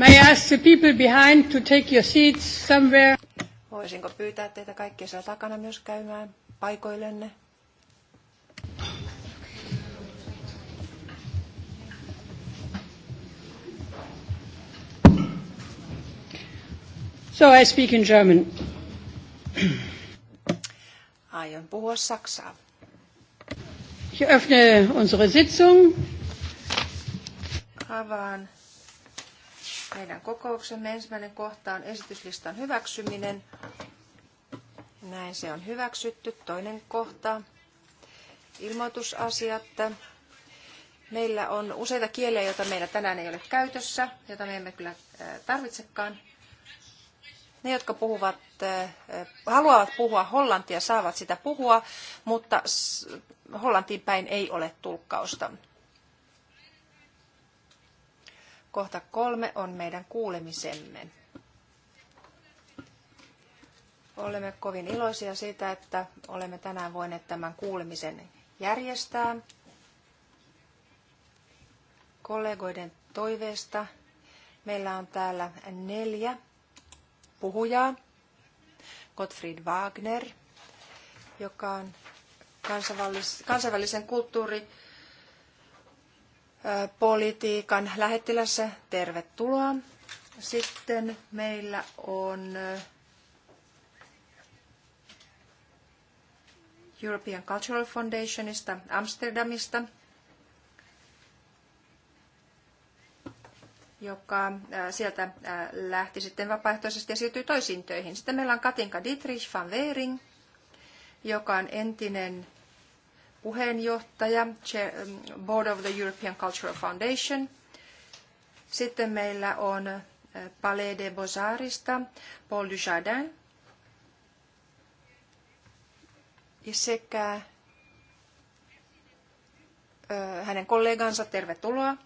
May I ask the people behind to take your seats somewhere? Voisinko pyytää teitä kaikkia siellä takana myös käymään paikoillenne? So I speak in German. Aion puhua saksaa. Ich öffne unsere Sitzung. Avaan meidän kokouksemme. Ensimmäinen kohta on esityslistan hyväksyminen. Näin se on hyväksytty. Toinen kohta, ilmoitusasiat. Meillä on useita kieliä, joita meillä tänään ei ole käytössä, joita me emme kyllä tarvitsekaan. Ne, jotka puhuvat, haluavat puhua hollantia, saavat sitä puhua, mutta hollantiin päin ei ole tulkkausta. Kohta kolme on meidän kuulemisemme. Olemme kovin iloisia siitä, että olemme tänään voineet tämän kuulemisen järjestää. Kollegoiden toiveesta meillä on täällä neljä puhujaa. Gottfried Wagner, joka on kansainvälisen kulttuuri- politiikan lähettilässä. Tervetuloa. Sitten meillä on European Cultural Foundationista Amsterdamista, joka sieltä lähti sitten vapaaehtoisesti ja siirtyi toisiin töihin. Sitten meillä on Katinka Dietrich van Weering, joka on entinen puheenjohtaja, um, Board of the European Cultural Foundation. Sitten meillä on uh, Palais de Beaux-Artsista Paul Dujardin sekä uh, hänen kollegansa tervetuloa.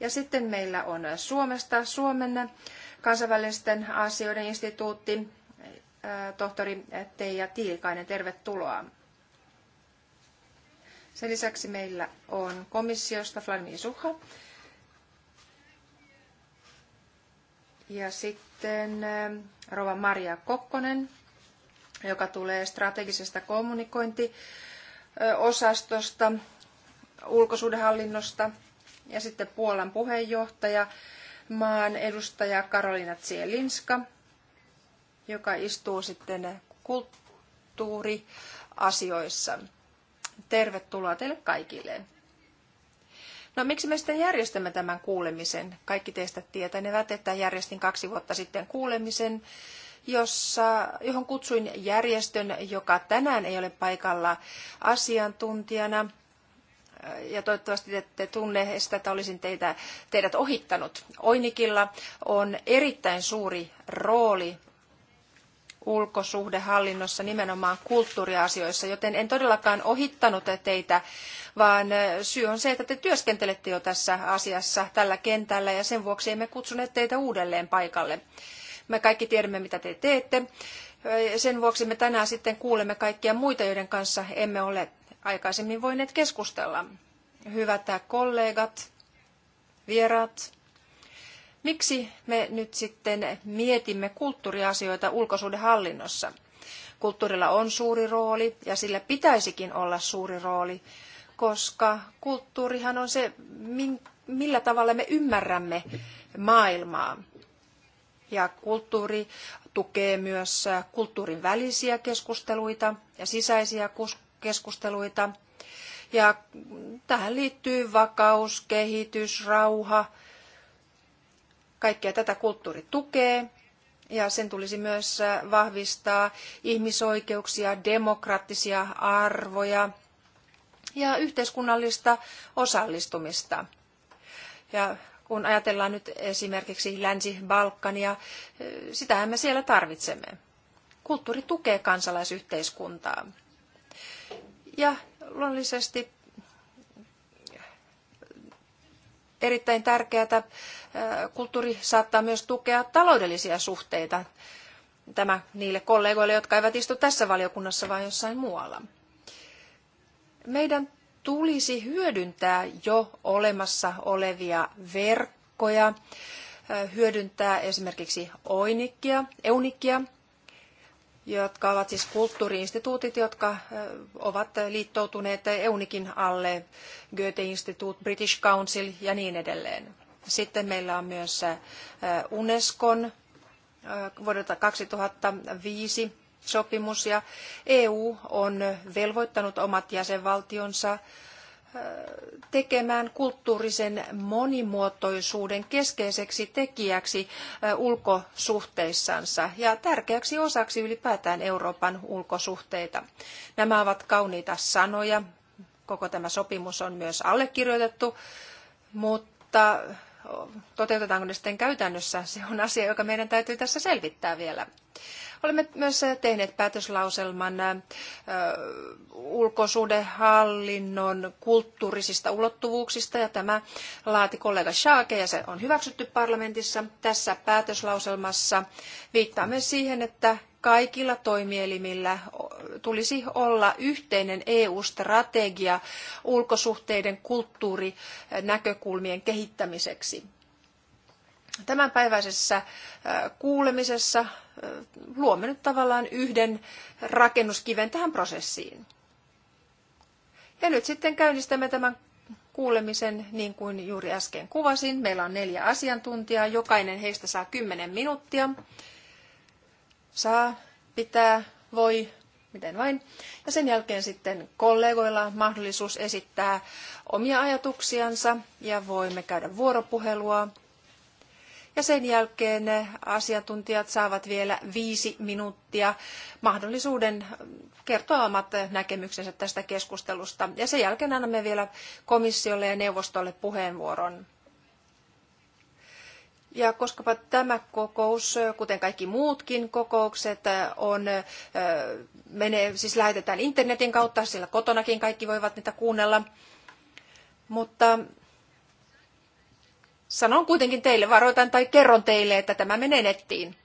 Ja sitten meillä on uh, Suomesta Suomen kansainvälisten asioiden instituutti, tohtori Teija Tiilikainen, tervetuloa. Sen lisäksi meillä on komissiosta Vladimir Suha. Ja sitten eh, Rova Maria Kokkonen, joka tulee strategisesta kommunikointiosastosta, ulkosuudenhallinnosta. Ja sitten Puolan puheenjohtaja, maan edustaja Karolina Zielinska, joka istuu sitten kulttuuriasioissa tervetuloa teille kaikille. No miksi me sitten järjestämme tämän kuulemisen? Kaikki teistä tietänevät, että järjestin kaksi vuotta sitten kuulemisen, jossa, johon kutsuin järjestön, joka tänään ei ole paikalla asiantuntijana. Ja toivottavasti ette tunne sitä, että olisin teitä, teidät ohittanut. Oinikilla on erittäin suuri rooli ulkosuhdehallinnossa nimenomaan kulttuuriasioissa, joten en todellakaan ohittanut teitä, vaan syy on se, että te työskentelette jo tässä asiassa tällä kentällä ja sen vuoksi emme kutsuneet teitä uudelleen paikalle. Me kaikki tiedämme, mitä te teette. Sen vuoksi me tänään sitten kuulemme kaikkia muita, joiden kanssa emme ole aikaisemmin voineet keskustella. Hyvät kollegat, vieraat, Miksi me nyt sitten mietimme kulttuuriasioita ulkosuudenhallinnossa? Kulttuurilla on suuri rooli ja sillä pitäisikin olla suuri rooli, koska kulttuurihan on se, millä tavalla me ymmärrämme maailmaa. Ja kulttuuri tukee myös kulttuurin välisiä keskusteluita ja sisäisiä keskusteluita. Ja tähän liittyy vakaus, kehitys, rauha, Kaikkea tätä kulttuuri tukee ja sen tulisi myös äh, vahvistaa ihmisoikeuksia, demokraattisia arvoja ja yhteiskunnallista osallistumista. Ja kun ajatellaan nyt esimerkiksi Länsi-Balkania, äh, sitähän me siellä tarvitsemme. Kulttuuri tukee kansalaisyhteiskuntaa. Ja luonnollisesti erittäin tärkeää. Kulttuuri saattaa myös tukea taloudellisia suhteita. Tämä niille kollegoille, jotka eivät istu tässä valiokunnassa, vaan jossain muualla. Meidän tulisi hyödyntää jo olemassa olevia verkkoja, hyödyntää esimerkiksi oinikkia, eunikkia, jotka ovat siis kulttuuriinstituutit, jotka ovat liittoutuneet EUNIKin alle, Goethe-instituut, British Council ja niin edelleen. Sitten meillä on myös Unescon vuodelta 2005 sopimus ja EU on velvoittanut omat jäsenvaltionsa tekemään kulttuurisen monimuotoisuuden keskeiseksi tekijäksi ulkosuhteissansa ja tärkeäksi osaksi ylipäätään Euroopan ulkosuhteita. Nämä ovat kauniita sanoja. Koko tämä sopimus on myös allekirjoitettu, mutta toteutetaanko ne sitten käytännössä, se on asia, joka meidän täytyy tässä selvittää vielä. Olemme myös tehneet päätöslauselman äh, ulkosuhdehallinnon kulttuurisista ulottuvuuksista ja tämä laati kollega Schaake ja se on hyväksytty parlamentissa. Tässä päätöslauselmassa viittaamme siihen, että kaikilla toimielimillä tulisi olla yhteinen EU-strategia ulkosuhteiden kulttuurinäkökulmien kehittämiseksi tämänpäiväisessä kuulemisessa luomme nyt tavallaan yhden rakennuskiven tähän prosessiin. Ja nyt sitten käynnistämme tämän kuulemisen, niin kuin juuri äsken kuvasin. Meillä on neljä asiantuntijaa, jokainen heistä saa kymmenen minuuttia. Saa, pitää, voi, miten vain. Ja sen jälkeen sitten kollegoilla on mahdollisuus esittää omia ajatuksiansa ja voimme käydä vuoropuhelua ja sen jälkeen asiantuntijat saavat vielä viisi minuuttia mahdollisuuden kertoa omat näkemyksensä tästä keskustelusta. Ja sen jälkeen annamme vielä komissiolle ja neuvostolle puheenvuoron. Ja koska tämä kokous, kuten kaikki muutkin kokoukset, on, menee, siis lähetetään internetin kautta, sillä kotonakin kaikki voivat niitä kuunnella. Mutta sanon kuitenkin teille, varoitan tai kerron teille, että tämä menee nettiin.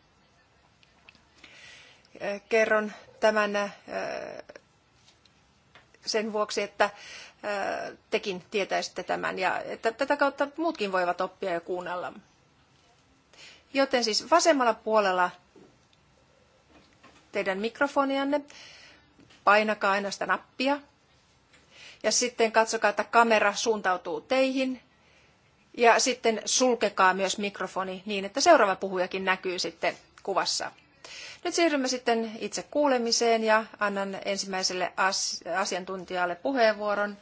Äh, kerron tämän äh, sen vuoksi, että äh, tekin tietäisitte tämän ja että tätä kautta muutkin voivat oppia ja kuunnella. Joten siis vasemmalla puolella teidän mikrofonianne, painakaa aina sitä nappia ja sitten katsokaa, että kamera suuntautuu teihin ja sitten sulkekaa myös mikrofoni niin, että seuraava puhujakin näkyy sitten kuvassa. Nyt siirrymme sitten itse kuulemiseen ja annan ensimmäiselle asiantuntijalle puheenvuoron.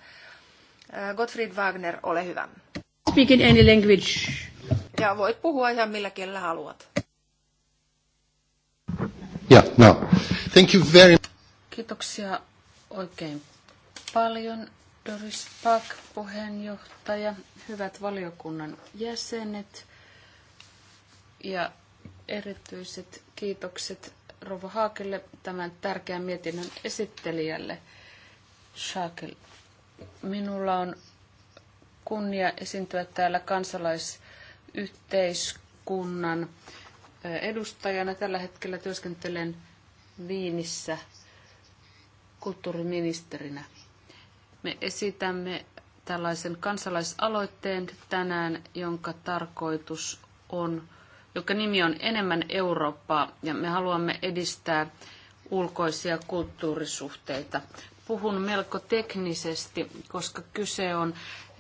Äh, Gottfried Wagner, ole hyvä. Speak in any language. Ja voit puhua ihan millä kielellä haluat. Yeah, no. Thank you very... Kiitoksia oikein paljon Doris Pak, puheenjohtaja, hyvät valiokunnan jäsenet ja erityiset kiitokset Rova Haakelle, tämän tärkeän mietinnön esittelijälle. Schakel. minulla on kunnia esiintyä täällä kansalaisyhteiskunnan edustajana. Tällä hetkellä työskentelen Viinissä kulttuuriministerinä. Me esitämme tällaisen kansalaisaloitteen tänään, jonka tarkoitus on, joka nimi on Enemmän Eurooppaa, ja me haluamme edistää ulkoisia kulttuurisuhteita. Puhun melko teknisesti, koska kyse on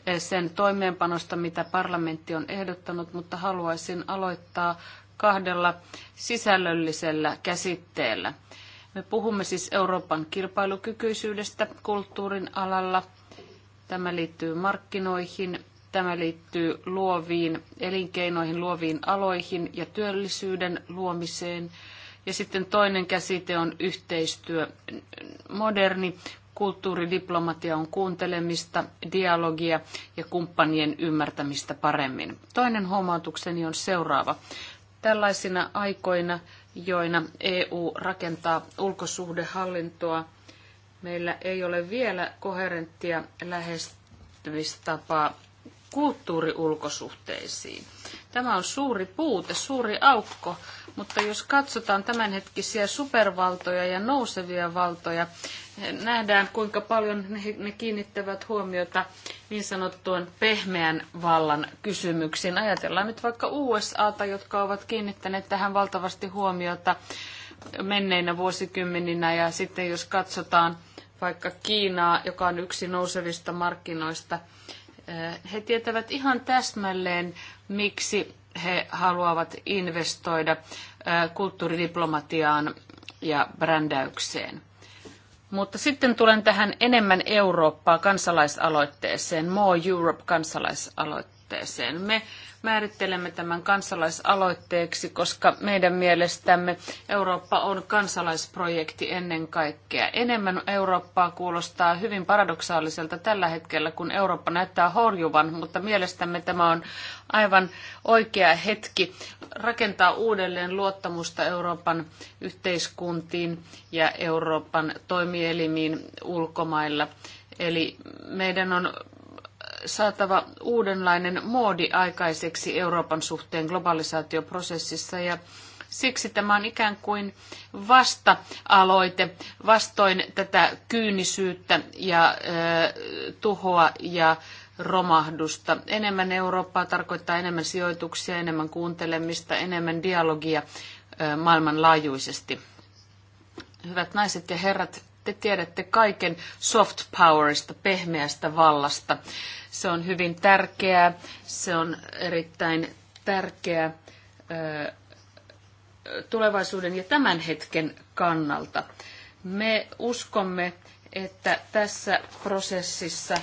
eh, sen toimeenpanosta, mitä parlamentti on ehdottanut, mutta haluaisin aloittaa kahdella sisällöllisellä käsitteellä. Me puhumme siis Euroopan kilpailukykyisyydestä kulttuurin alalla. Tämä liittyy markkinoihin, tämä liittyy luoviin elinkeinoihin, luoviin aloihin ja työllisyyden luomiseen. Ja sitten toinen käsite on yhteistyö. Moderni kulttuuridiplomatia on kuuntelemista, dialogia ja kumppanien ymmärtämistä paremmin. Toinen huomautukseni on seuraava. Tällaisina aikoina joina EU rakentaa ulkosuhdehallintoa. Meillä ei ole vielä koherenttia lähestymistapaa kulttuuriulkosuhteisiin. Tämä on suuri puute, suuri aukko, mutta jos katsotaan tämänhetkisiä supervaltoja ja nousevia valtoja, nähdään kuinka paljon ne kiinnittävät huomiota niin sanottuun pehmeän vallan kysymyksiin. Ajatellaan nyt vaikka USAta, jotka ovat kiinnittäneet tähän valtavasti huomiota menneinä vuosikymmeninä ja sitten jos katsotaan vaikka Kiinaa, joka on yksi nousevista markkinoista – he tietävät ihan täsmälleen, miksi he haluavat investoida kulttuuridiplomatiaan ja brändäykseen. Mutta sitten tulen tähän enemmän Eurooppaa kansalaisaloitteeseen, More Europe kansalaisaloitteeseen. Me määrittelemme tämän kansalaisaloitteeksi, koska meidän mielestämme Eurooppa on kansalaisprojekti ennen kaikkea. Enemmän Eurooppaa kuulostaa hyvin paradoksaaliselta tällä hetkellä, kun Eurooppa näyttää horjuvan, mutta mielestämme tämä on aivan oikea hetki rakentaa uudelleen luottamusta Euroopan yhteiskuntiin ja Euroopan toimielimiin ulkomailla. Eli meidän on saatava uudenlainen moodi aikaiseksi Euroopan suhteen globalisaatioprosessissa ja siksi tämä on ikään kuin vasta-aloite vastoin tätä kyynisyyttä ja ö, tuhoa ja romahdusta. Enemmän Eurooppaa tarkoittaa enemmän sijoituksia, enemmän kuuntelemista, enemmän dialogia ö, maailmanlaajuisesti. Hyvät naiset ja herrat, te tiedätte kaiken soft powerista, pehmeästä vallasta. Se on hyvin tärkeää. Se on erittäin tärkeää tulevaisuuden ja tämän hetken kannalta. Me uskomme, että tässä prosessissa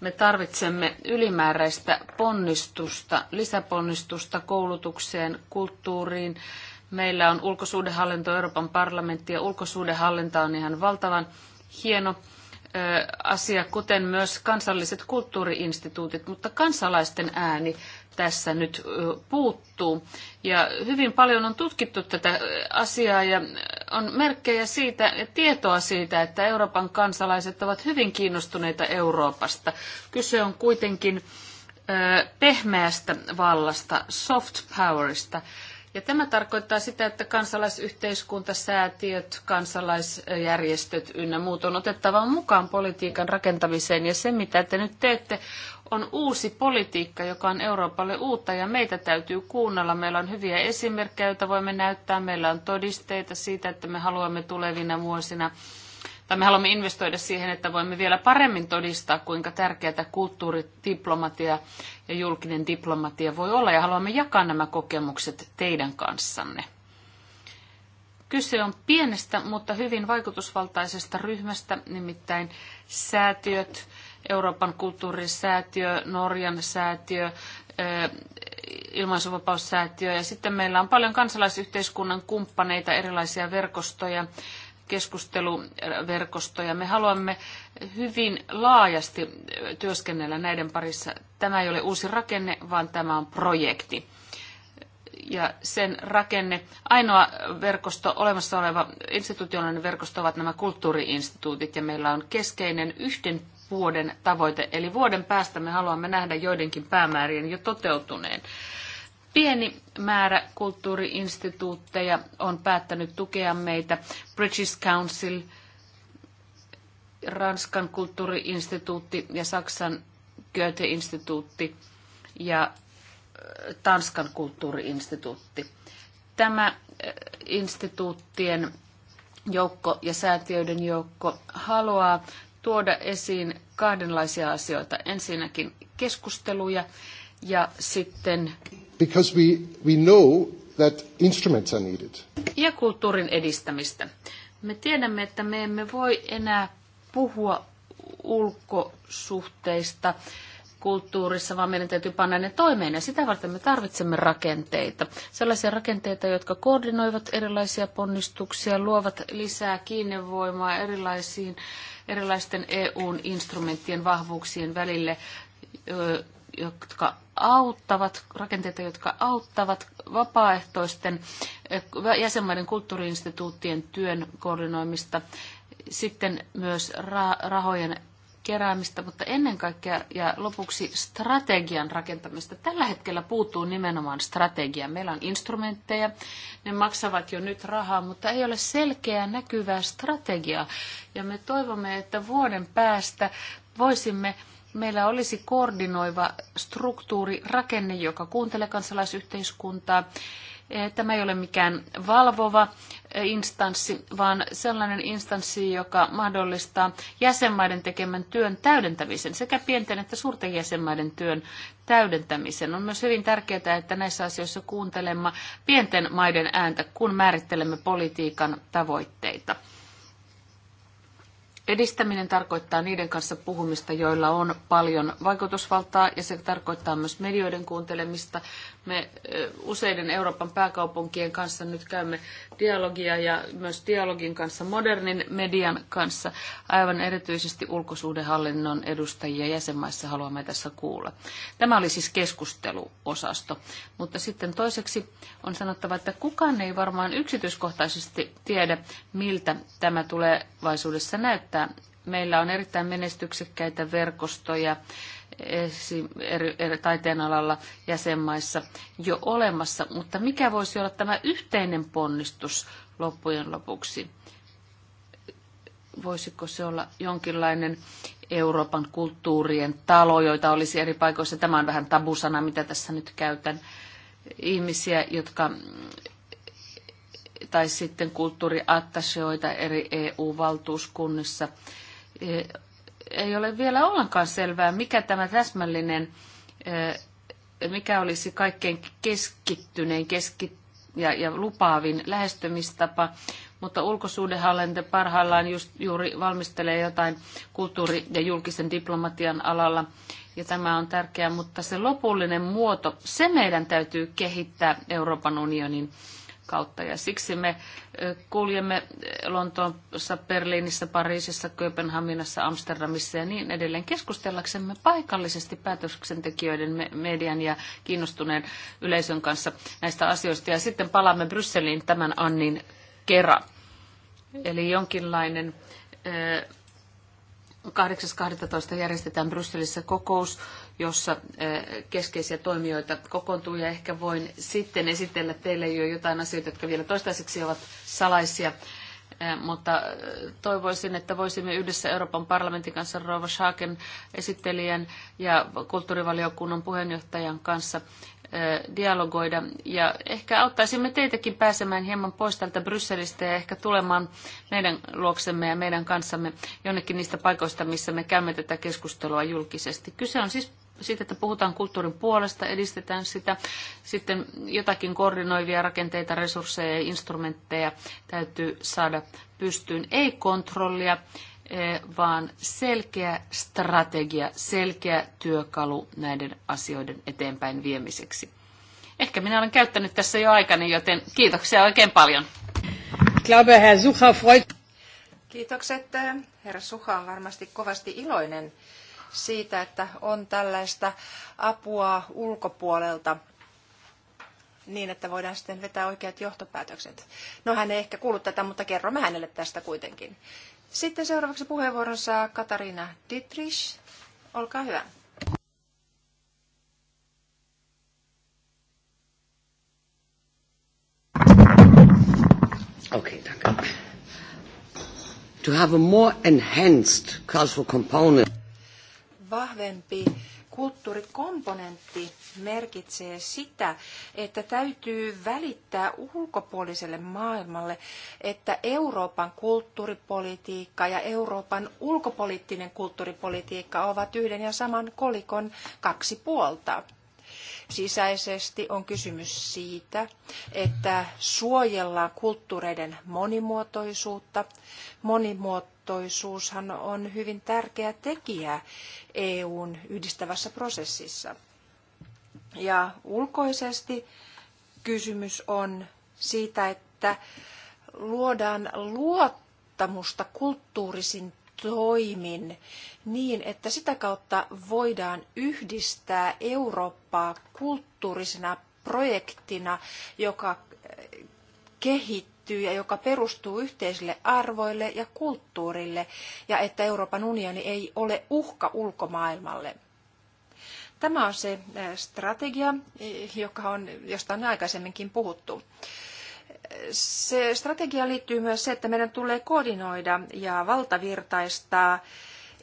me tarvitsemme ylimääräistä ponnistusta, lisäponnistusta koulutukseen, kulttuuriin. Meillä on ulkosuudenhallinto, Euroopan parlamentti ja ulkosuudenhallinta on ihan valtavan hieno asia, kuten myös kansalliset kulttuuriinstituutit, mutta kansalaisten ääni tässä nyt puuttuu. Ja hyvin paljon on tutkittu tätä asiaa ja on merkkejä siitä ja tietoa siitä, että Euroopan kansalaiset ovat hyvin kiinnostuneita Euroopasta. Kyse on kuitenkin pehmeästä vallasta, soft powerista. Ja tämä tarkoittaa sitä, että kansalaisyhteiskunta säätiöt, kansalaisjärjestöt ynnä muut on otettava mukaan politiikan rakentamiseen. Ja se, mitä te nyt teette, on uusi politiikka, joka on Euroopalle uutta ja meitä täytyy kuunnella. Meillä on hyviä esimerkkejä, joita voimme näyttää. Meillä on todisteita siitä, että me haluamme tulevina vuosina tai me haluamme investoida siihen, että voimme vielä paremmin todistaa, kuinka tärkeää kulttuuridiplomatia ja julkinen diplomatia voi olla, ja haluamme jakaa nämä kokemukset teidän kanssanne. Kyse on pienestä, mutta hyvin vaikutusvaltaisesta ryhmästä, nimittäin säätiöt, Euroopan kulttuurisäätiö, Norjan säätiö, ilmaisuvapaussäätiö ja sitten meillä on paljon kansalaisyhteiskunnan kumppaneita, erilaisia verkostoja keskusteluverkostoja. Me haluamme hyvin laajasti työskennellä näiden parissa. Tämä ei ole uusi rakenne, vaan tämä on projekti ja sen rakenne. Ainoa verkosto, olemassa oleva institutionaalinen verkosto ovat nämä kulttuuriinstituutit ja meillä on keskeinen yhden vuoden tavoite. Eli vuoden päästä me haluamme nähdä joidenkin päämäärien jo toteutuneen. Pieni määrä kulttuuriinstituutteja on päättänyt tukea meitä. British Council, Ranskan kulttuuriinstituutti ja Saksan Goethe-instituutti ja äh, Tanskan kulttuuriinstituutti. Tämä äh, instituuttien joukko ja säätiöiden joukko haluaa tuoda esiin kahdenlaisia asioita. Ensinnäkin keskusteluja ja sitten because we, we know that instruments are needed. Ja kulttuurin edistämistä. Me tiedämme, että me emme voi enää puhua ulkosuhteista kulttuurissa, vaan meidän täytyy panna ne toimeen. Ja sitä varten me tarvitsemme rakenteita. Sellaisia rakenteita, jotka koordinoivat erilaisia ponnistuksia, luovat lisää kiinnevoimaa erilaisiin, erilaisten eu instrumenttien vahvuuksien välille jotka auttavat, rakenteita, jotka auttavat vapaaehtoisten eh, jäsenmaiden kulttuuriinstituuttien työn koordinoimista, sitten myös rahojen keräämistä, mutta ennen kaikkea ja lopuksi strategian rakentamista. Tällä hetkellä puuttuu nimenomaan strategia. Meillä on instrumentteja, ne maksavat jo nyt rahaa, mutta ei ole selkeää näkyvää strategiaa. Ja me toivomme, että vuoden päästä voisimme meillä olisi koordinoiva struktuuri, rakenne, joka kuuntelee kansalaisyhteiskuntaa. E, tämä ei ole mikään valvova e, instanssi, vaan sellainen instanssi, joka mahdollistaa jäsenmaiden tekemän työn täydentämisen, sekä pienten että suurten jäsenmaiden työn täydentämisen. On myös hyvin tärkeää, että näissä asioissa kuuntelemme pienten maiden ääntä, kun määrittelemme politiikan tavoitteita. Edistäminen tarkoittaa niiden kanssa puhumista, joilla on paljon vaikutusvaltaa, ja se tarkoittaa myös medioiden kuuntelemista, me useiden Euroopan pääkaupunkien kanssa nyt käymme dialogia ja myös dialogin kanssa modernin median kanssa. Aivan erityisesti ulkosuhdehallinnon edustajia jäsenmaissa haluamme tässä kuulla. Tämä oli siis keskusteluosasto. Mutta sitten toiseksi on sanottava, että kukaan ei varmaan yksityiskohtaisesti tiedä, miltä tämä tulevaisuudessa näyttää. Meillä on erittäin menestyksekkäitä verkostoja eri, eri taiteen alalla jäsenmaissa jo olemassa, mutta mikä voisi olla tämä yhteinen ponnistus loppujen lopuksi? Voisiko se olla jonkinlainen Euroopan kulttuurien talo, joita olisi eri paikoissa? Tämä on vähän tabusana, mitä tässä nyt käytän. Ihmisiä, jotka tai sitten kulttuuriattaseoita eri EU-valtuuskunnissa e- ei ole vielä ollenkaan selvää, mikä tämä täsmällinen, mikä olisi kaikkein keskittynein keski ja, ja lupaavin lähestymistapa, mutta ulkosuudenhallinto parhaillaan just, juuri valmistelee jotain kulttuuri- ja julkisen diplomatian alalla, ja tämä on tärkeää, mutta se lopullinen muoto, se meidän täytyy kehittää Euroopan unionin kautta, ja siksi me kuljemme Lontoossa, Berliinissä, Pariisissa, Kööpenhaminassa, Amsterdamissa ja niin edelleen keskustellaksemme paikallisesti päätöksentekijöiden, median ja kiinnostuneen yleisön kanssa näistä asioista. Ja sitten palaamme Brysseliin tämän Annin kerran. Eli jonkinlainen 8.12. järjestetään Brysselissä kokous, jossa eh, keskeisiä toimijoita kokoontuu ja ehkä voin sitten esitellä teille jo jotain asioita, jotka vielä toistaiseksi ovat salaisia. Eh, mutta eh, toivoisin, että voisimme yhdessä Euroopan parlamentin kanssa Rova Schaken esittelijän ja kulttuurivaliokunnan puheenjohtajan kanssa dialogoida. Ja ehkä auttaisimme teitäkin pääsemään hieman pois täältä Brysselistä ja ehkä tulemaan meidän luoksemme ja meidän kanssamme jonnekin niistä paikoista, missä me käymme tätä keskustelua julkisesti. Kyse on siis siitä, että puhutaan kulttuurin puolesta, edistetään sitä. Sitten jotakin koordinoivia rakenteita, resursseja ja instrumentteja täytyy saada pystyyn. Ei kontrollia, eh, vaan selkeä strategia, selkeä työkalu näiden asioiden eteenpäin viemiseksi. Ehkä minä olen käyttänyt tässä jo aikani, joten kiitoksia oikein paljon. Kiitokset. Herra Suha on varmasti kovasti iloinen siitä, että on tällaista apua ulkopuolelta niin, että voidaan sitten vetää oikeat johtopäätökset. No hän ei ehkä kuullut tätä, mutta kerromme hänelle tästä kuitenkin. Sitten seuraavaksi puheenvuoron saa Katariina Dietrich. Olkaa hyvä. Okay, danke. To have a more enhanced cultural component vahvempi kulttuurikomponentti merkitsee sitä, että täytyy välittää ulkopuoliselle maailmalle, että Euroopan kulttuuripolitiikka ja Euroopan ulkopoliittinen kulttuuripolitiikka ovat yhden ja saman kolikon kaksi puolta sisäisesti on kysymys siitä, että suojellaan kulttuureiden monimuotoisuutta. Monimuotoisuushan on hyvin tärkeä tekijä EUn yhdistävässä prosessissa. Ja ulkoisesti kysymys on siitä, että luodaan luottamusta kulttuurisin toimin niin, että sitä kautta voidaan yhdistää Eurooppaa kulttuurisena projektina, joka eh, kehittyy ja joka perustuu yhteisille arvoille ja kulttuurille, ja että Euroopan unioni ei ole uhka ulkomaailmalle. Tämä on se eh, strategia, eh, joka on, josta on aikaisemminkin puhuttu se strategia liittyy myös se, että meidän tulee koordinoida ja valtavirtaistaa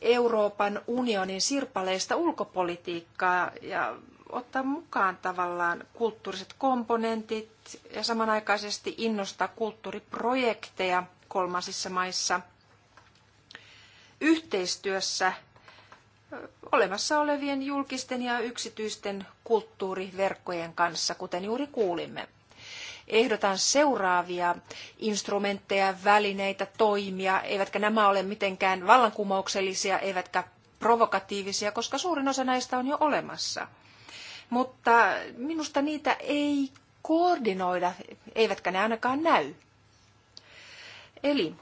Euroopan unionin sirpaleista ulkopolitiikkaa ja ottaa mukaan tavallaan kulttuuriset komponentit ja samanaikaisesti innostaa kulttuuriprojekteja kolmansissa maissa yhteistyössä olemassa olevien julkisten ja yksityisten kulttuuriverkkojen kanssa, kuten juuri kuulimme ehdotan seuraavia instrumentteja, välineitä, toimia, eivätkä nämä ole mitenkään vallankumouksellisia, eivätkä provokatiivisia, koska suurin osa näistä on jo olemassa. Mutta minusta niitä ei koordinoida, eivätkä ne ainakaan näy. Eli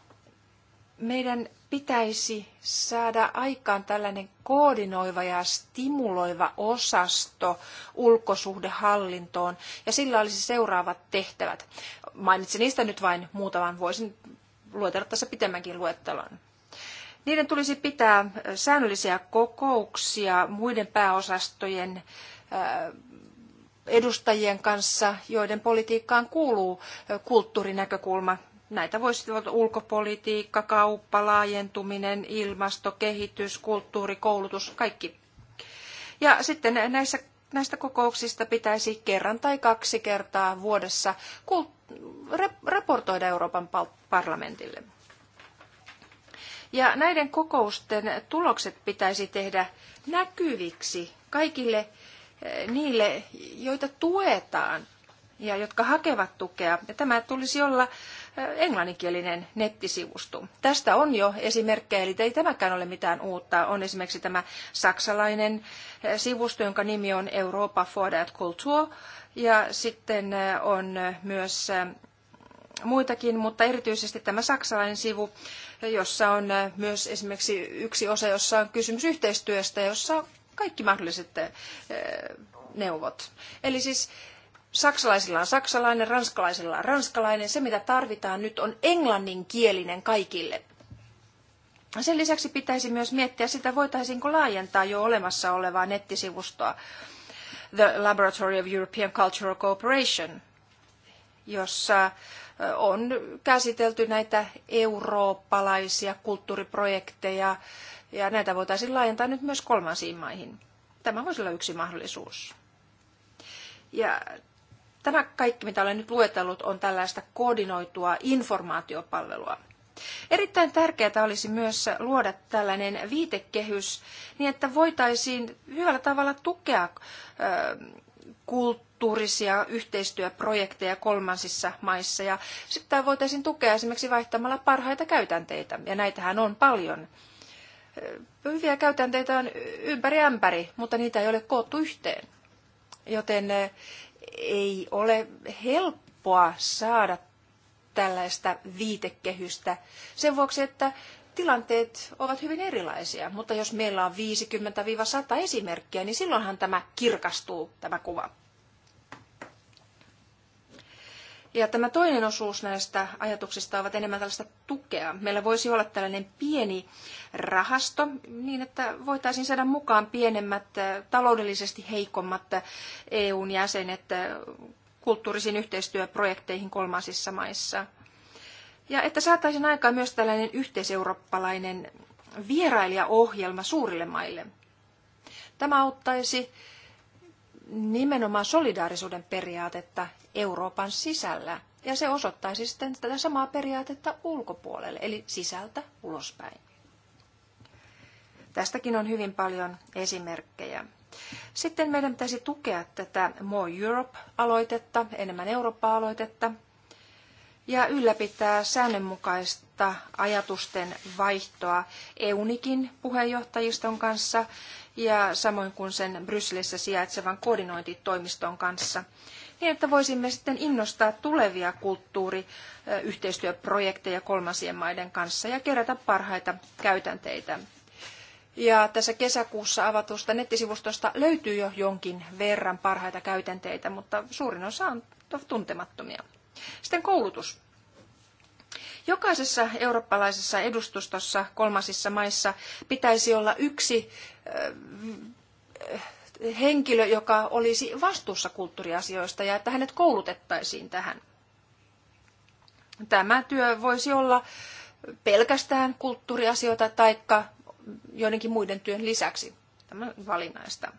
meidän pitäisi saada aikaan tällainen koordinoiva ja stimuloiva osasto ulkosuhdehallintoon, ja sillä olisi seuraavat tehtävät. Mainitsin niistä nyt vain muutaman, voisin luetella tässä pitemmänkin luettelon. Niiden tulisi pitää säännöllisiä kokouksia muiden pääosastojen edustajien kanssa, joiden politiikkaan kuuluu kulttuurinäkökulma Näitä voisi olla ulkopolitiikka, kauppa, laajentuminen, ilmasto, kehitys, kulttuuri, koulutus, kaikki. Ja sitten näissä, näistä kokouksista pitäisi kerran tai kaksi kertaa vuodessa raportoida Euroopan parlamentille. Ja näiden kokousten tulokset pitäisi tehdä näkyviksi kaikille eh, niille, joita tuetaan ja jotka hakevat tukea. Ja tämä tulisi olla englanninkielinen nettisivusto. Tästä on jo esimerkkejä, eli ei tämäkään ole mitään uutta. On esimerkiksi tämä saksalainen sivusto, jonka nimi on Europa for that Culture, ja sitten on myös muitakin, mutta erityisesti tämä saksalainen sivu, jossa on myös esimerkiksi yksi osa, jossa on kysymys yhteistyöstä, jossa on kaikki mahdolliset neuvot. Eli siis Saksalaisilla on saksalainen, ranskalaisilla on ranskalainen. Se, mitä tarvitaan nyt, on englanninkielinen kaikille. Sen lisäksi pitäisi myös miettiä sitä, voitaisiinko laajentaa jo olemassa olevaa nettisivustoa The Laboratory of European Cultural Cooperation, jossa on käsitelty näitä eurooppalaisia kulttuuriprojekteja, ja näitä voitaisiin laajentaa nyt myös kolmansiin maihin. Tämä voisi olla yksi mahdollisuus. Ja Tämä kaikki, mitä olen nyt luetellut, on tällaista koordinoitua informaatiopalvelua. Erittäin tärkeää olisi myös luoda tällainen viitekehys niin, että voitaisiin hyvällä tavalla tukea kulttuurisia yhteistyöprojekteja kolmansissa maissa ja sitten voitaisiin tukea esimerkiksi vaihtamalla parhaita käytänteitä ja näitähän on paljon. Hyviä käytänteitä on ympäri ämpäri, mutta niitä ei ole koottu yhteen. Joten ei ole helppoa saada tällaista viitekehystä sen vuoksi, että tilanteet ovat hyvin erilaisia. Mutta jos meillä on 50-100 esimerkkiä, niin silloinhan tämä kirkastuu, tämä kuva. Ja tämä toinen osuus näistä ajatuksista ovat enemmän tällaista tukea. Meillä voisi olla tällainen pieni rahasto niin, että voitaisiin saada mukaan pienemmät, eh, taloudellisesti heikommat EUn eh, e jäsenet eh, kulttuurisiin yhteistyöprojekteihin kolmansissa maissa. Ja että saataisiin aikaan myös tällainen yhteiseurooppalainen vierailijaohjelma suurille maille. Tämä auttaisi nimenomaan solidaarisuuden periaatetta Euroopan sisällä. Ja se osoittaisi sitten tätä samaa periaatetta ulkopuolelle, eli sisältä ulospäin. Tästäkin on hyvin paljon esimerkkejä. Sitten meidän pitäisi tukea tätä More Europe-aloitetta, enemmän Eurooppa-aloitetta, ja ylläpitää säännönmukaista ajatusten vaihtoa EUNIKin puheenjohtajiston kanssa ja samoin kuin sen Brysselissä sijaitsevan koordinointitoimiston kanssa, niin että voisimme sitten innostaa tulevia kulttuuriyhteistyöprojekteja kolmansien maiden kanssa ja kerätä parhaita käytänteitä. Ja tässä kesäkuussa avatusta nettisivustosta löytyy jo jonkin verran parhaita käytänteitä, mutta suurin osa on tuntemattomia. Sitten koulutus. Jokaisessa eurooppalaisessa edustustossa kolmansissa maissa pitäisi olla yksi henkilö, joka olisi vastuussa kulttuuriasioista ja että hänet koulutettaisiin tähän. Tämä työ voisi olla pelkästään kulttuuriasioita tai joidenkin muiden työn lisäksi. Tämä on valinnaista.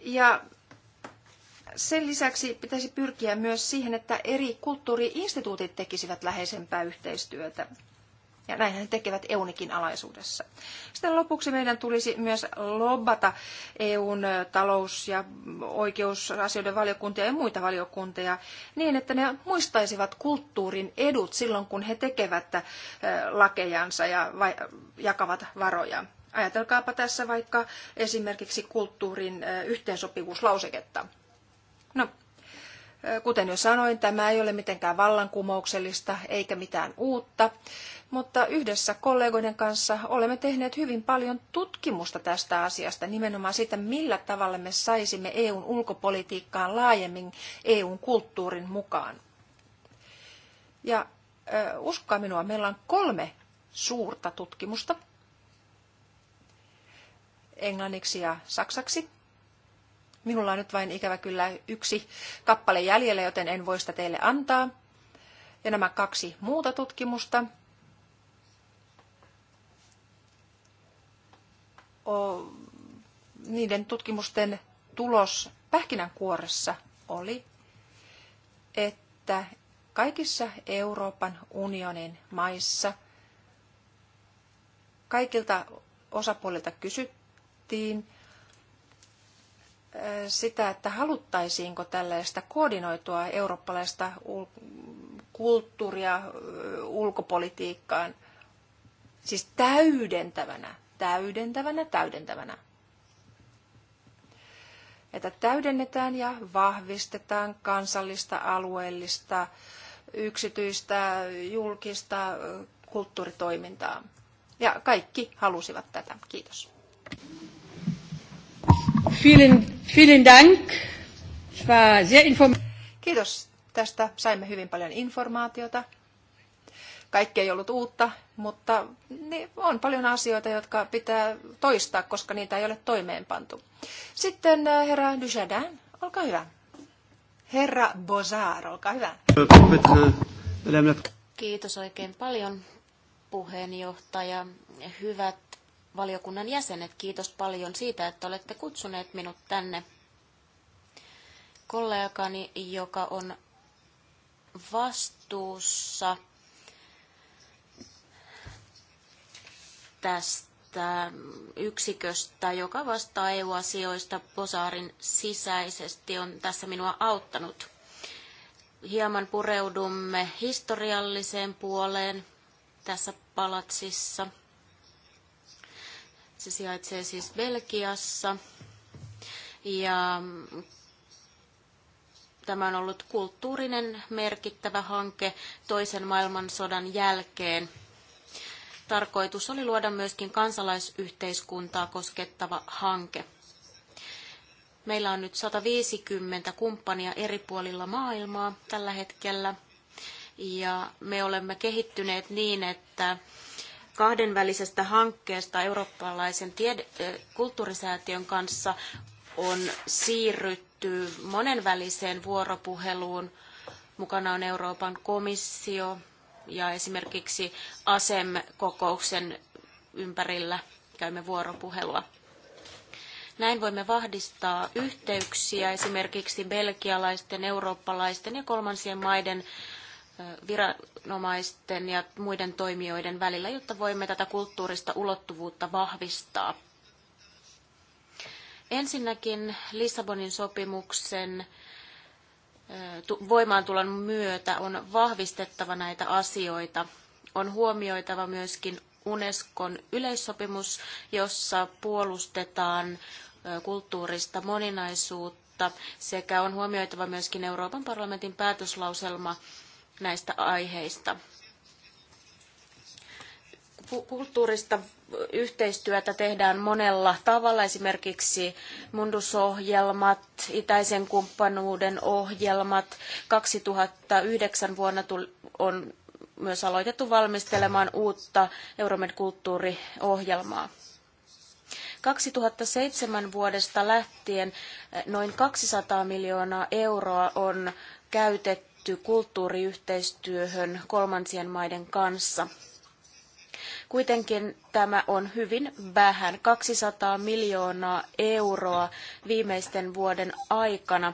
Ja sen lisäksi pitäisi pyrkiä myös siihen, että eri kulttuuriinstituutit tekisivät läheisempää yhteistyötä. Ja näinhän he tekevät EUNikin alaisuudessa. Sitten lopuksi meidän tulisi myös lobbata EUn talous- ja oikeusasioiden valiokuntia ja muita valiokuntia niin, että ne muistaisivat kulttuurin edut silloin, kun he tekevät lakejansa ja jakavat varoja. Ajatelkaapa tässä vaikka esimerkiksi kulttuurin yhteensopivuuslauseketta. No, kuten jo sanoin, tämä ei ole mitenkään vallankumouksellista eikä mitään uutta, mutta yhdessä kollegoiden kanssa olemme tehneet hyvin paljon tutkimusta tästä asiasta, nimenomaan siitä, millä tavalla me saisimme EUn ulkopolitiikkaan laajemmin EUn kulttuurin mukaan. Ja uskokaa minua, meillä on kolme suurta tutkimusta englanniksi ja saksaksi. Minulla on nyt vain ikävä kyllä yksi kappale jäljellä, joten en voi sitä teille antaa. Ja nämä kaksi muuta tutkimusta niiden tutkimusten tulos pähkinänkuoressa oli, että kaikissa Euroopan unionin maissa kaikilta osapuolilta kysyttiin sitä, että haluttaisiinko tällaista koordinoitua eurooppalaista kulttuuria ulkopolitiikkaan, siis täydentävänä, täydentävänä, täydentävänä. Että täydennetään ja vahvistetaan kansallista, alueellista, yksityistä, julkista kulttuuritoimintaa. Ja kaikki halusivat tätä. Kiitos. Vielen, vielen Dank. war sehr inform- Kiitos tästä. Saimme hyvin paljon informaatiota. Kaikki ei ollut uutta, mutta niin, on paljon asioita, jotka pitää toistaa, koska niitä ei ole toimeenpantu. Sitten äh, herra Dujardin, olkaa hyvä. Herra Bozar, olkaa hyvä. Kiitos oikein paljon puheenjohtaja. Hyvät valiokunnan jäsenet, kiitos paljon siitä, että olette kutsuneet minut tänne. Kollegani, joka on vastuussa tästä yksiköstä, joka vastaa EU-asioista Posaarin sisäisesti, on tässä minua auttanut. Hieman pureudumme historialliseen puoleen tässä palatsissa – se sijaitsee siis Belgiassa ja tämä on ollut kulttuurinen merkittävä hanke toisen maailmansodan jälkeen. Tarkoitus oli luoda myöskin kansalaisyhteiskuntaa koskettava hanke. Meillä on nyt 150 kumppania eri puolilla maailmaa tällä hetkellä. Ja me olemme kehittyneet niin, että kahdenvälisestä hankkeesta eurooppalaisen kulttuurisäätiön kanssa on siirrytty monenväliseen vuoropuheluun. Mukana on Euroopan komissio ja esimerkiksi ASEM-kokouksen ympärillä käymme vuoropuhelua. Näin voimme vahvistaa yhteyksiä esimerkiksi belgialaisten, eurooppalaisten ja kolmansien maiden viranomaisten ja muiden toimijoiden välillä, jotta voimme tätä kulttuurista ulottuvuutta vahvistaa. Ensinnäkin Lissabonin sopimuksen voimaantulon myötä on vahvistettava näitä asioita. On huomioitava myöskin Unescon yleissopimus, jossa puolustetaan kulttuurista moninaisuutta sekä on huomioitava myöskin Euroopan parlamentin päätöslauselma näistä aiheista. Kulttuurista yhteistyötä tehdään monella tavalla, esimerkiksi mundusohjelmat, itäisen kumppanuuden ohjelmat. 2009 vuonna on myös aloitettu valmistelemaan uutta Euromed kulttuuriohjelmaa. 2007 vuodesta lähtien eh, noin 200 miljoonaa euroa on käytetty liittyy kulttuuriyhteistyöhön kolmansien maiden kanssa. Kuitenkin tämä on hyvin vähän, 200 miljoonaa euroa viimeisten vuoden aikana,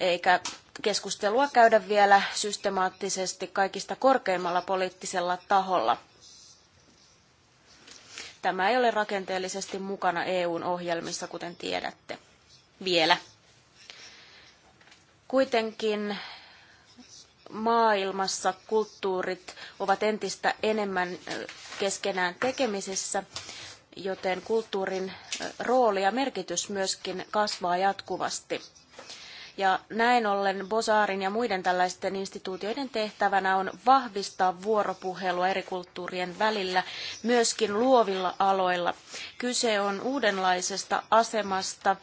eikä keskustelua käydä vielä systemaattisesti kaikista korkeimmalla poliittisella taholla. Tämä ei ole rakenteellisesti mukana EUn ohjelmissa, kuten tiedätte vielä. Kuitenkin maailmassa kulttuurit ovat entistä enemmän keskenään tekemisissä, joten kulttuurin rooli ja merkitys myöskin kasvaa jatkuvasti. Ja näin ollen Bosaarin ja muiden tällaisten instituutioiden tehtävänä on vahvistaa vuoropuhelua eri kulttuurien välillä, myöskin luovilla aloilla. Kyse on uudenlaisesta asemasta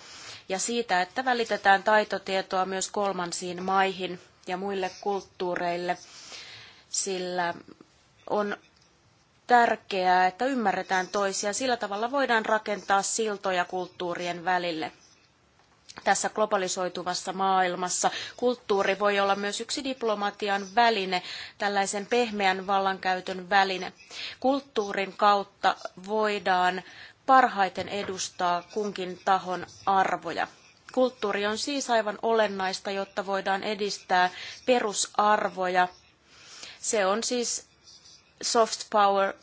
ja siitä, että välitetään taitotietoa myös kolmansiin maihin ja muille kulttuureille, sillä on tärkeää, että ymmärretään toisia. Sillä tavalla voidaan rakentaa siltoja kulttuurien välille. Tässä globalisoituvassa maailmassa kulttuuri voi olla myös yksi diplomatian väline, tällaisen pehmeän vallankäytön väline. Kulttuurin kautta voidaan parhaiten edustaa kunkin tahon arvoja. Kulttuuri on siis aivan olennaista, jotta voidaan edistää perusarvoja. Se on siis soft power,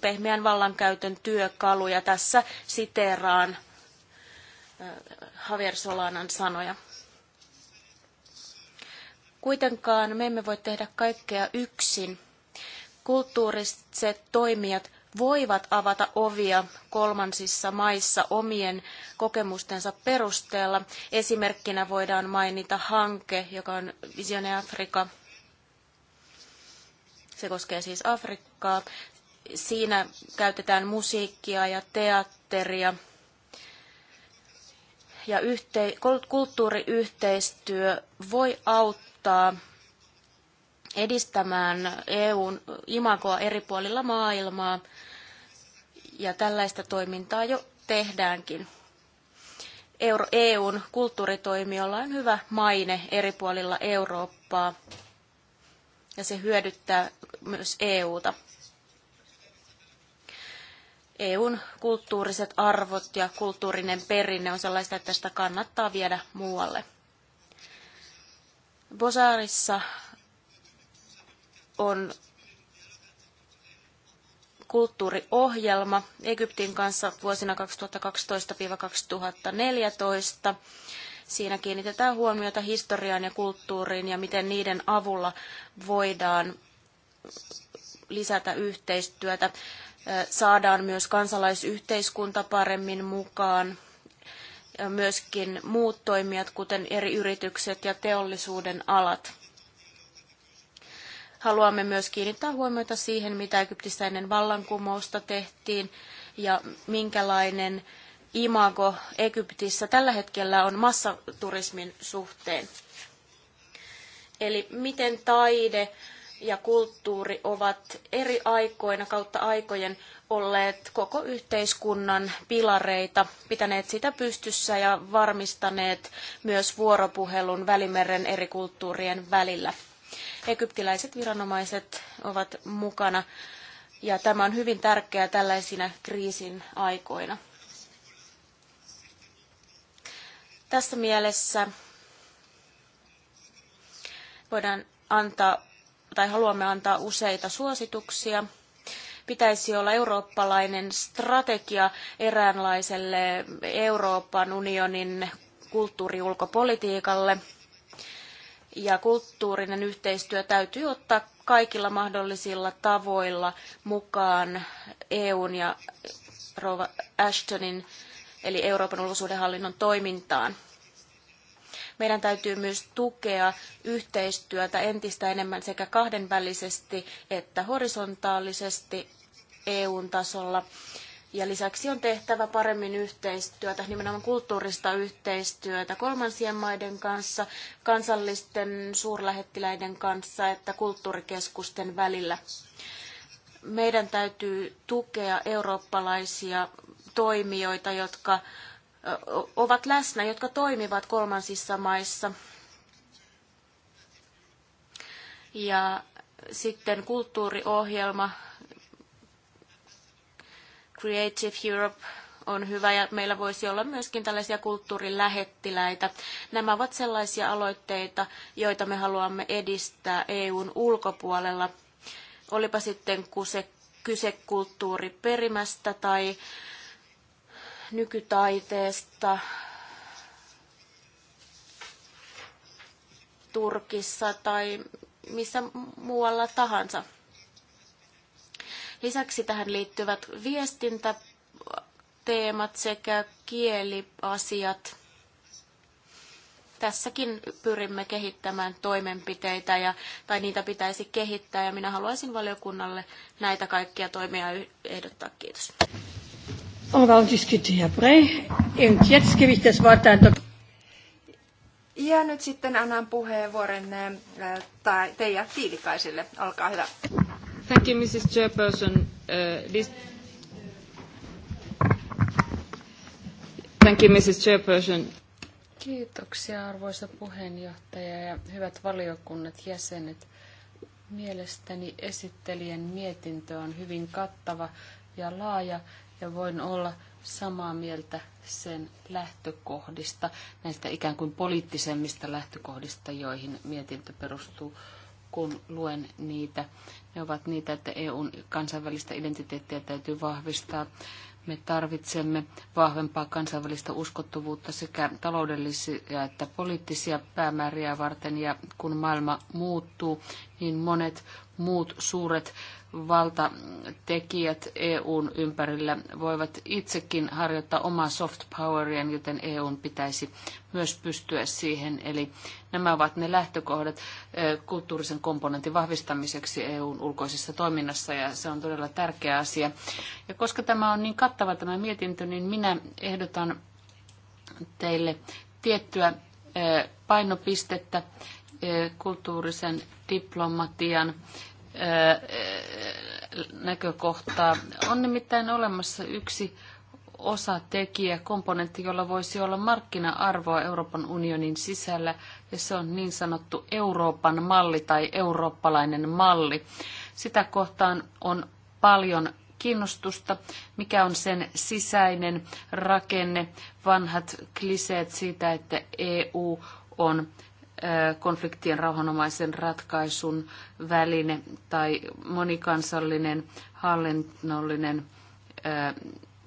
pehmeän vallankäytön työkalu, ja tässä siteeraan Javier Solanan sanoja. Kuitenkaan me emme voi tehdä kaikkea yksin. Kulttuuriset toimijat voivat avata ovia kolmansissa maissa omien kokemustensa perusteella. Esimerkkinä voidaan mainita hanke, joka on Vision Afrika. Se koskee siis Afrikkaa. Siinä käytetään musiikkia ja teatteria. Ja yhte- kulttuuriyhteistyö voi auttaa edistämään EUn imagoa eri puolilla maailmaa, ja tällaista toimintaa jo tehdäänkin. Euro, EUn kulttuuritoimijoilla on hyvä maine eri puolilla Eurooppaa, ja se hyödyttää myös EUta. EUn kulttuuriset arvot ja kulttuurinen perinne on sellaista, että sitä kannattaa viedä muualle. Bosarissa on kulttuuriohjelma Egyptin kanssa vuosina 2012-2014. Siinä kiinnitetään huomiota historiaan ja kulttuuriin ja miten niiden avulla voidaan lisätä yhteistyötä. Saadaan myös kansalaisyhteiskunta paremmin mukaan. Myöskin muut toimijat, kuten eri yritykset ja teollisuuden alat. Haluamme myös kiinnittää huomiota siihen, mitä Egyptissä ennen vallankumousta tehtiin ja minkälainen imago Egyptissä tällä hetkellä on massaturismin suhteen. Eli miten taide ja kulttuuri ovat eri aikoina kautta aikojen olleet koko yhteiskunnan pilareita, pitäneet sitä pystyssä ja varmistaneet myös vuoropuhelun Välimeren eri kulttuurien välillä egyptiläiset viranomaiset ovat mukana. Ja tämä on hyvin tärkeää tällaisina kriisin aikoina. Tässä mielessä voidaan antaa tai haluamme antaa useita suosituksia. Pitäisi olla eurooppalainen strategia eräänlaiselle Euroopan unionin kulttuuriulkopolitiikalle – ja kulttuurinen yhteistyö täytyy ottaa kaikilla mahdollisilla tavoilla mukaan EUn ja Rova Ashtonin eli Euroopan ulkosuhdehallinnon toimintaan. Meidän täytyy myös tukea yhteistyötä entistä enemmän sekä kahdenvälisesti että horisontaalisesti EUn tasolla ja lisäksi on tehtävä paremmin yhteistyötä, nimenomaan kulttuurista yhteistyötä kolmansien maiden kanssa, kansallisten suurlähettiläiden kanssa, että kulttuurikeskusten välillä. Meidän täytyy tukea eurooppalaisia toimijoita, jotka ovat läsnä, jotka toimivat kolmansissa maissa. Ja sitten kulttuuriohjelma Creative Europe on hyvä ja meillä voisi olla myöskin tällaisia kulttuurilähettiläitä. Nämä ovat sellaisia aloitteita, joita me haluamme edistää EUn ulkopuolella. Olipa sitten kyse, kyse kulttuuriperimästä tai nykytaiteesta Turkissa tai missä muualla tahansa. Lisäksi tähän liittyvät viestintäteemat sekä kieliasiat. Tässäkin pyrimme kehittämään toimenpiteitä ja, tai niitä pitäisi kehittää ja minä haluaisin valiokunnalle näitä kaikkia toimia ehdottaa. Kiitos. On ja nyt sitten annan puheenvuoron äh, teija Tiilikaiselle. Olkaa hyvä. Thank you, Mrs. Chairperson. Uh, Thank you, Mrs. Chairperson. Kiitoksia arvoisa puheenjohtaja ja hyvät valiokunnat jäsenet. Mielestäni esittelijän mietintö on hyvin kattava ja laaja ja voin olla samaa mieltä sen lähtökohdista, näistä ikään kuin poliittisemmista lähtökohdista, joihin mietintö perustuu, kun luen niitä, ne ovat niitä, että EUn kansainvälistä identiteettiä täytyy vahvistaa. Me tarvitsemme vahvempaa kansainvälistä uskottavuutta sekä taloudellisia että poliittisia päämääriä varten. Ja kun maailma muuttuu, niin monet muut suuret valtatekijät EUn ympärillä voivat itsekin harjoittaa omaa soft poweriaan, joten EUn pitäisi myös pystyä siihen. Eli nämä ovat ne lähtökohdat kulttuurisen komponentin vahvistamiseksi EUn ulkoisessa toiminnassa ja se on todella tärkeä asia. Ja koska tämä on niin kattava tämä mietintö, niin minä ehdotan teille tiettyä painopistettä kulttuurisen diplomatian näkökohtaa. On nimittäin olemassa yksi osatekijä, komponentti, jolla voisi olla markkina-arvoa Euroopan unionin sisällä, ja se on niin sanottu Euroopan malli tai eurooppalainen malli. Sitä kohtaan on paljon kiinnostusta, mikä on sen sisäinen rakenne, vanhat kliseet siitä, että EU on konfliktien rauhanomaisen ratkaisun väline tai monikansallinen hallinnollinen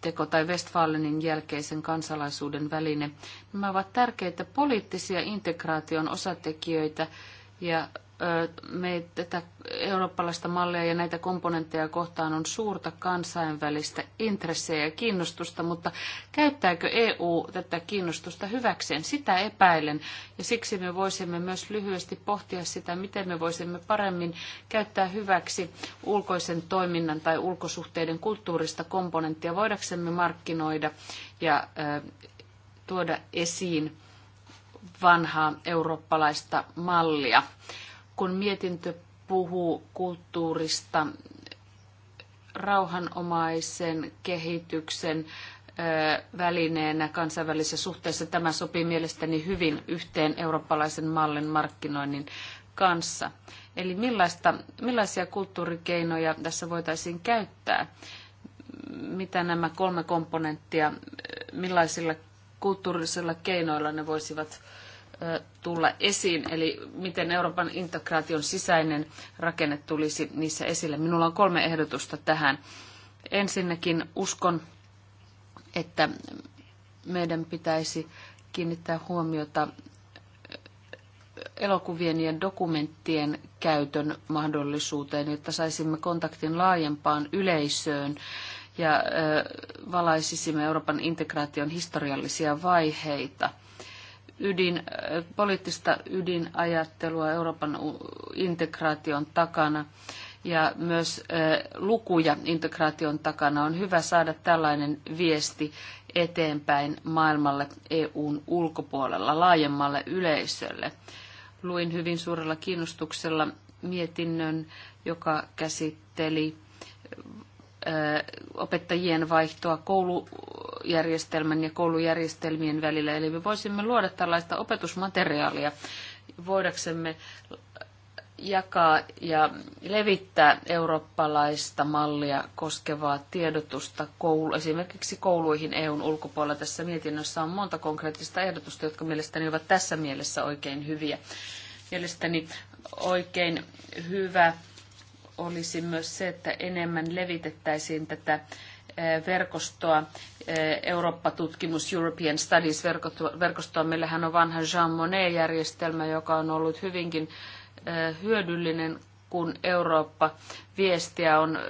teko tai Westfalenin jälkeisen kansalaisuuden väline. Nämä ovat tärkeitä poliittisia integraation osatekijöitä ja me tätä eurooppalaista mallia ja näitä komponentteja kohtaan on suurta kansainvälistä intressejä ja kiinnostusta, mutta käyttääkö EU tätä kiinnostusta hyväkseen? Sitä epäilen ja siksi me voisimme myös lyhyesti pohtia sitä, miten me voisimme paremmin käyttää hyväksi ulkoisen toiminnan tai ulkosuhteiden kulttuurista komponenttia, voidaksemme markkinoida ja tuoda esiin vanhaa eurooppalaista mallia kun mietintö puhuu kulttuurista, rauhanomaisen kehityksen välineenä kansainvälisessä suhteessa. Tämä sopii mielestäni hyvin yhteen eurooppalaisen mallin markkinoinnin kanssa. Eli millaista, millaisia kulttuurikeinoja tässä voitaisiin käyttää? Mitä nämä kolme komponenttia, millaisilla kulttuurisilla keinoilla ne voisivat tulla esiin, eli miten Euroopan integraation sisäinen rakenne tulisi niissä esille. Minulla on kolme ehdotusta tähän. Ensinnäkin uskon, että meidän pitäisi kiinnittää huomiota elokuvien ja dokumenttien käytön mahdollisuuteen, jotta saisimme kontaktin laajempaan yleisöön ja valaisisimme Euroopan integraation historiallisia vaiheita – ydin, äh, poliittista ydinajattelua Euroopan integraation takana ja myös äh, lukuja integraation takana. On hyvä saada tällainen viesti eteenpäin maailmalle EUn ulkopuolella, laajemmalle yleisölle. Luin hyvin suurella kiinnostuksella mietinnön, joka käsitteli äh, opettajien vaihtoa koulu, koulujärjestelmän ja koulujärjestelmien välillä. Eli me voisimme luoda tällaista opetusmateriaalia, voidaksemme jakaa ja levittää eurooppalaista mallia koskevaa tiedotusta koulu, esimerkiksi kouluihin EUn ulkopuolella. Tässä mietinnössä on monta konkreettista ehdotusta, jotka mielestäni ovat tässä mielessä oikein hyviä. Mielestäni oikein hyvä olisi myös se, että enemmän levitettäisiin tätä verkostoa, eh, Eurooppa-tutkimus, European Studies-verkostoa. Meillähän on vanha Jean Monnet-järjestelmä, joka on ollut hyvinkin eh, hyödyllinen, kun Eurooppa-viestiä on eh,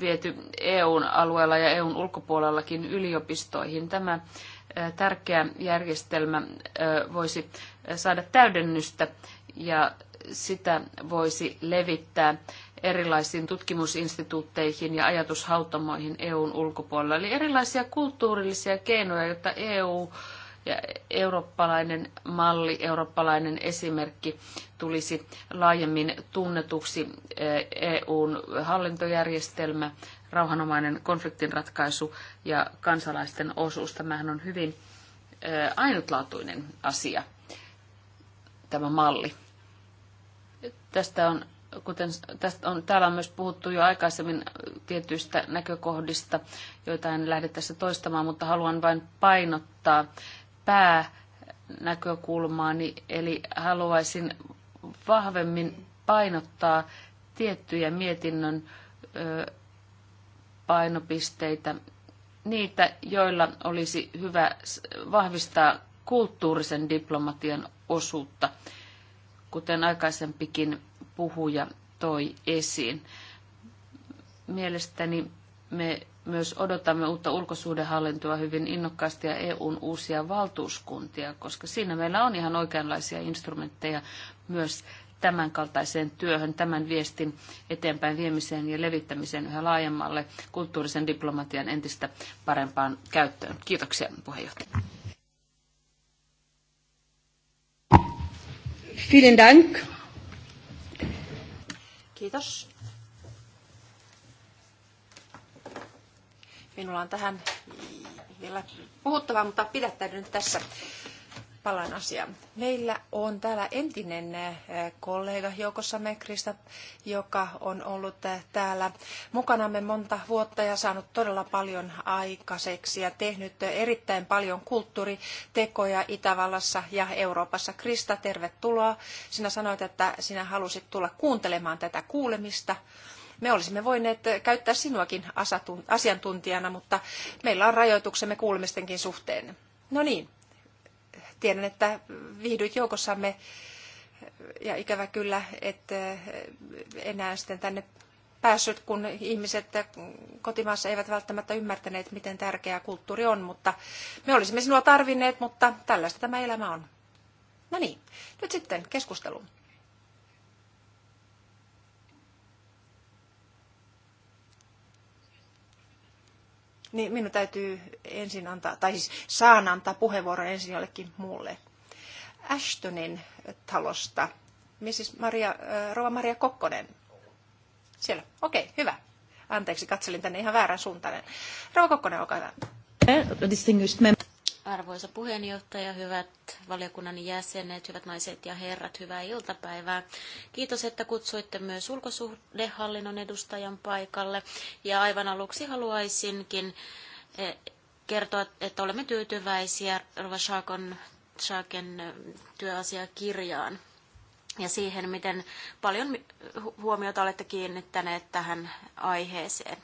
viety EUn alueella ja EUn ulkopuolellakin yliopistoihin. Tämä tärkeä järjestelmä voisi saada täydennystä ja sitä voisi levittää erilaisiin tutkimusinstituutteihin ja ajatushautomoihin EUn ulkopuolella. Eli erilaisia kulttuurillisia keinoja, jotta EU ja eurooppalainen malli, eurooppalainen esimerkki tulisi laajemmin tunnetuksi EUn eh, e hallintojärjestelmä, rauhanomainen konfliktinratkaisu ja kansalaisten osuus. Tämähän on hyvin eh, ainutlaatuinen asia, tämä malli. Tästä on kuten tästä on, täällä on myös puhuttu jo aikaisemmin tietyistä näkökohdista, joita en lähde tässä toistamaan, mutta haluan vain painottaa päänäkökulmaani, eli haluaisin vahvemmin painottaa tiettyjä mietinnön painopisteitä, niitä, joilla olisi hyvä vahvistaa kulttuurisen diplomatian osuutta. Kuten aikaisempikin puhuja toi esiin. Mielestäni me myös odotamme uutta ulkosuhdehallintoa hyvin innokkaasti ja EUn uusia valtuuskuntia, koska siinä meillä on ihan oikeanlaisia instrumentteja myös tämänkaltaiseen työhön, tämän viestin eteenpäin viemiseen ja levittämiseen yhä laajemmalle kulttuurisen diplomatian entistä parempaan käyttöön. Kiitoksia puheenjohtaja. Vielen Dank. Kiitos. Minulla on tähän vielä puhuttavaa, mutta pidättäydyn tässä palaan asiaan. Meillä on täällä entinen eh, kollega joukossamme, Krista, joka on ollut eh, täällä mukanamme monta vuotta ja saanut todella paljon aikaiseksi ja tehnyt eh, erittäin paljon kulttuuritekoja Itävallassa ja Euroopassa. Krista, tervetuloa. Sinä sanoit, että sinä halusit tulla kuuntelemaan tätä kuulemista me olisimme voineet käyttää sinuakin asiantuntijana, mutta meillä on rajoituksemme kuulemistenkin suhteen. No niin, tiedän, että viihdyit joukossamme ja ikävä kyllä, että enää sitten tänne päässyt, kun ihmiset kotimaassa eivät välttämättä ymmärtäneet, miten tärkeä kulttuuri on, mutta me olisimme sinua tarvinneet, mutta tällaista tämä elämä on. No niin, nyt sitten keskusteluun. niin minun täytyy ensin antaa, tai siis saan antaa puheenvuoron ensin jollekin muulle. Ashtonin talosta, missis Maria, äh, Rova Maria Kokkonen. Siellä, okei, okay, hyvä. Anteeksi, katselin tänne ihan väärän suuntainen. Rova Kokkonen, olkaa hyvä. Distinguished Arvoisa puheenjohtaja, hyvät valiokunnan jäsenet, hyvät naiset ja herrat, hyvää iltapäivää. Kiitos, että kutsuitte myös ulkosuhdehallinnon edustajan paikalle. Ja aivan aluksi haluaisinkin eh, kertoa, että olemme tyytyväisiä Rova Shaken, Shaken eh, työasiakirjaan ja siihen, miten paljon huomiota olette kiinnittäneet tähän aiheeseen.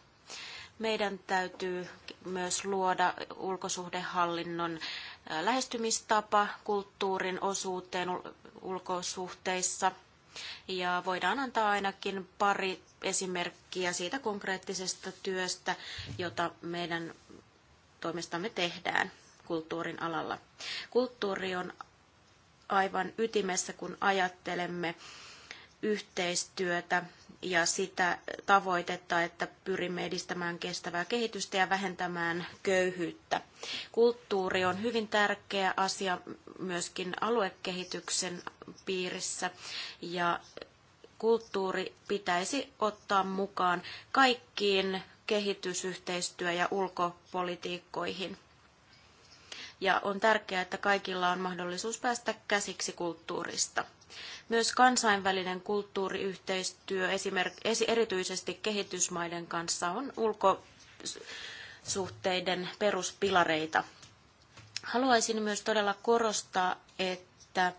Meidän täytyy myös luoda ulkosuhdehallinnon lähestymistapa kulttuurin osuuteen ulkosuhteissa. Ja voidaan antaa ainakin pari esimerkkiä siitä konkreettisesta työstä, jota meidän toimestamme tehdään kulttuurin alalla. Kulttuuri on aivan ytimessä, kun ajattelemme yhteistyötä ja sitä tavoitetta, että pyrimme edistämään kestävää kehitystä ja vähentämään köyhyyttä. Kulttuuri on hyvin tärkeä asia myöskin aluekehityksen piirissä ja kulttuuri pitäisi ottaa mukaan kaikkiin kehitysyhteistyö- ja ulkopolitiikkoihin. Ja on tärkeää, että kaikilla on mahdollisuus päästä käsiksi kulttuurista. Myös kansainvälinen kulttuuriyhteistyö esimerkiksi erityisesti kehitysmaiden kanssa on ulkosuhteiden peruspilareita. Haluaisin myös todella korostaa, että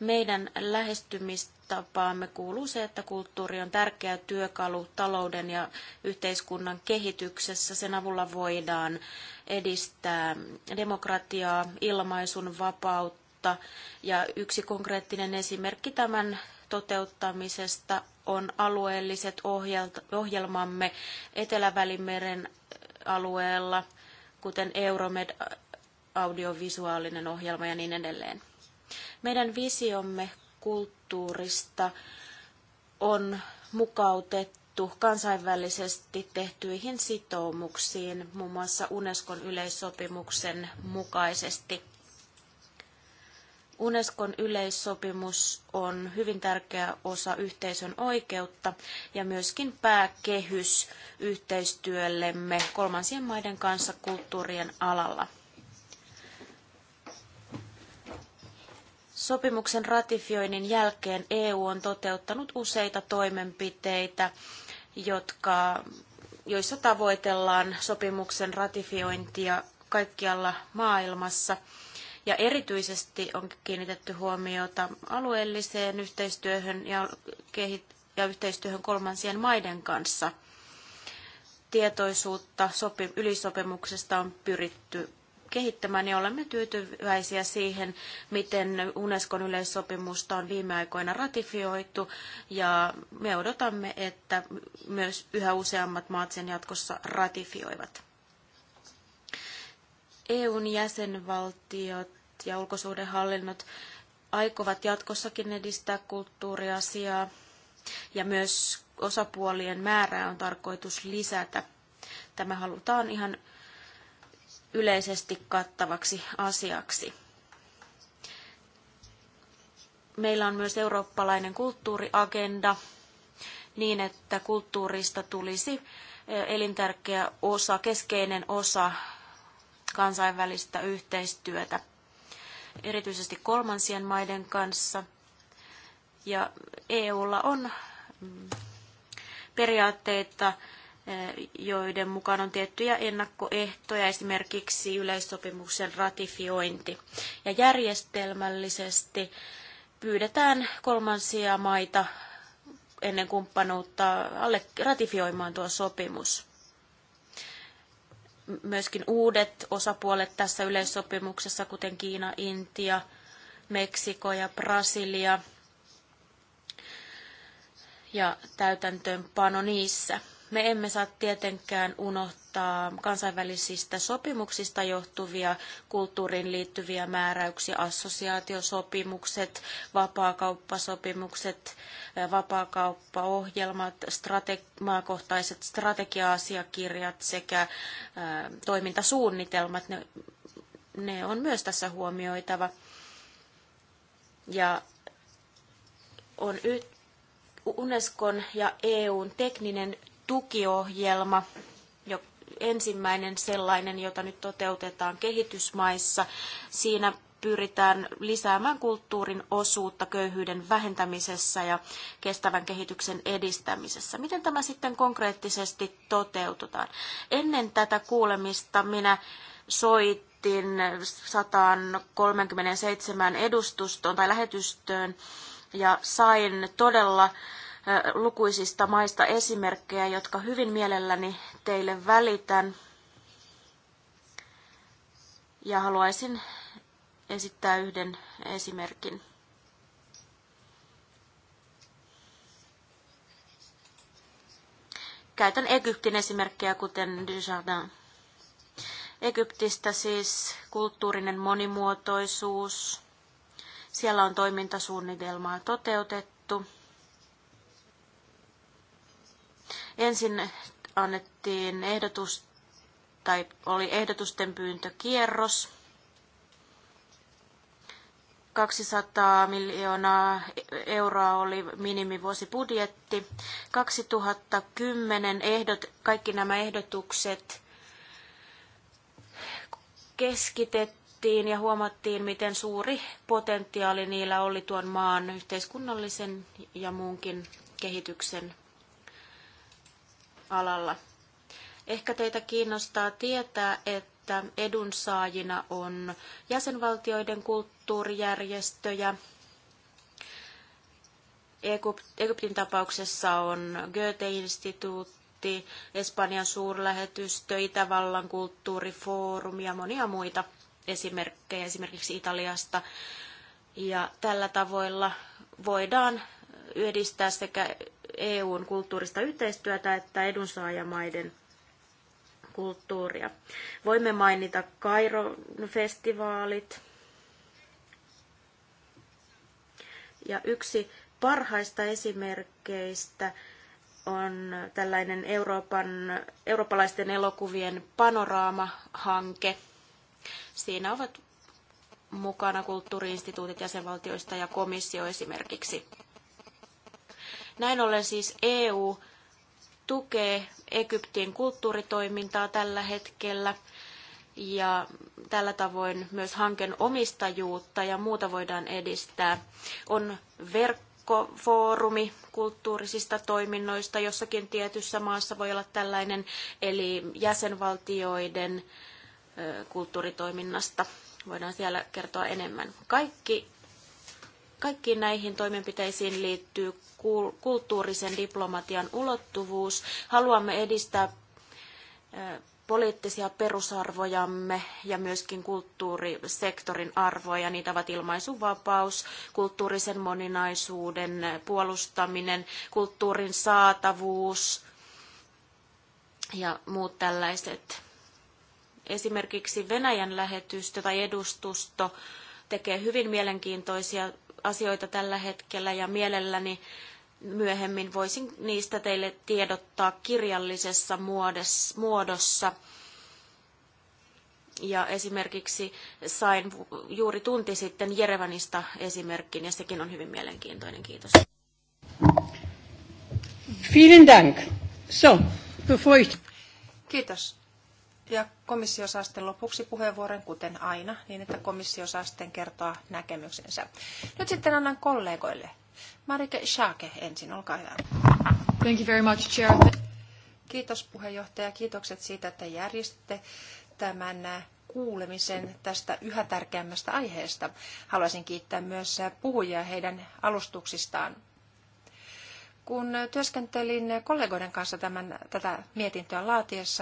meidän lähestymistapaamme kuuluu se, että kulttuuri on tärkeä työkalu talouden ja yhteiskunnan kehityksessä. Sen avulla voidaan edistää demokratiaa, ilmaisun vapautta, kautta. Ja yksi konkreettinen esimerkki tämän toteuttamisesta on alueelliset ohjelmamme Etelä-Välimeren alueella, kuten Euromed audiovisuaalinen ohjelma ja niin edelleen. Meidän visiomme kulttuurista on mukautettu kansainvälisesti tehtyihin sitoumuksiin, muun muassa Unescon yleissopimuksen mukaisesti. Unescon yleissopimus on hyvin tärkeä osa yhteisön oikeutta ja myöskin pääkehys yhteistyöllemme kolmansien maiden kanssa kulttuurien alalla. Sopimuksen ratifioinnin jälkeen EU on toteuttanut useita toimenpiteitä, jotka, joissa tavoitellaan sopimuksen ratifiointia kaikkialla maailmassa – ja erityisesti on kiinnitetty huomiota alueelliseen yhteistyöhön ja, kehit- ja yhteistyöhön kolmansien maiden kanssa. Tietoisuutta sopi- ylisopimuksesta on pyritty kehittämään ja olemme tyytyväisiä siihen, miten Unescon yleissopimusta on viime aikoina ratifioitu ja me odotamme, että myös yhä useammat maat sen jatkossa ratifioivat. EUn jäsenvaltiot ja ulkosuhdehallinnot aikovat jatkossakin edistää kulttuuriasiaa ja myös osapuolien määrää on tarkoitus lisätä. Tämä halutaan ihan yleisesti kattavaksi asiaksi. Meillä on myös eurooppalainen kulttuuriagenda niin, että kulttuurista tulisi eh, elintärkeä osa, keskeinen osa kansainvälistä yhteistyötä, erityisesti kolmansien maiden kanssa. Ja EUlla on mm, periaatteita, eh, joiden mukaan on tiettyjä ennakkoehtoja, esimerkiksi yleissopimuksen ratifiointi. Ja järjestelmällisesti pyydetään kolmansia maita ennen kumppanuutta alle ratifioimaan tuo sopimus myöskin uudet osapuolet tässä yleissopimuksessa, kuten Kiina, Intia, Meksiko ja Brasilia ja täytäntöönpano niissä. Me emme saa tietenkään unohtaa kansainvälisistä sopimuksista johtuvia kulttuuriin liittyviä määräyksiä, assosiaatiosopimukset, vapaakauppasopimukset, vapaakauppaohjelmat, strate- maakohtaiset strategia-asiakirjat sekä toimintasuunnitelmat. Ne, ne on myös tässä huomioitava. Ja on Unescon ja EUn tekninen tukiohjelma, jo ensimmäinen sellainen, jota nyt toteutetaan kehitysmaissa. Siinä pyritään lisäämään kulttuurin osuutta köyhyyden vähentämisessä ja kestävän kehityksen edistämisessä. Miten tämä sitten konkreettisesti toteutetaan? Ennen tätä kuulemista minä soitin 137 edustustoon tai lähetystöön ja sain todella lukuisista maista esimerkkejä, jotka hyvin mielelläni teille välitän. Ja haluaisin esittää yhden esimerkin. Käytän Egyptin esimerkkiä, kuten Dujardin. Egyptistä siis kulttuurinen monimuotoisuus. Siellä on toimintasuunnitelmaa toteutettu. Ensin annettiin ehdotus, tai oli ehdotusten pyyntökierros. 200 miljoonaa euroa oli minimivuosibudjetti. 2010 ehdot, kaikki nämä ehdotukset keskitettiin ja huomattiin, miten suuri potentiaali niillä oli tuon maan yhteiskunnallisen ja muunkin kehityksen alalla. Ehkä teitä kiinnostaa tietää, että edunsaajina on jäsenvaltioiden kulttuurijärjestöjä. Egyptin tapauksessa on Goethe-instituutti, Espanjan suurlähetystö, Itävallan kulttuurifoorumi ja monia muita esimerkkejä esimerkiksi Italiasta. Ja tällä tavoilla voidaan yhdistää sekä EUn kulttuurista yhteistyötä että edunsaajamaiden kulttuuria. Voimme mainita Kairo-festivaalit. Ja yksi parhaista esimerkkeistä on tällainen Euroopan, eurooppalaisten elokuvien panoraamahanke. Siinä ovat mukana kulttuuriinstituutit jäsenvaltioista ja komissio esimerkiksi. Näin ollen siis EU tukee Egyptin kulttuuritoimintaa tällä hetkellä ja tällä tavoin myös hanken omistajuutta ja muuta voidaan edistää. On verkkofoorumi kulttuurisista toiminnoista, jossakin tietyssä maassa voi olla tällainen, eli jäsenvaltioiden kulttuuritoiminnasta voidaan siellä kertoa enemmän. Kaikki Kaikkiin näihin toimenpiteisiin liittyy kulttuurisen diplomatian ulottuvuus. Haluamme edistää poliittisia perusarvojamme ja myöskin kulttuurisektorin arvoja. Niitä ovat ilmaisuvapaus, kulttuurisen moninaisuuden puolustaminen, kulttuurin saatavuus ja muut tällaiset. Esimerkiksi Venäjän lähetystö tai edustusto tekee hyvin mielenkiintoisia asioita tällä hetkellä ja mielelläni myöhemmin voisin niistä teille tiedottaa kirjallisessa muodossa. Ja esimerkiksi sain juuri tunti sitten Jerevanista esimerkkin, ja sekin on hyvin mielenkiintoinen. Kiitos. Vielen Dank. So, bevor ich... Kiitos ja komissio saa sitten lopuksi puheenvuoron, kuten aina, niin että komissio saa sitten kertoa näkemyksensä. Nyt sitten annan kollegoille. Marike Schake ensin, olkaa hyvä. Thank you very much, Chair. Kiitos puheenjohtaja, kiitokset siitä, että järjestitte tämän kuulemisen tästä yhä tärkeämmästä aiheesta. Haluaisin kiittää myös puhujia heidän alustuksistaan kun työskentelin kollegoiden kanssa tämän, tätä mietintöä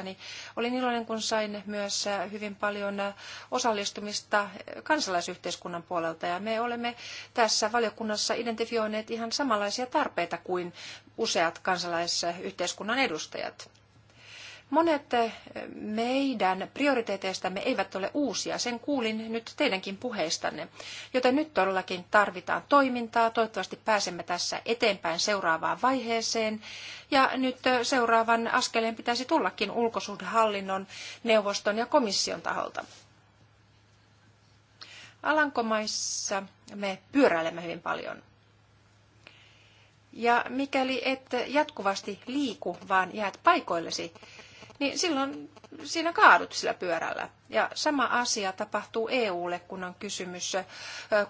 niin olin iloinen, kun sain myös hyvin paljon osallistumista kansalaisyhteiskunnan puolelta. Ja me olemme tässä valiokunnassa identifioineet ihan samanlaisia tarpeita kuin useat kansalaisyhteiskunnan edustajat. Monet eh, meidän prioriteeteistamme eivät ole uusia, sen kuulin nyt teidänkin puheistanne, joten nyt todellakin tarvitaan toimintaa. Toivottavasti pääsemme tässä eteenpäin seuraavaan vaiheeseen. Ja nyt eh, seuraavan askeleen pitäisi tullakin ulkosuhdehallinnon, neuvoston ja komission taholta. Alankomaissa me pyöräilemme hyvin paljon. Ja mikäli et jatkuvasti liiku, vaan jäät paikoillesi, niin silloin siinä kaadut sillä pyörällä. Ja sama asia tapahtuu EUlle, kun on kysymys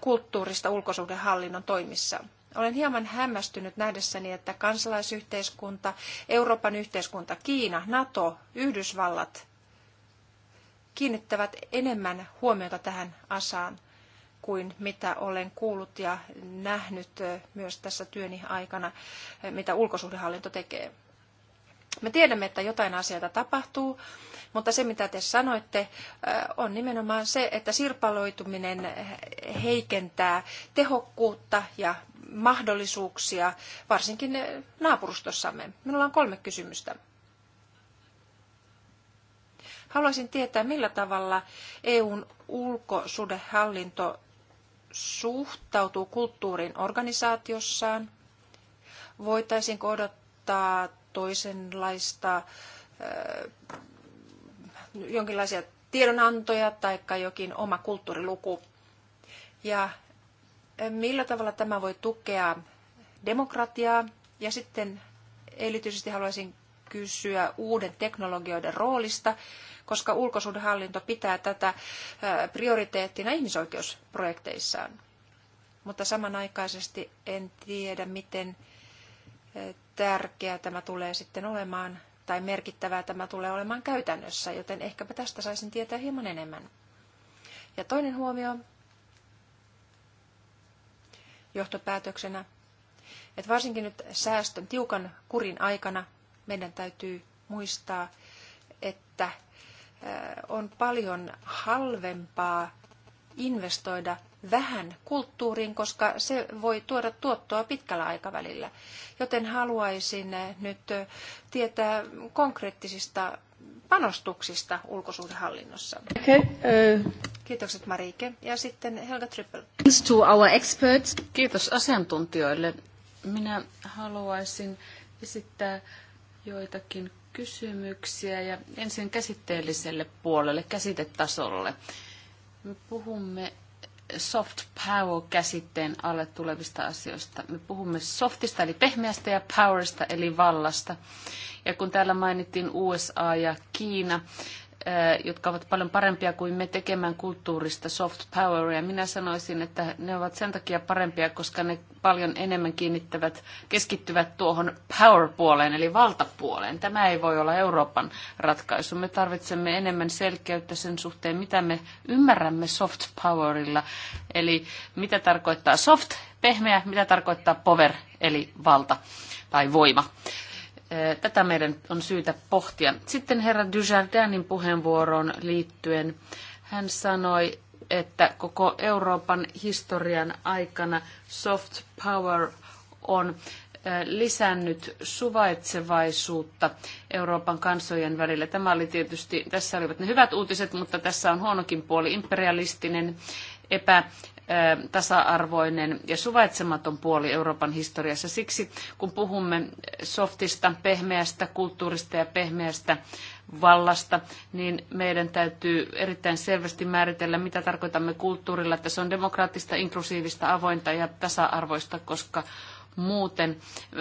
kulttuurista ulkosuhdehallinnon toimissa. Olen hieman hämmästynyt nähdessäni, että kansalaisyhteiskunta, Euroopan yhteiskunta, Kiina, NATO, Yhdysvallat kiinnittävät enemmän huomiota tähän asaan kuin mitä olen kuullut ja nähnyt myös tässä työni aikana, mitä ulkosuhdehallinto tekee. Me tiedämme, että jotain asioita tapahtuu, mutta se mitä te sanoitte on nimenomaan se, että sirpaloituminen heikentää tehokkuutta ja mahdollisuuksia, varsinkin naapurustossamme. Minulla on kolme kysymystä. Haluaisin tietää, millä tavalla EUn ulkosuhdehallinto suhtautuu kulttuurin organisaatiossaan. Voitaisiinko odottaa toisenlaista, äh, jonkinlaisia tiedonantoja tai jokin oma kulttuuriluku. Ja äh, millä tavalla tämä voi tukea demokratiaa. Ja sitten erityisesti haluaisin kysyä uuden teknologioiden roolista, koska ulkosuhdehallinto pitää tätä äh, prioriteettina ihmisoikeusprojekteissaan. Mutta samanaikaisesti en tiedä, miten tärkeä tämä tulee sitten olemaan tai merkittävää tämä tulee olemaan käytännössä, joten ehkäpä tästä saisin tietää hieman enemmän. Ja toinen huomio johtopäätöksenä, että varsinkin nyt säästön tiukan kurin aikana meidän täytyy muistaa, että on paljon halvempaa investoida vähän kulttuuriin, koska se voi tuoda tuottoa pitkällä aikavälillä. Joten haluaisin nyt tietää konkreettisista panostuksista ulkosuhdehallinnossa. Okay, uh... Kiitokset Marike. Ja sitten Helga Trippel. To our experts. Kiitos asiantuntijoille. Minä haluaisin esittää joitakin kysymyksiä ja ensin käsitteelliselle puolelle, käsitetasolle. Me puhumme soft power-käsitteen alle tulevista asioista. Me puhumme softista eli pehmeästä ja powerista eli vallasta. Ja kun täällä mainittiin USA ja Kiina, Äh, jotka ovat paljon parempia kuin me tekemään kulttuurista soft poweria. Minä sanoisin, että ne ovat sen takia parempia, koska ne paljon enemmän kiinnittävät, keskittyvät tuohon power-puoleen, eli valtapuoleen. Tämä ei voi olla Euroopan ratkaisu. Me tarvitsemme enemmän selkeyttä sen suhteen, mitä me ymmärrämme soft powerilla, eli mitä tarkoittaa soft, pehmeä, mitä tarkoittaa power, eli valta tai voima. Tätä meidän on syytä pohtia. Sitten herra Dujardinin puheenvuoroon liittyen hän sanoi, että koko Euroopan historian aikana soft power on lisännyt suvaitsevaisuutta Euroopan kansojen välillä. Tämä oli tietysti, tässä olivat ne hyvät uutiset, mutta tässä on huonokin puoli imperialistinen epä, tasa-arvoinen ja suvaitsematon puoli Euroopan historiassa. Siksi kun puhumme softista, pehmeästä kulttuurista ja pehmeästä vallasta, niin meidän täytyy erittäin selvästi määritellä, mitä tarkoitamme kulttuurilla, että se on demokraattista, inklusiivista, avointa ja tasa-arvoista, koska Muuten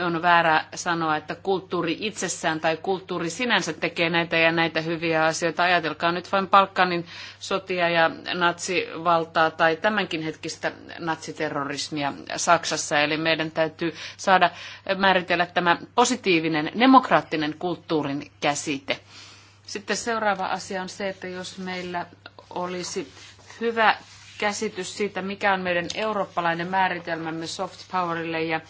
on väärä sanoa, että kulttuuri itsessään tai kulttuuri sinänsä tekee näitä ja näitä hyviä asioita. Ajatelkaa nyt vain Balkanin sotia ja natsivaltaa tai tämänkin hetkistä natsiterrorismia Saksassa. Eli meidän täytyy saada määritellä tämä positiivinen demokraattinen kulttuurin käsite. Sitten seuraava asia on se, että jos meillä olisi hyvä käsitys siitä, mikä on meidän eurooppalainen määritelmämme soft powerille ja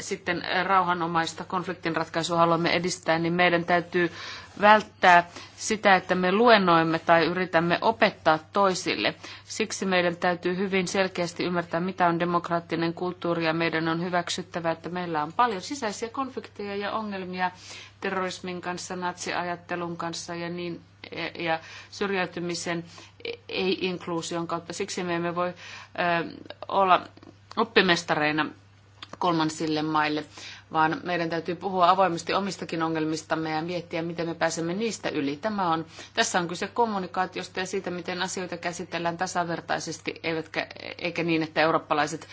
sitten rauhanomaista konfliktinratkaisua haluamme edistää, niin meidän täytyy välttää sitä, että me luennoimme tai yritämme opettaa toisille. Siksi meidän täytyy hyvin selkeästi ymmärtää, mitä on demokraattinen kulttuuri ja meidän on hyväksyttävä, että meillä on paljon sisäisiä konflikteja ja ongelmia terrorismin kanssa, natsiajattelun kanssa ja niin ja syrjäytymisen ei-inkluusion kautta. Siksi me emme voi olla oppimestareina kolmansille maille, vaan meidän täytyy puhua avoimesti omistakin ongelmistamme ja miettiä, miten me pääsemme niistä yli. Tämä on, tässä on kyse kommunikaatiosta ja siitä, miten asioita käsitellään tasavertaisesti, eivätkä, eikä niin, että eurooppalaiset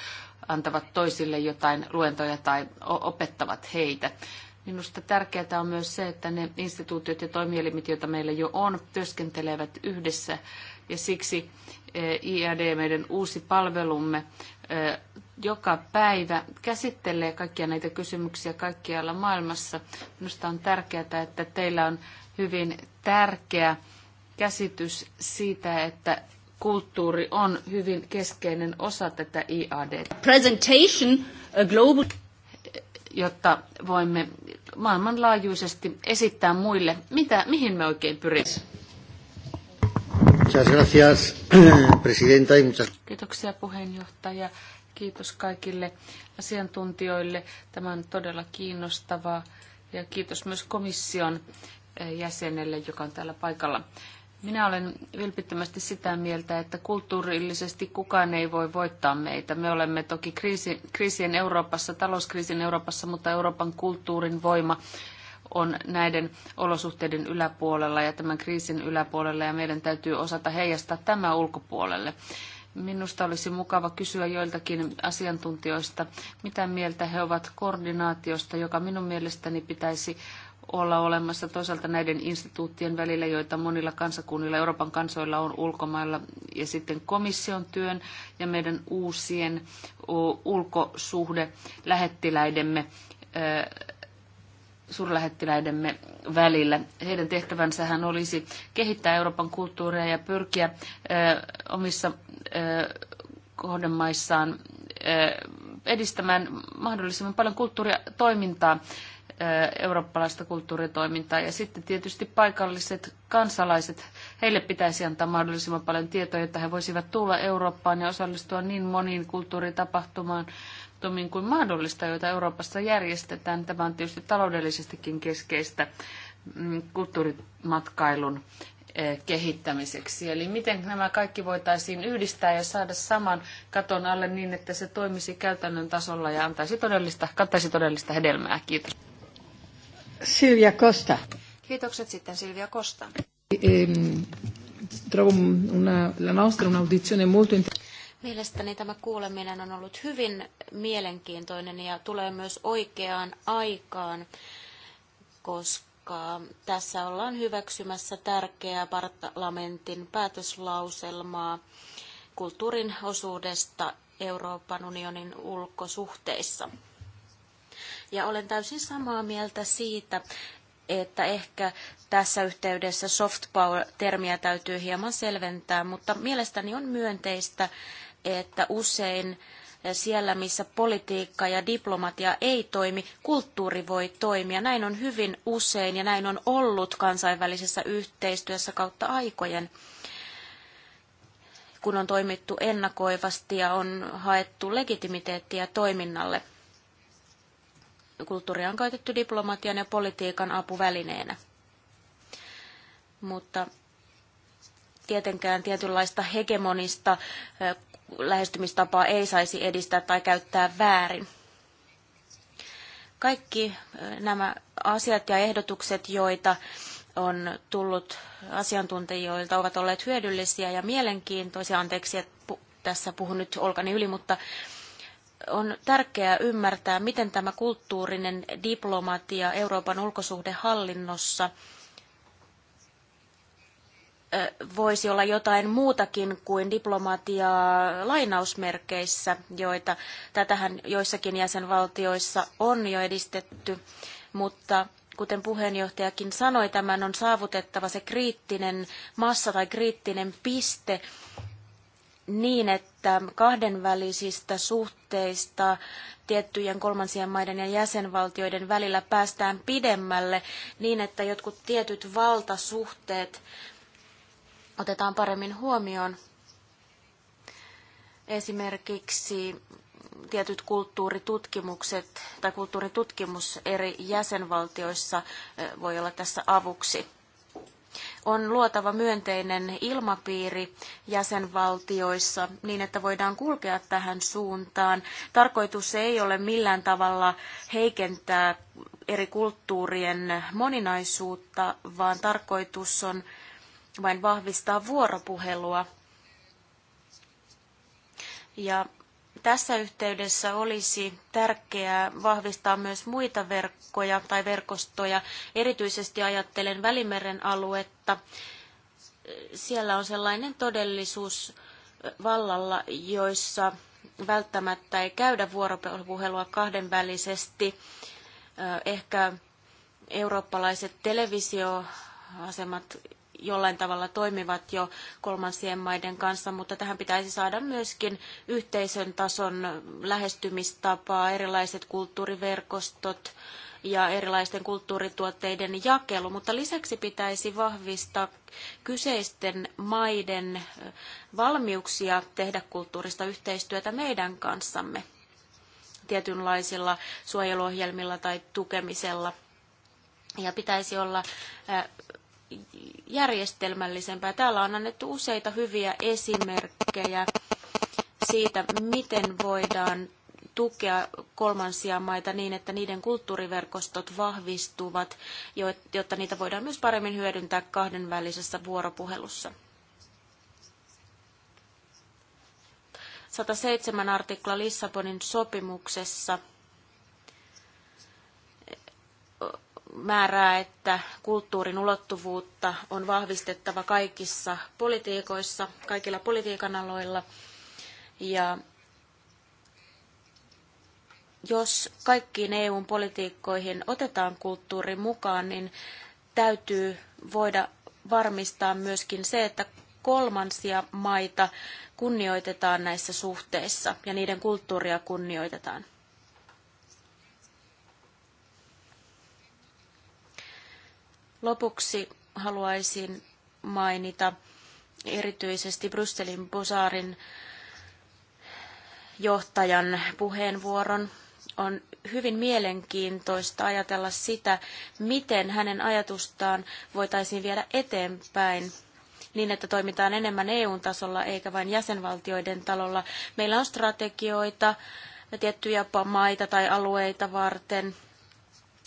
antavat toisille jotain luentoja tai opettavat heitä. Minusta tärkeää on myös se, että ne instituutiot ja toimielimit, joita meillä jo on, työskentelevät yhdessä. Ja siksi eh, IAD, meidän uusi palvelumme, eh, joka päivä käsittelee kaikkia näitä kysymyksiä kaikkialla maailmassa. Minusta on tärkeää, että teillä on hyvin tärkeä käsitys siitä, että kulttuuri on hyvin keskeinen osa tätä IAD. Presentation, a global jotta voimme maailmanlaajuisesti esittää muille, mitä, mihin me oikein pyrimme. Kiitoksia puheenjohtaja. Kiitos kaikille asiantuntijoille. Tämä on todella kiinnostavaa. Ja kiitos myös komission eh, jäsenelle, joka on täällä paikalla. Minä olen vilpittömästi sitä mieltä, että kulttuurillisesti kukaan ei voi voittaa meitä. Me olemme toki kriisi, kriisien Euroopassa, talouskriisin Euroopassa, mutta Euroopan kulttuurin voima on näiden olosuhteiden yläpuolella ja tämän kriisin yläpuolella ja meidän täytyy osata heijastaa tämä ulkopuolelle. Minusta olisi mukava kysyä joiltakin asiantuntijoista, mitä mieltä he ovat koordinaatiosta, joka minun mielestäni pitäisi olla olemassa toisaalta näiden instituuttien välillä, joita monilla kansakunnilla, Euroopan kansoilla on ulkomailla, ja sitten komission työn ja meidän uusien ulkosuhde lähettiläidemme suurlähettiläidemme välillä. Heidän tehtävänsähän olisi kehittää Euroopan kulttuuria ja pyrkiä omissa kohdemaissaan edistämään mahdollisimman paljon kulttuuritoimintaa eurooppalaista kulttuuritoimintaa. Ja sitten tietysti paikalliset kansalaiset, heille pitäisi antaa mahdollisimman paljon tietoa, jotta he voisivat tulla Eurooppaan ja osallistua niin moniin kulttuuritapahtumaan kuin mahdollista, joita Euroopassa järjestetään. Tämä on tietysti taloudellisestikin keskeistä mm, kulttuurimatkailun kehittämiseksi. Eli miten nämä kaikki voitaisiin yhdistää ja saada saman katon alle niin, että se toimisi käytännön tasolla ja antaisi todellista, kattaisi todellista hedelmää. Kiitos. Silvia Costa. Kiitokset sitten Silvia Costa. Ehm, trovo una, la nostra un'audizione molto Mielestäni tämä kuuleminen on ollut hyvin mielenkiintoinen ja tulee myös oikeaan aikaan, koska tässä ollaan hyväksymässä tärkeää parlamentin päätöslauselmaa kulttuurin osuudesta Euroopan unionin ulkosuhteissa. Ja olen täysin samaa mieltä siitä, että ehkä tässä yhteydessä soft power-termiä täytyy hieman selventää, mutta mielestäni on myönteistä, että usein siellä, missä politiikka ja diplomatia ei toimi, kulttuuri voi toimia. Näin on hyvin usein ja näin on ollut kansainvälisessä yhteistyössä kautta aikojen, kun on toimittu ennakoivasti ja on haettu legitimiteettiä toiminnalle kulttuuria on käytetty diplomatian ja politiikan apuvälineenä. Mutta tietenkään tietynlaista hegemonista lähestymistapaa ei saisi edistää tai käyttää väärin. Kaikki nämä asiat ja ehdotukset, joita on tullut asiantuntijoilta, ovat olleet hyödyllisiä ja mielenkiintoisia. Anteeksi, että tässä puhun nyt olkani yli, mutta on tärkeää ymmärtää, miten tämä kulttuurinen diplomatia Euroopan ulkosuhdehallinnossa voisi olla jotain muutakin kuin diplomatiaa lainausmerkeissä, joita tätähän joissakin jäsenvaltioissa on jo edistetty, mutta kuten puheenjohtajakin sanoi, tämän on saavutettava se kriittinen massa tai kriittinen piste, niin, että kahdenvälisistä suhteista tiettyjen kolmansien maiden ja jäsenvaltioiden välillä päästään pidemmälle niin, että jotkut tietyt valtasuhteet otetaan paremmin huomioon. Esimerkiksi tietyt kulttuuritutkimukset tai kulttuuritutkimus eri jäsenvaltioissa eh, voi olla tässä avuksi on luotava myönteinen ilmapiiri jäsenvaltioissa niin, että voidaan kulkea tähän suuntaan. Tarkoitus ei ole millään tavalla heikentää eri kulttuurien moninaisuutta, vaan tarkoitus on vain vahvistaa vuoropuhelua. Ja tässä yhteydessä olisi tärkeää vahvistaa myös muita verkkoja tai verkostoja. Erityisesti ajattelen Välimeren aluetta. Siellä on sellainen todellisuus vallalla, joissa välttämättä ei käydä vuoropuhelua kahdenvälisesti. Ehkä eurooppalaiset televisioasemat jollain tavalla toimivat jo kolmansien maiden kanssa, mutta tähän pitäisi saada myöskin yhteisön tason lähestymistapaa, erilaiset kulttuuriverkostot ja erilaisten kulttuurituotteiden jakelu, mutta lisäksi pitäisi vahvistaa kyseisten maiden valmiuksia tehdä kulttuurista yhteistyötä meidän kanssamme tietynlaisilla suojeluohjelmilla tai tukemisella. Ja pitäisi olla järjestelmällisempää. Täällä on annettu useita hyviä esimerkkejä siitä, miten voidaan tukea kolmansia maita niin, että niiden kulttuuriverkostot vahvistuvat, jotta niitä voidaan myös paremmin hyödyntää kahdenvälisessä vuoropuhelussa. 107 artikla Lissabonin sopimuksessa määrää, että kulttuurin ulottuvuutta on vahvistettava kaikissa politiikoissa, kaikilla politiikan aloilla. Ja jos kaikkiin EUn politiikkoihin otetaan kulttuuri mukaan, niin täytyy voida varmistaa myöskin se, että kolmansia maita kunnioitetaan näissä suhteissa ja niiden kulttuuria kunnioitetaan. Lopuksi haluaisin mainita erityisesti Brysselin Bosaarin johtajan puheenvuoron. On hyvin mielenkiintoista ajatella sitä, miten hänen ajatustaan voitaisiin viedä eteenpäin niin, että toimitaan enemmän EU-tasolla eikä vain jäsenvaltioiden talolla. Meillä on strategioita tiettyjä maita tai alueita varten,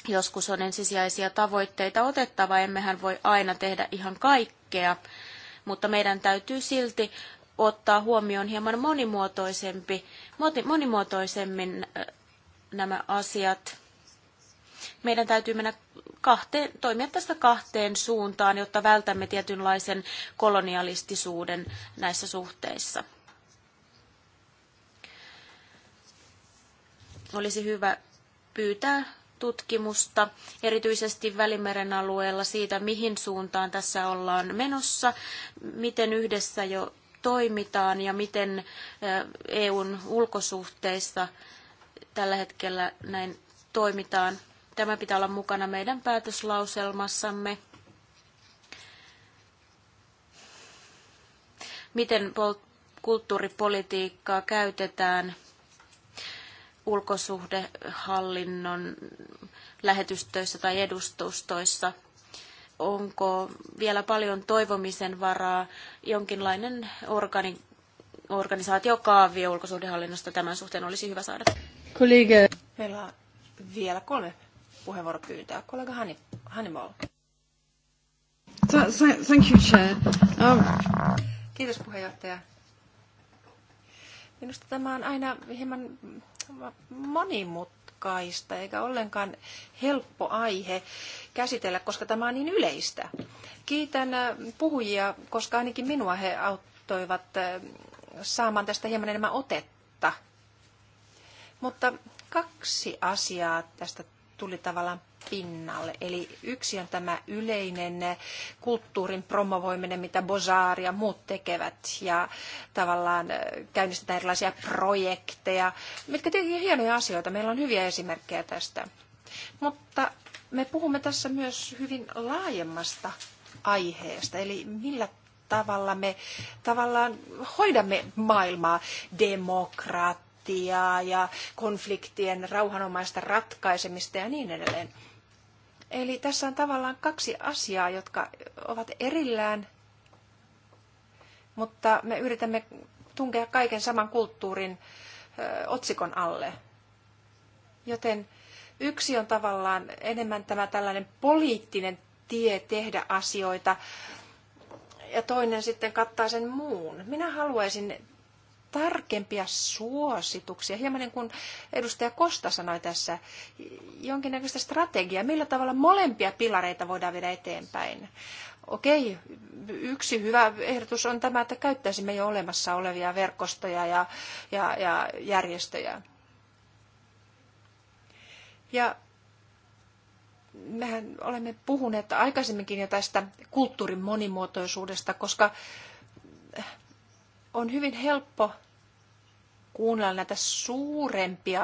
Joskus on ensisijaisia tavoitteita otettava, emmehän voi aina tehdä ihan kaikkea, mutta meidän täytyy silti ottaa huomioon hieman monimuotoisempi, monimuotoisemmin nämä asiat. Meidän täytyy mennä kahteen, toimia tästä kahteen suuntaan, jotta vältämme tietynlaisen kolonialistisuuden näissä suhteissa. Olisi hyvä pyytää tutkimusta, erityisesti Välimeren alueella siitä, mihin suuntaan tässä ollaan menossa, miten yhdessä jo toimitaan ja miten EUn ulkosuhteissa tällä hetkellä näin toimitaan. Tämä pitää olla mukana meidän päätöslauselmassamme. Miten kulttuuripolitiikkaa käytetään ulkosuhdehallinnon lähetystöissä tai edustustoissa? Onko vielä paljon toivomisen varaa jonkinlainen organi- organisaatiokaavio ulkosuhdehallinnosta tämän suhteen olisi hyvä saada? Kollega. Meillä on vielä kolme puheenvuoropyyntöä. Kollega Hannibal. Thank you, Chair. Um, Kiitos puheenjohtaja. Minusta tämä on aina hieman monimutkaista eikä ollenkaan helppo aihe käsitellä, koska tämä on niin yleistä. Kiitän äh, puhujia, koska ainakin minua he auttoivat äh, saamaan tästä hieman enemmän otetta. Mutta kaksi asiaa tästä tuli tavallaan pinnalle. Eli yksi on tämä yleinen kulttuurin promovoiminen, mitä Bozaar ja muut tekevät, ja tavallaan äh, käynnistetään erilaisia projekteja, mitkä tietenkin hienoja asioita. Meillä on hyviä esimerkkejä tästä. Mutta me puhumme tässä myös hyvin laajemmasta aiheesta, eli millä tavalla me tavallaan hoidamme maailmaa demokratiaa ja konfliktien rauhanomaista ratkaisemista ja niin edelleen. Eli tässä on tavallaan kaksi asiaa, jotka ovat erillään, mutta me yritämme tunkea kaiken saman kulttuurin otsikon alle. Joten yksi on tavallaan enemmän tämä tällainen poliittinen tie tehdä asioita, ja toinen sitten kattaa sen muun. Minä haluaisin tarkempia suosituksia, hieman niin kuin edustaja Kosta sanoi tässä, jonkinnäköistä strategiaa, millä tavalla molempia pilareita voidaan viedä eteenpäin. Okei, yksi hyvä ehdotus on tämä, että käyttäisimme jo olemassa olevia verkostoja ja, ja, ja järjestöjä. Ja mehän olemme puhuneet aikaisemminkin jo tästä kulttuurin monimuotoisuudesta, koska on hyvin helppo kuunnella näitä suurempia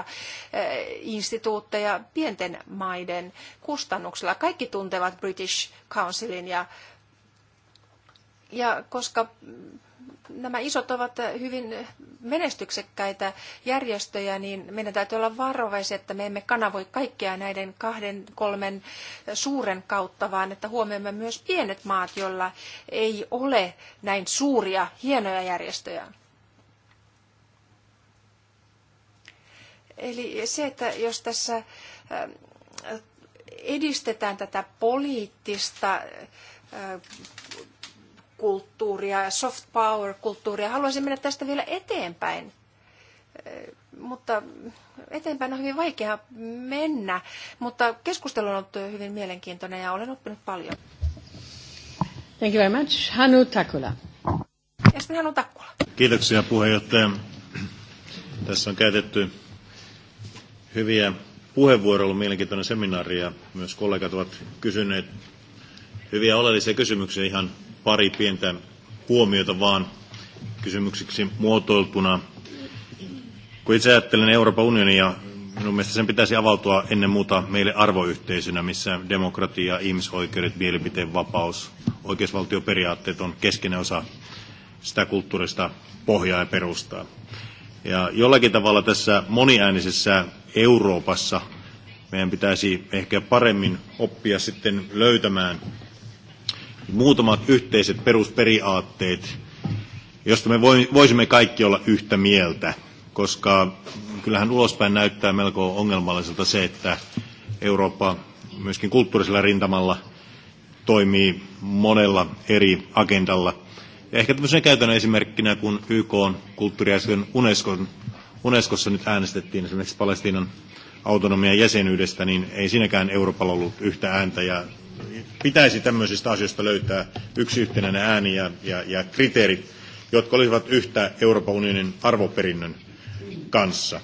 eh, instituutteja pienten maiden kustannuksella. Kaikki tuntevat British Councilin ja, ja koska nämä isot ovat hyvin menestyksekkäitä järjestöjä, niin meidän täytyy olla varovaisia, että me emme kanavoi kaikkea näiden kahden, kolmen suuren kautta, vaan että huomioimme myös pienet maat, joilla ei ole näin suuria, hienoja järjestöjä. Eli se, että jos tässä äh, edistetään tätä poliittista äh, kulttuuria, soft power-kulttuuria, haluaisin mennä tästä vielä eteenpäin äh, mutta eteenpäin on hyvin vaikea mennä, mutta keskustelu on ollut hyvin mielenkiintoinen ja olen oppinut paljon. Thank you very much. Hanu Takula. Ja sitten Hanu Takula. Kiitoksia puheenjohtaja. Tässä on käytetty hyviä puheenvuoroja, ollut mielenkiintoinen seminaari ja myös kollegat ovat kysyneet hyviä oleellisia kysymyksiä, ihan pari pientä huomiota vaan kysymyksiksi muotoiltuna. Kun itse ajattelen Euroopan unionia, minun mielestä sen pitäisi avautua ennen muuta meille arvoyhteisönä, missä demokratia, ihmisoikeudet, mielipiteen vapaus, oikeusvaltioperiaatteet on keskeinen osa sitä kulttuurista pohjaa ja perustaa. Ja jollakin tavalla tässä moniäänisessä Euroopassa meidän pitäisi ehkä paremmin oppia sitten löytämään muutamat yhteiset perusperiaatteet, josta me voisimme kaikki olla yhtä mieltä, koska kyllähän ulospäin näyttää melko ongelmalliselta se, että Eurooppa myöskin kulttuurisella rintamalla toimii monella eri agendalla. Ja ehkä tämmöisenä käytännön esimerkkinä, kun YK on kulttuuriasioiden Unescon, Unescossa nyt äänestettiin esimerkiksi Palestiinan autonomian jäsenyydestä, niin ei siinäkään Euroopalla ollut yhtä ääntä. Ja pitäisi tämmöisistä asioista löytää yksi yhtenäinen ääni ja, ja, ja kriteerit, jotka olisivat yhtä Euroopan unionin arvoperinnön kanssa.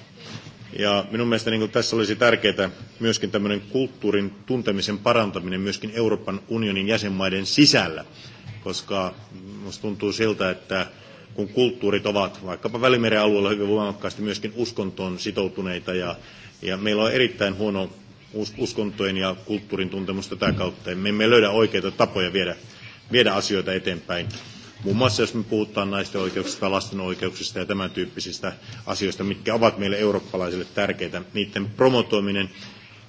Ja minun mielestäni niin tässä olisi tärkeää myöskin tämmöinen kulttuurin tuntemisen parantaminen myöskin Euroopan unionin jäsenmaiden sisällä koska minusta tuntuu siltä, että kun kulttuurit ovat vaikkapa Välimeren alueella hyvin voimakkaasti myöskin uskontoon sitoutuneita ja, ja meillä on erittäin huono uskontojen ja kulttuurin tuntemus tätä kautta. Me emme löydä oikeita tapoja viedä, viedä asioita eteenpäin. Muun muassa jos me puhutaan naisten oikeuksista, lasten oikeuksista ja tämän tyyppisistä asioista, mitkä ovat meille eurooppalaisille tärkeitä, niiden promotoiminen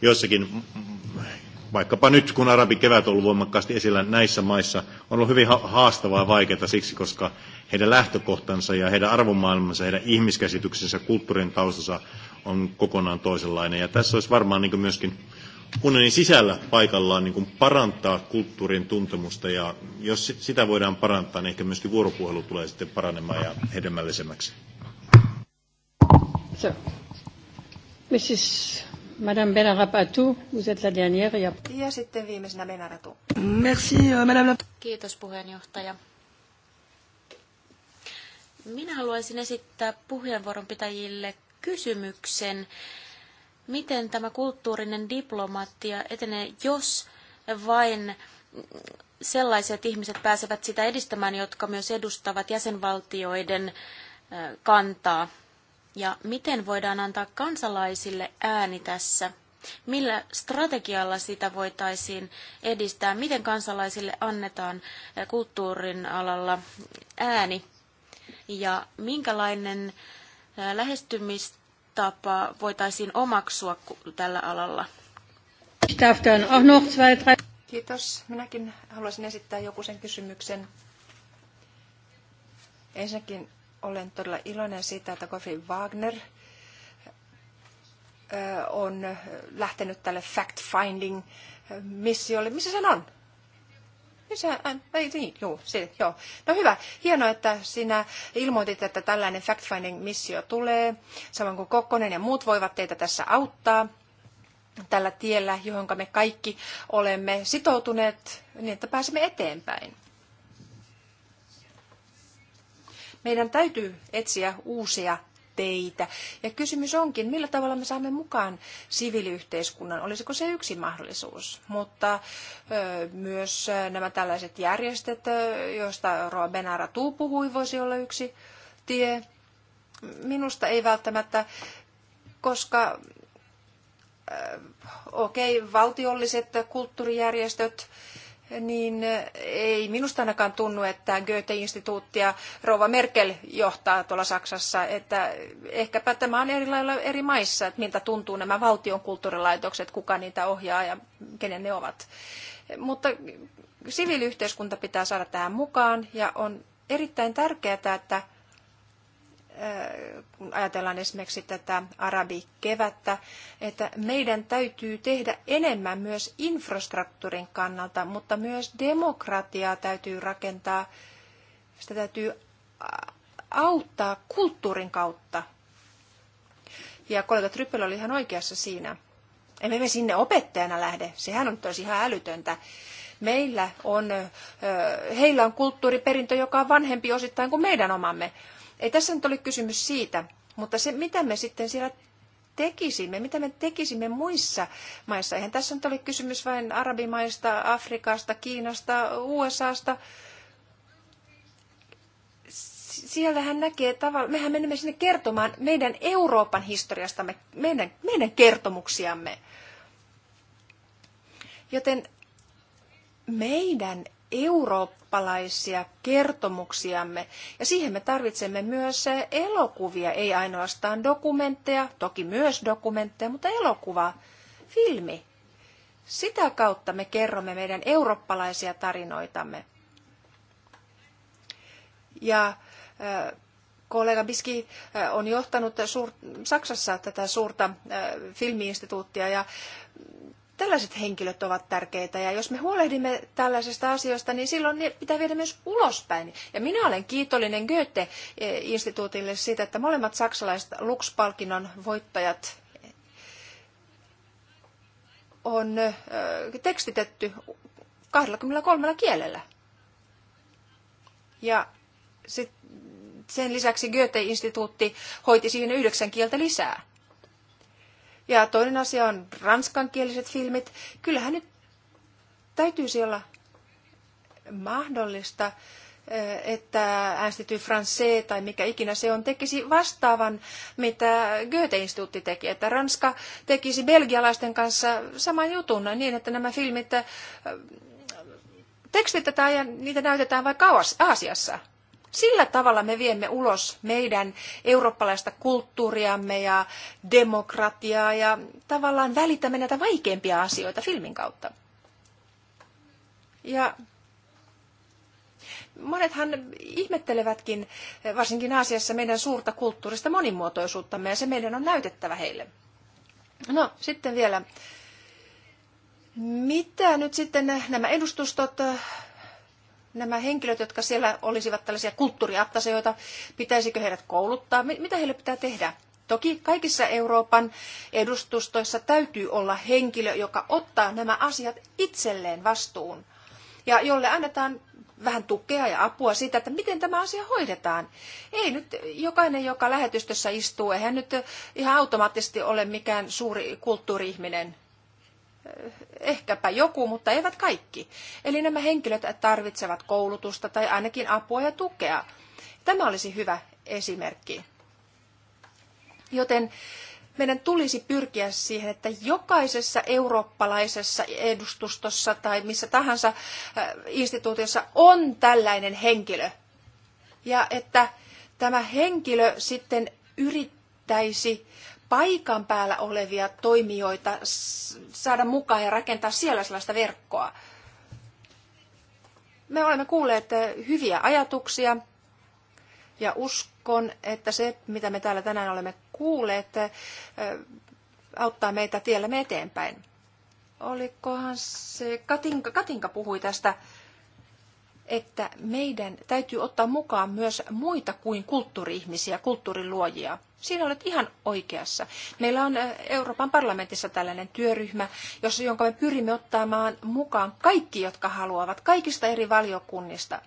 joissakin vaikkapa nyt, kun arabikevät on ollut voimakkaasti esillä näissä maissa, on ollut hyvin haastavaa ja vaikeaa siksi, koska heidän lähtökohtansa ja heidän arvomaailmansa, heidän ihmiskäsityksensä, kulttuurin taustansa on kokonaan toisenlainen. Ja tässä olisi varmaan niin myöskin unionin sisällä paikallaan niin parantaa kulttuurin tuntemusta, ja jos sitä voidaan parantaa, niin ehkä myöskin vuoropuhelu tulee sitten paranemaan ja hedelmällisemmäksi. So, Mrs. Madame Benarapatou, vous êtes la dernière. Ja, ja sitten viimeisenä Merci, euh, madame. Kiitos puheenjohtaja. Minä haluaisin esittää puheenvuoron pitäjille kysymyksen, miten tämä kulttuurinen diplomatia etenee, jos vain sellaiset ihmiset pääsevät sitä edistämään, jotka myös edustavat jäsenvaltioiden kantaa. Ja miten voidaan antaa kansalaisille ääni tässä? Millä strategialla sitä voitaisiin edistää? Miten kansalaisille annetaan eh, kulttuurin alalla ääni? Ja minkälainen eh, lähestymistapa voitaisiin omaksua tällä alalla? Kiitos. Minäkin haluaisin esittää joku sen kysymyksen. Ensinnäkin olen todella iloinen siitä, että Kofi Wagner on lähtenyt tälle fact-finding-missiolle. Missä sen on? Missä, ei niin, juu, se, joo. No hyvä, hienoa, että sinä ilmoitit, että tällainen fact-finding-missio tulee, samoin kuin Kokkonen ja muut voivat teitä tässä auttaa tällä tiellä, johon me kaikki olemme sitoutuneet niin, että pääsemme eteenpäin. Meidän täytyy etsiä uusia teitä. Ja kysymys onkin, millä tavalla me saamme mukaan siviiliyhteiskunnan? Olisiko se yksi mahdollisuus? Mutta myös nämä tällaiset järjestöt, joista Roa Benaratu puhui, voisi olla yksi tie. Minusta ei välttämättä, koska okei, okay, valtiolliset kulttuurijärjestöt, niin eh, ei minusta ainakaan tunnu, että Goethe-instituuttia Rova Merkel johtaa tuolla Saksassa. Että ehkäpä tämä on eri lailla eri maissa, että miltä tuntuu nämä valtion kulttuurilaitokset, kuka niitä ohjaa ja kenen ne ovat. Mutta siviiliyhteiskunta pitää saada tähän mukaan ja on erittäin tärkeää, että kun ajatellaan esimerkiksi tätä arabikevättä, että meidän täytyy tehdä enemmän myös infrastruktuurin kannalta, mutta myös demokratiaa täytyy rakentaa, sitä täytyy auttaa kulttuurin kautta. Ja kollega Tryppel oli ihan oikeassa siinä. Emme me sinne opettajana lähde, sehän on tosi ihan älytöntä meillä on, heillä on kulttuuriperintö, joka on vanhempi osittain kuin meidän omamme. Ei tässä nyt ole kysymys siitä, mutta se mitä me sitten siellä tekisimme, mitä me tekisimme muissa maissa. Eihän tässä nyt ole kysymys vain arabimaista, Afrikasta, Kiinasta, USAsta. Siellä hän näkee tavallaan, mehän menemme sinne kertomaan meidän Euroopan historiastamme, meidän, meidän kertomuksiamme. Joten meidän eurooppalaisia kertomuksiamme. Ja siihen me tarvitsemme myös elokuvia, ei ainoastaan dokumentteja, toki myös dokumentteja, mutta elokuva, filmi. Sitä kautta me kerromme meidän eurooppalaisia tarinoitamme. Ja kollega Biski on johtanut Saksassa tätä suurta filmiinstituuttia ja Tällaiset henkilöt ovat tärkeitä ja jos me huolehdimme tällaisesta asioista, niin silloin ne pitää viedä myös ulospäin. Ja minä olen kiitollinen Goethe-instituutille siitä, että molemmat saksalaiset Lux-palkinnon voittajat on tekstitetty 23 kielellä. Ja sit sen lisäksi Goethe-instituutti hoiti siihen yhdeksän kieltä lisää. Ja toinen asia on ranskankieliset filmit. Kyllähän nyt täytyisi olla mahdollista, eh, että Institut Français tai mikä ikinä se on, tekisi vastaavan, mitä Goethe-instituutti teki. Että Ranska tekisi belgialaisten kanssa saman jutun niin, että nämä filmit eh, tekstitetään ja niitä näytetään vaikka Aasiassa. Sillä tavalla me viemme ulos meidän eurooppalaista kulttuuriamme ja demokratiaa ja tavallaan välitämme näitä vaikeimpia asioita filmin kautta. Ja monethan ihmettelevätkin, varsinkin Aasiassa, meidän suurta kulttuurista monimuotoisuuttamme ja se meidän on näytettävä heille. No sitten vielä, mitä nyt sitten nämä edustustot nämä henkilöt, jotka siellä olisivat tällaisia kulttuuriattaseoita, pitäisikö heidät kouluttaa, mitä heille pitää tehdä? Toki kaikissa Euroopan edustustoissa täytyy olla henkilö, joka ottaa nämä asiat itselleen vastuun ja jolle annetaan vähän tukea ja apua siitä, että miten tämä asia hoidetaan. Ei nyt jokainen, joka lähetystössä istuu, eihän nyt ihan automaattisesti ole mikään suuri kulttuuriihminen ehkäpä joku, mutta eivät kaikki. Eli nämä henkilöt tarvitsevat koulutusta tai ainakin apua ja tukea. Tämä olisi hyvä esimerkki. Joten meidän tulisi pyrkiä siihen, että jokaisessa eurooppalaisessa edustustossa tai missä tahansa äh, instituutiossa on tällainen henkilö. Ja että tämä henkilö sitten yrittäisi paikan päällä olevia toimijoita saada mukaan ja rakentaa siellä sellaista verkkoa. Me olemme kuulleet eh, hyviä ajatuksia ja uskon, että se, mitä me täällä tänään olemme kuulleet, eh, auttaa meitä tiellämme eteenpäin. Olikohan se, Katinka, Katinka puhui tästä että meidän täytyy ottaa mukaan myös muita kuin kulttuuri-ihmisiä, kulttuuriluojia. Siinä olet ihan oikeassa. Meillä on eh, Euroopan parlamentissa tällainen työryhmä, jossa, jonka me pyrimme ottamaan mukaan kaikki, jotka haluavat, kaikista eri valiokunnista.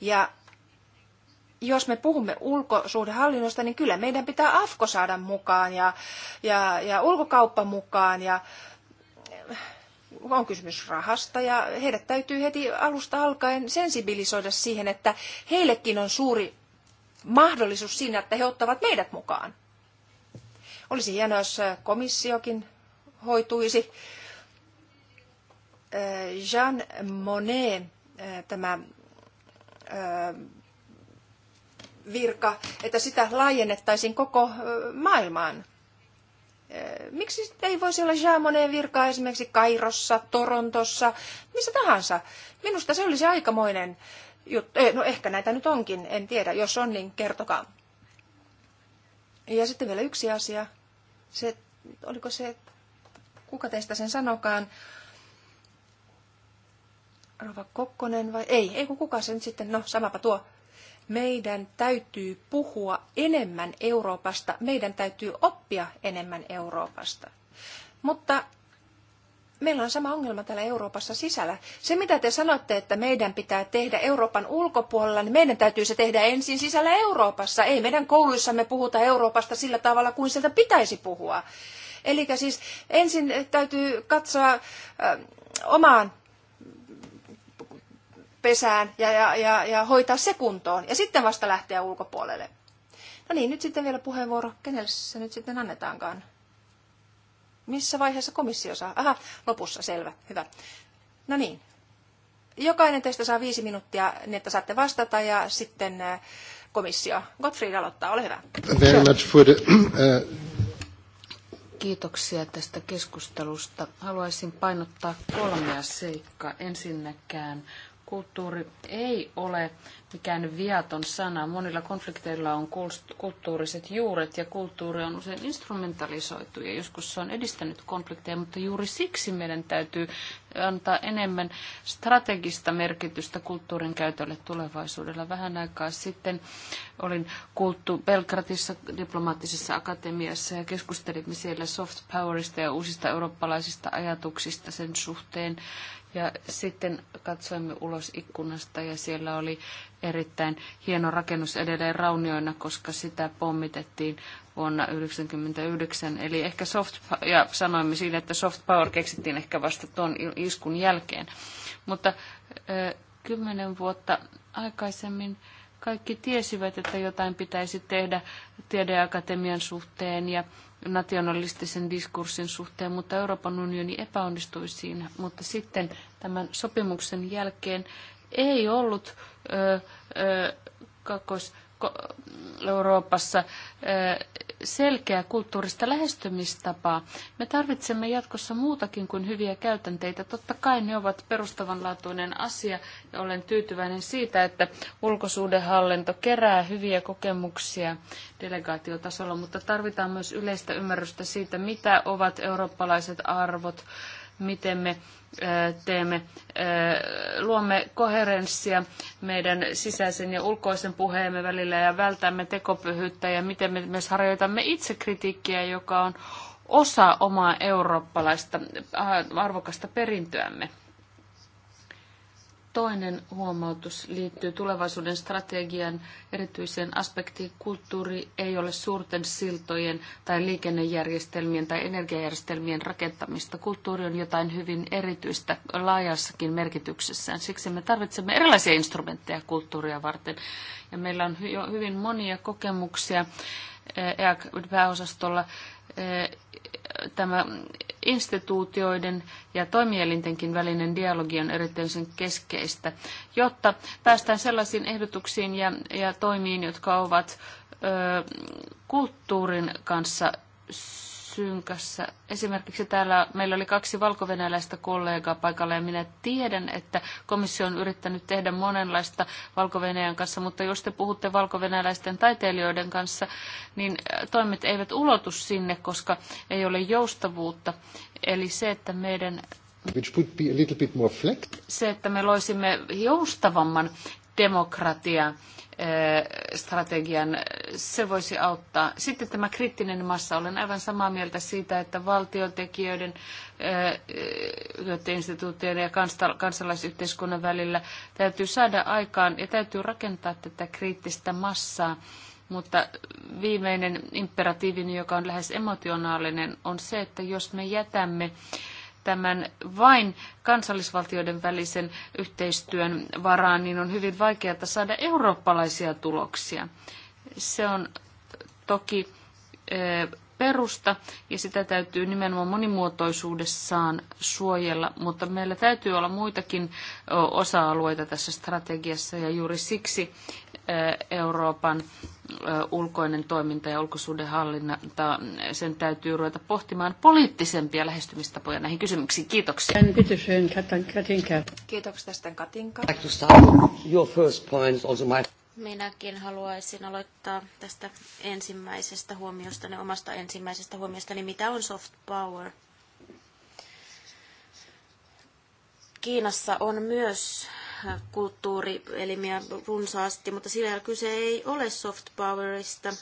Ja jos me puhumme ulkosuhdehallinnosta, niin kyllä meidän pitää AFKO saada mukaan ja, ja, ja ulkokauppa mukaan ja, on kysymys rahasta ja heidät täytyy heti alusta alkaen sensibilisoida siihen, että heillekin on suuri mahdollisuus siinä, että he ottavat meidät mukaan. Olisi hienoa, jos äh, komissiokin hoituisi. Äh, Jean Monnet, äh, tämä virka, että sitä laajennettaisiin koko maailmaan. Eh, miksi ei voisi olla Jaamoneen virka esimerkiksi Kairossa, Torontossa, missä tahansa? Minusta se olisi aikamoinen juttu. Eh, no ehkä näitä nyt onkin, en tiedä. Jos on, niin kertokaa. Ja sitten vielä yksi asia. Se, oliko se, kuka teistä sen sanokaan? Rova Kokkonen vai? Ei, ei kun kuka se nyt sitten, no samapa tuo. Meidän täytyy puhua enemmän Euroopasta, meidän täytyy oppia enemmän Euroopasta. Mutta meillä on sama ongelma täällä Euroopassa sisällä. Se, mitä te sanotte, että meidän pitää tehdä Euroopan ulkopuolella, niin meidän täytyy se tehdä ensin sisällä Euroopassa. Ei meidän kouluissamme puhuta Euroopasta sillä tavalla kuin sieltä pitäisi puhua. Eli siis ensin täytyy katsoa omaan pesään ja, ja, ja, ja hoitaa se kuntoon ja sitten vasta lähteä ulkopuolelle. No niin, nyt sitten vielä puheenvuoro. Kenelle se nyt sitten annetaankaan? Missä vaiheessa komissio saa? Aha, lopussa, selvä, hyvä. No niin, jokainen teistä saa viisi minuuttia, niin että saatte vastata ja sitten äh, komissio. Gottfried aloittaa, ole hyvä. Very much for the, uh... Kiitoksia tästä keskustelusta. Haluaisin painottaa kolmea seikkaa. Ensinnäkään kulttuuri ei ole mikään viaton sana. Monilla konflikteilla on kulttuuriset juuret ja kulttuuri on usein instrumentalisoitu ja joskus se on edistänyt konflikteja, mutta juuri siksi meidän täytyy antaa enemmän strategista merkitystä kulttuurin käytölle tulevaisuudella. Vähän aikaa sitten olin kulttu Belgradissa diplomaattisessa akatemiassa ja keskustelimme siellä soft powerista ja uusista eurooppalaisista ajatuksista sen suhteen ja sitten katsoimme ulos ikkunasta ja siellä oli erittäin hieno rakennus edelleen raunioina, koska sitä pommitettiin vuonna 1999. Eli ehkä soft, ja sanoimme siinä, että soft power keksittiin ehkä vasta tuon iskun jälkeen. Mutta kymmenen vuotta aikaisemmin kaikki tiesivät, että jotain pitäisi tehdä tiedeakatemian suhteen ja nationalistisen diskurssin suhteen, mutta Euroopan unioni epäonnistui siinä. Mutta sitten tämän sopimuksen jälkeen ei ollut ö, ö, kakos Euroopassa eh, selkeä kulttuurista lähestymistapaa. Me tarvitsemme jatkossa muutakin kuin hyviä käytänteitä. Totta kai ne ovat perustavanlaatuinen asia ja olen tyytyväinen siitä, että ulkosuudenhallinto kerää hyviä kokemuksia delegaatiotasolla, mutta tarvitaan myös yleistä ymmärrystä siitä, mitä ovat eurooppalaiset arvot, miten me teemme, luomme koherenssia meidän sisäisen ja ulkoisen puheemme välillä ja vältämme tekopyhyyttä ja miten me myös harjoitamme itsekritiikkiä, joka on osa omaa eurooppalaista arvokasta perintöämme. Toinen huomautus liittyy tulevaisuuden strategian erityiseen aspektiin. Kulttuuri ei ole suurten siltojen tai liikennejärjestelmien tai energiajärjestelmien rakentamista. Kulttuuri on jotain hyvin erityistä laajassakin merkityksessään. Siksi me tarvitsemme erilaisia instrumentteja kulttuuria varten. Ja meillä on jo hyvin monia kokemuksia EAC-pääosastolla eh, e eh, tämä instituutioiden ja toimielintenkin välinen dialogi on erityisen keskeistä, jotta päästään sellaisiin ehdotuksiin ja, ja toimiin, jotka ovat ö, kulttuurin kanssa synkässä. Esimerkiksi täällä meillä oli kaksi valkovenäläistä kollegaa paikalla ja minä tiedän, että komissio on yrittänyt tehdä monenlaista valko kanssa, mutta jos te puhutte valkovenäläisten taiteilijoiden kanssa, niin toimet eivät ulotu sinne, koska ei ole joustavuutta. Eli se, että meidän se, että me loisimme joustavamman demokratia strategian se voisi auttaa. Sitten tämä kriittinen massa. Olen aivan samaa mieltä siitä, että valtiotekijöiden, eh, eh, instituutioiden ja kansalaisyhteiskunnan välillä täytyy saada aikaan ja täytyy rakentaa tätä kriittistä massaa. Mutta viimeinen imperatiivini, joka on lähes emotionaalinen, on se, että jos me jätämme tämän vain kansallisvaltioiden välisen yhteistyön varaan, niin on hyvin vaikeaa saada eurooppalaisia tuloksia. Se on toki perusta ja sitä täytyy nimenomaan monimuotoisuudessaan suojella, mutta meillä täytyy olla muitakin osa-alueita tässä strategiassa ja juuri siksi Euroopan ulkoinen toiminta ja ulkosuhdehallinta, sen täytyy ruveta pohtimaan poliittisempia lähestymistapoja näihin kysymyksiin. Kiitoksia. Kiitoksia tästä Katinka. Katinka. Minäkin haluaisin aloittaa tästä ensimmäisestä huomiosta, ne omasta ensimmäisestä huomiosta, niin mitä on soft power? Kiinassa on myös kulttuurielimiä runsaasti, mutta sillä kyse ei ole soft powerista.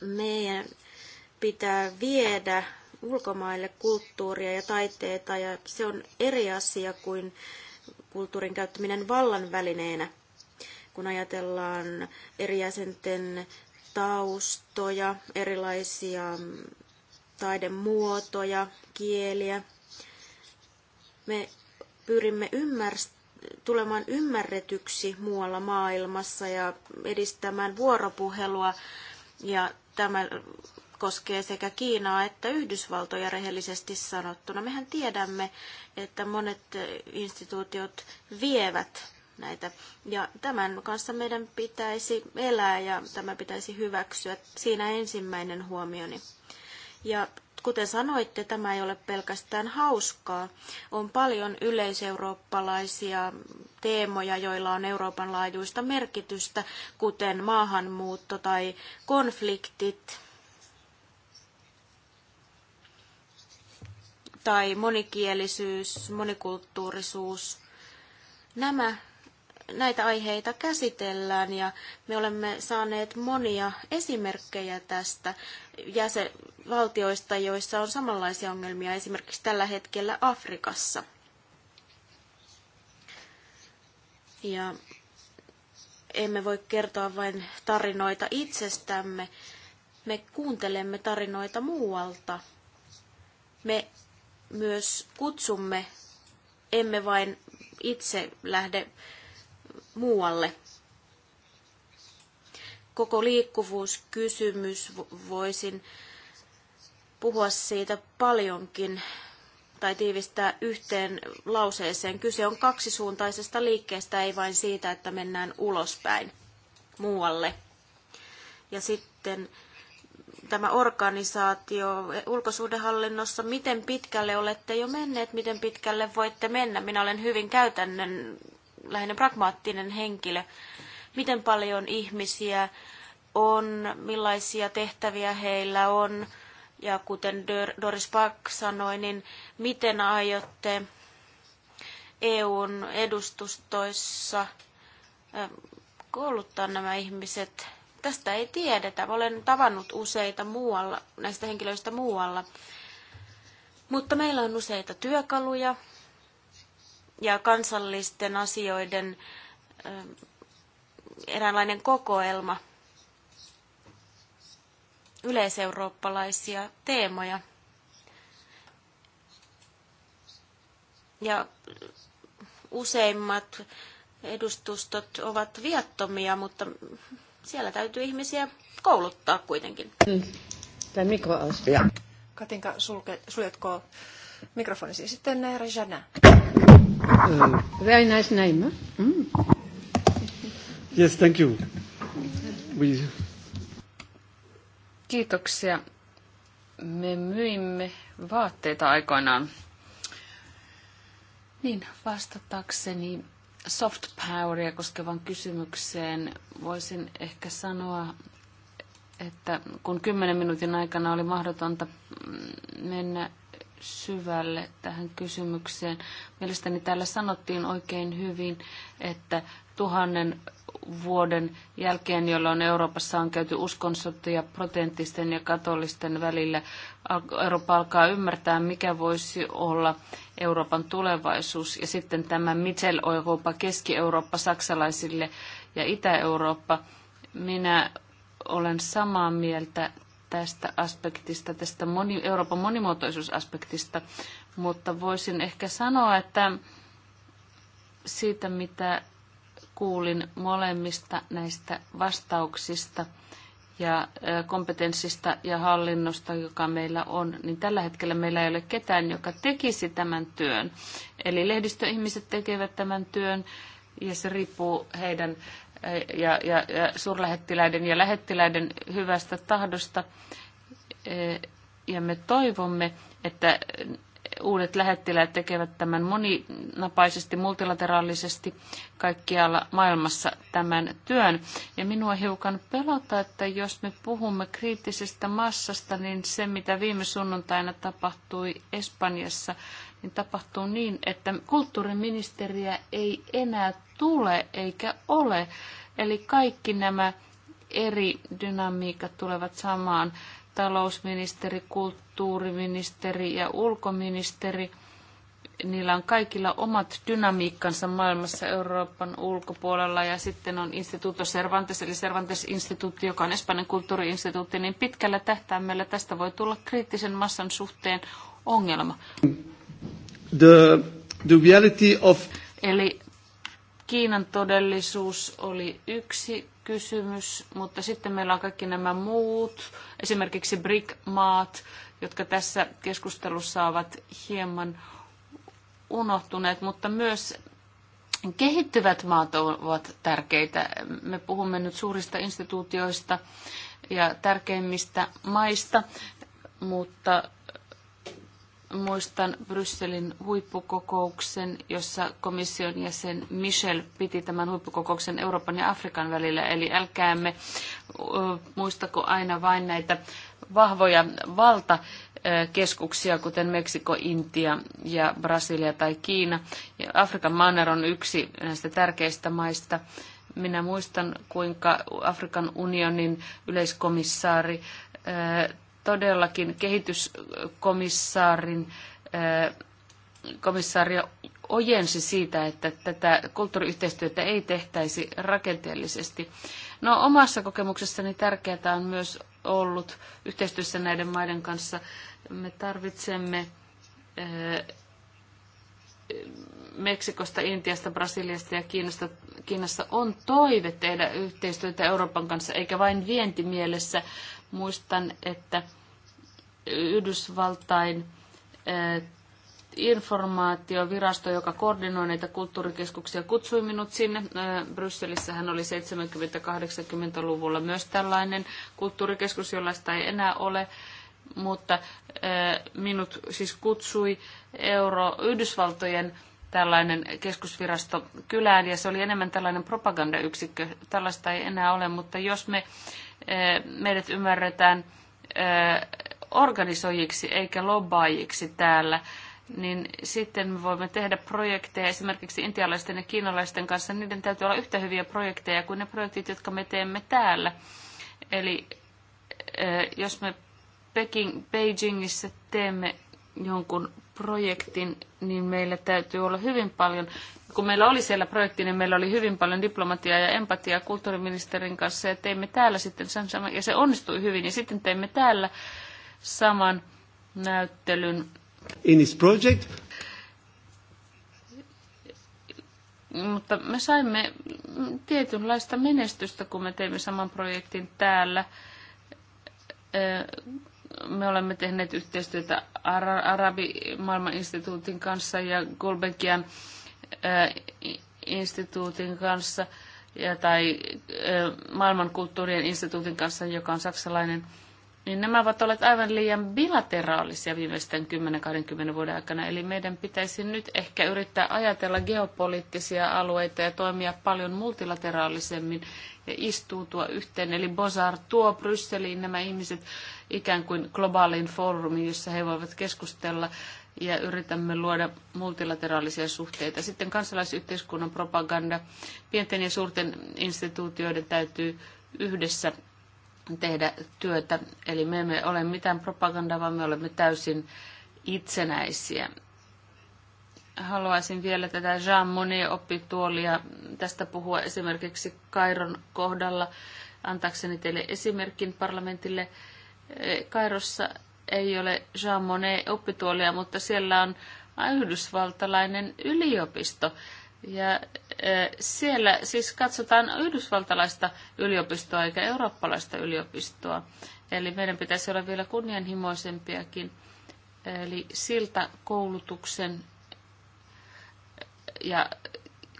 Meidän pitää viedä ulkomaille kulttuuria ja taiteita, ja se on eri asia kuin kulttuurin käyttäminen vallan välineenä kun ajatellaan eri jäsenten taustoja, erilaisia taidemuotoja, kieliä. Me pyrimme ymmär- tulemaan ymmärretyksi muualla maailmassa ja edistämään vuoropuhelua. Ja tämä koskee sekä Kiinaa että Yhdysvaltoja rehellisesti sanottuna. Mehän tiedämme, että monet instituutiot vievät näitä. Ja tämän kanssa meidän pitäisi elää ja tämä pitäisi hyväksyä. Siinä ensimmäinen huomioni. Ja kuten sanoitte, tämä ei ole pelkästään hauskaa. On paljon yleiseurooppalaisia teemoja, joilla on Euroopan laajuista merkitystä, kuten maahanmuutto tai konfliktit tai monikielisyys, monikulttuurisuus. Nämä näitä aiheita käsitellään ja me olemme saaneet monia esimerkkejä tästä jäsenvaltioista, joissa on samanlaisia ongelmia esimerkiksi tällä hetkellä Afrikassa. Ja emme voi kertoa vain tarinoita itsestämme, me kuuntelemme tarinoita muualta. Me myös kutsumme, emme vain itse lähde muualle. Koko liikkuvuuskysymys voisin puhua siitä paljonkin tai tiivistää yhteen lauseeseen. Kyse on kaksisuuntaisesta liikkeestä, ei vain siitä, että mennään ulospäin muualle. Ja sitten tämä organisaatio ulkosuhdehallinnossa, miten pitkälle olette jo menneet, miten pitkälle voitte mennä. Minä olen hyvin käytännön lähinnä pragmaattinen henkilö. Miten paljon ihmisiä on, millaisia tehtäviä heillä on, ja kuten Doris Park sanoi, niin miten aiotte EUn edustustoissa kouluttaa nämä ihmiset? Tästä ei tiedetä. Olen tavannut useita muualla, näistä henkilöistä muualla. Mutta meillä on useita työkaluja, ja kansallisten asioiden ähm, eräänlainen kokoelma yleiseurooppalaisia teemoja. Ja useimmat edustustot ovat viattomia, mutta siellä täytyy ihmisiä kouluttaa kuitenkin. Mm. Tämä mikroastia. Katinka, sulke, suljetko Mikrofonisi, siis sitten Neera eh, Jana. Eh, very nice name. Mm. Yes, thank you. We... Kiitoksia. Me myimme vaatteita aikoinaan. Niin, vastatakseni soft poweria koskevan kysymykseen voisin ehkä sanoa, että kun kymmenen minuutin aikana oli mahdotonta mennä syvälle tähän kysymykseen. Mielestäni täällä sanottiin oikein hyvin, että tuhannen vuoden jälkeen, jolloin Euroopassa on käyty uskonsotia protentisten ja katolisten välillä, Eurooppa alkaa ymmärtää, mikä voisi olla Euroopan tulevaisuus. Ja sitten tämä mitel eurooppa Keski-Eurooppa saksalaisille ja Itä-Eurooppa. Minä olen samaa mieltä tästä aspektista, tästä moni, Euroopan monimuotoisuusaspektista, mutta voisin ehkä sanoa, että siitä mitä kuulin molemmista näistä vastauksista ja kompetenssista ja hallinnosta, joka meillä on, niin tällä hetkellä meillä ei ole ketään, joka tekisi tämän työn. Eli lehdistöihmiset tekevät tämän työn ja se riippuu heidän ja, ja, ja suurlähettiläiden ja lähettiläiden hyvästä tahdosta. Ja me toivomme, että uudet lähettiläät tekevät tämän moninapaisesti, multilateraalisesti kaikkialla maailmassa tämän työn. Ja minua hiukan pelottaa, että jos me puhumme kriittisestä massasta, niin se mitä viime sunnuntaina tapahtui Espanjassa niin tapahtuu niin, että kulttuuriministeriä ei enää tule eikä ole. Eli kaikki nämä eri dynamiikat tulevat samaan. Talousministeri, kulttuuriministeri ja ulkoministeri niillä on kaikilla omat dynamiikkansa maailmassa Euroopan ulkopuolella ja sitten on Instituto Cervantes eli Cervantes-instituutti, joka on Espanjan kulttuuriinstituutti, niin pitkällä tähtäimellä tästä voi tulla kriittisen massan suhteen ongelma the, the reality of... Eli Kiinan todellisuus oli yksi kysymys, mutta sitten meillä on kaikki nämä muut, esimerkiksi BRIC-maat, jotka tässä keskustelussa ovat hieman unohtuneet, mutta myös kehittyvät maat ovat tärkeitä. Me puhumme nyt suurista instituutioista ja tärkeimmistä maista, mutta Muistan Brysselin huippukokouksen, jossa komission jäsen Michel piti tämän huippukokouksen Euroopan ja Afrikan välillä. Eli älkäämme muistako aina vain näitä vahvoja valtakeskuksia, kuten Meksiko, Intia ja Brasilia tai Kiina. Ja Afrikan manner on yksi näistä tärkeistä maista. Minä muistan, kuinka Afrikan unionin yleiskomissaari todellakin kehityskomissaarin eh, komissaaria ojensi siitä, että tätä kulttuuriyhteistyötä ei tehtäisi rakenteellisesti. No omassa kokemuksessani tärkeää on myös ollut yhteistyössä näiden maiden kanssa. Me tarvitsemme eh, Meksikosta, Intiasta, Brasiliasta ja Kiinasta, Kiinassa on toive tehdä yhteistyötä Euroopan kanssa, eikä vain vientimielessä. Muistan, että Yhdysvaltain eh, informaatiovirasto, joka koordinoi näitä kulttuurikeskuksia, kutsui minut sinne. Eh, Brysselissähän oli 70-80-luvulla myös tällainen kulttuurikeskus, jollaista ei enää ole, mutta eh, minut siis kutsui Euro Yhdysvaltojen tällainen keskusvirasto kylään, ja se oli enemmän tällainen propagandayksikkö. Tällaista ei enää ole, mutta jos me, meidät ymmärretään organisoijiksi eikä lobbaajiksi täällä, niin sitten me voimme tehdä projekteja esimerkiksi intialaisten ja kiinalaisten kanssa. Niiden täytyy olla yhtä hyviä projekteja kuin ne projektit, jotka me teemme täällä. Eli eh, jos me Peking, Beijingissä teemme jonkun projektin, niin meillä täytyy olla hyvin paljon, kun meillä oli siellä projekti, niin meillä oli hyvin paljon diplomatiaa ja empatiaa kulttuuriministerin kanssa ja teimme täällä sitten, saman ja se onnistui hyvin, ja sitten teimme täällä saman näyttelyn. In his project. Mutta me saimme tietynlaista menestystä, kun me teimme saman projektin täällä. Me olemme tehneet yhteistyötä Arabimaailman instituutin kanssa ja Gulbenkian instituutin kanssa ja, tai maailmankulttuurien instituutin kanssa, joka on saksalainen niin nämä ovat olleet aivan liian bilateraalisia viimeisten 10-20 vuoden aikana. Eli meidän pitäisi nyt ehkä yrittää ajatella geopoliittisia alueita ja toimia paljon multilateraalisemmin ja istuutua yhteen. Eli Bozar tuo Brysseliin nämä ihmiset ikään kuin globaaliin foorumiin, jossa he voivat keskustella ja yritämme luoda multilateraalisia suhteita. Sitten kansalaisyhteiskunnan propaganda. Pienten ja suurten instituutioiden täytyy yhdessä tehdä työtä. Eli me emme ole mitään propagandaa, vaan me olemme täysin itsenäisiä. Haluaisin vielä tätä Jean Monnet oppituolia tästä puhua esimerkiksi Kairon kohdalla. Antaakseni teille esimerkin parlamentille. Kairossa ei ole Jean Monnet oppituolia, mutta siellä on yhdysvaltalainen yliopisto. Ja siellä siis katsotaan yhdysvaltalaista yliopistoa eikä eurooppalaista yliopistoa. Eli meidän pitäisi olla vielä kunnianhimoisempiakin. Eli siltä koulutuksen ja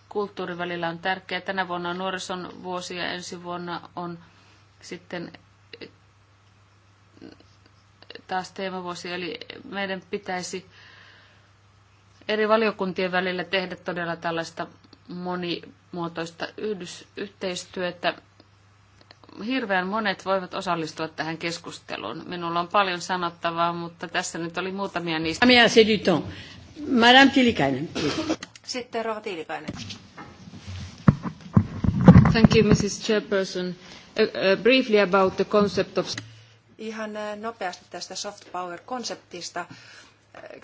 kulttuurin välillä on tärkeää. Tänä vuonna on nuorison vuosi ja ensi vuonna on sitten taas teemavuosi. Eli meidän pitäisi eri valiokuntien välillä tehdä todella tällaista monimuotoista yhdys- yhteistyötä. Hirveän monet voivat osallistua tähän keskusteluun. Minulla on paljon sanottavaa, mutta tässä nyt oli muutamia niistä. Madame Tilikainen. Sitten Rova Tilikainen. Thank you, Mrs. Chairperson. Uh, briefly about the concept of... Ihan nopeasti tästä soft power-konseptista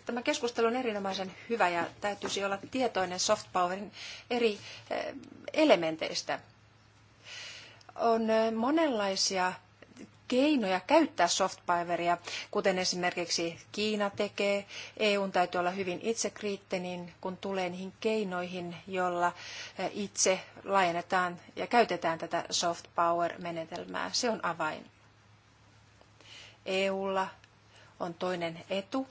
tämä keskustelu on erinomaisen hyvä ja täytyisi olla tietoinen soft powerin eri eh, elementeistä. On eh, monenlaisia keinoja käyttää softpoweria, kuten esimerkiksi Kiina tekee. EUn täytyy olla hyvin itsekriittinen, kun tulee niihin keinoihin, joilla eh, itse laajennetaan ja käytetään tätä soft power-menetelmää. Se on avain. EUlla on toinen etu,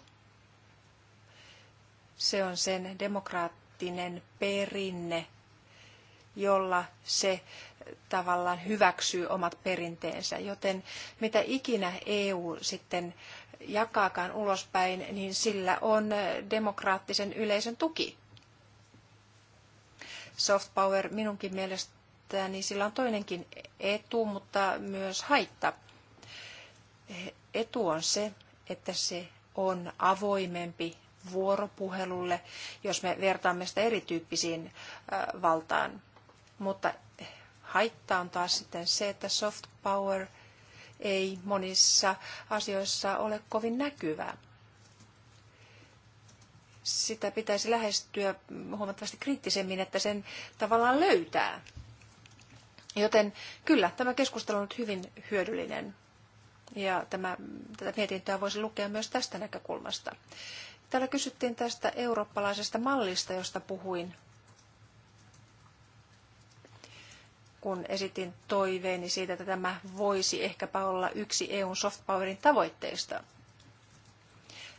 se on sen demokraattinen perinne, jolla se tavallaan hyväksyy omat perinteensä. Joten mitä ikinä EU sitten jakaakaan ulospäin, niin sillä on demokraattisen yleisön tuki. Soft power minunkin mielestäni sillä on toinenkin etu, mutta myös haitta. Etu on se, että se on avoimempi vuoropuhelulle, jos me vertaamme sitä erityyppisiin valtaan. Mutta haitta on taas sitten se, että soft power ei monissa asioissa ole kovin näkyvää. Sitä pitäisi lähestyä huomattavasti kriittisemmin, että sen tavallaan löytää. Joten kyllä, tämä keskustelu on nyt hyvin hyödyllinen. Ja tämä, tätä mietintöä voisi lukea myös tästä näkökulmasta. Täällä kysyttiin tästä eurooppalaisesta mallista, josta puhuin, kun esitin toiveeni siitä, että tämä voisi ehkäpä olla yksi EUn softpowerin tavoitteista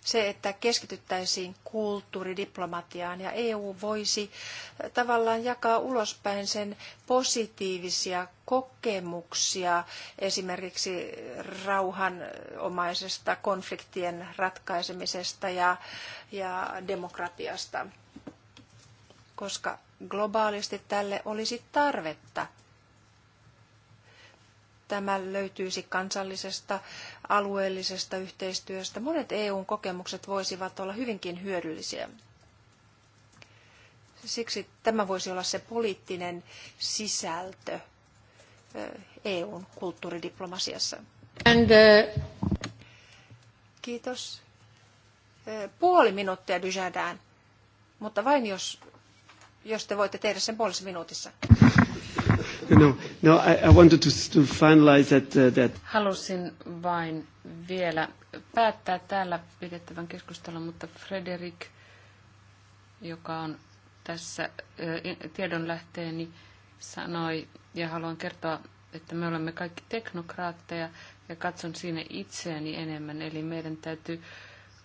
se, että keskityttäisiin kulttuuridiplomatiaan ja EU voisi tavallaan jakaa ulospäin sen positiivisia kokemuksia esimerkiksi rauhanomaisesta konfliktien ratkaisemisesta ja, ja demokratiasta, koska globaalisti tälle olisi tarvetta tämä löytyisi kansallisesta, alueellisesta yhteistyöstä. Monet EUn kokemukset voisivat olla hyvinkin hyödyllisiä. Siksi tämä voisi olla se poliittinen sisältö EUn kulttuuridiplomasiassa. And, uh... Kiitos. Puoli minuuttia Dujardin, mutta vain jos, jos te voitte tehdä sen puolessa minuutissa. Halusin vain vielä päättää täällä pidettävän keskustelun, mutta Frederik, joka on tässä tiedonlähteeni, sanoi, ja haluan kertoa, että me olemme kaikki teknokraatteja, ja katson siinä itseäni enemmän, eli meidän täytyy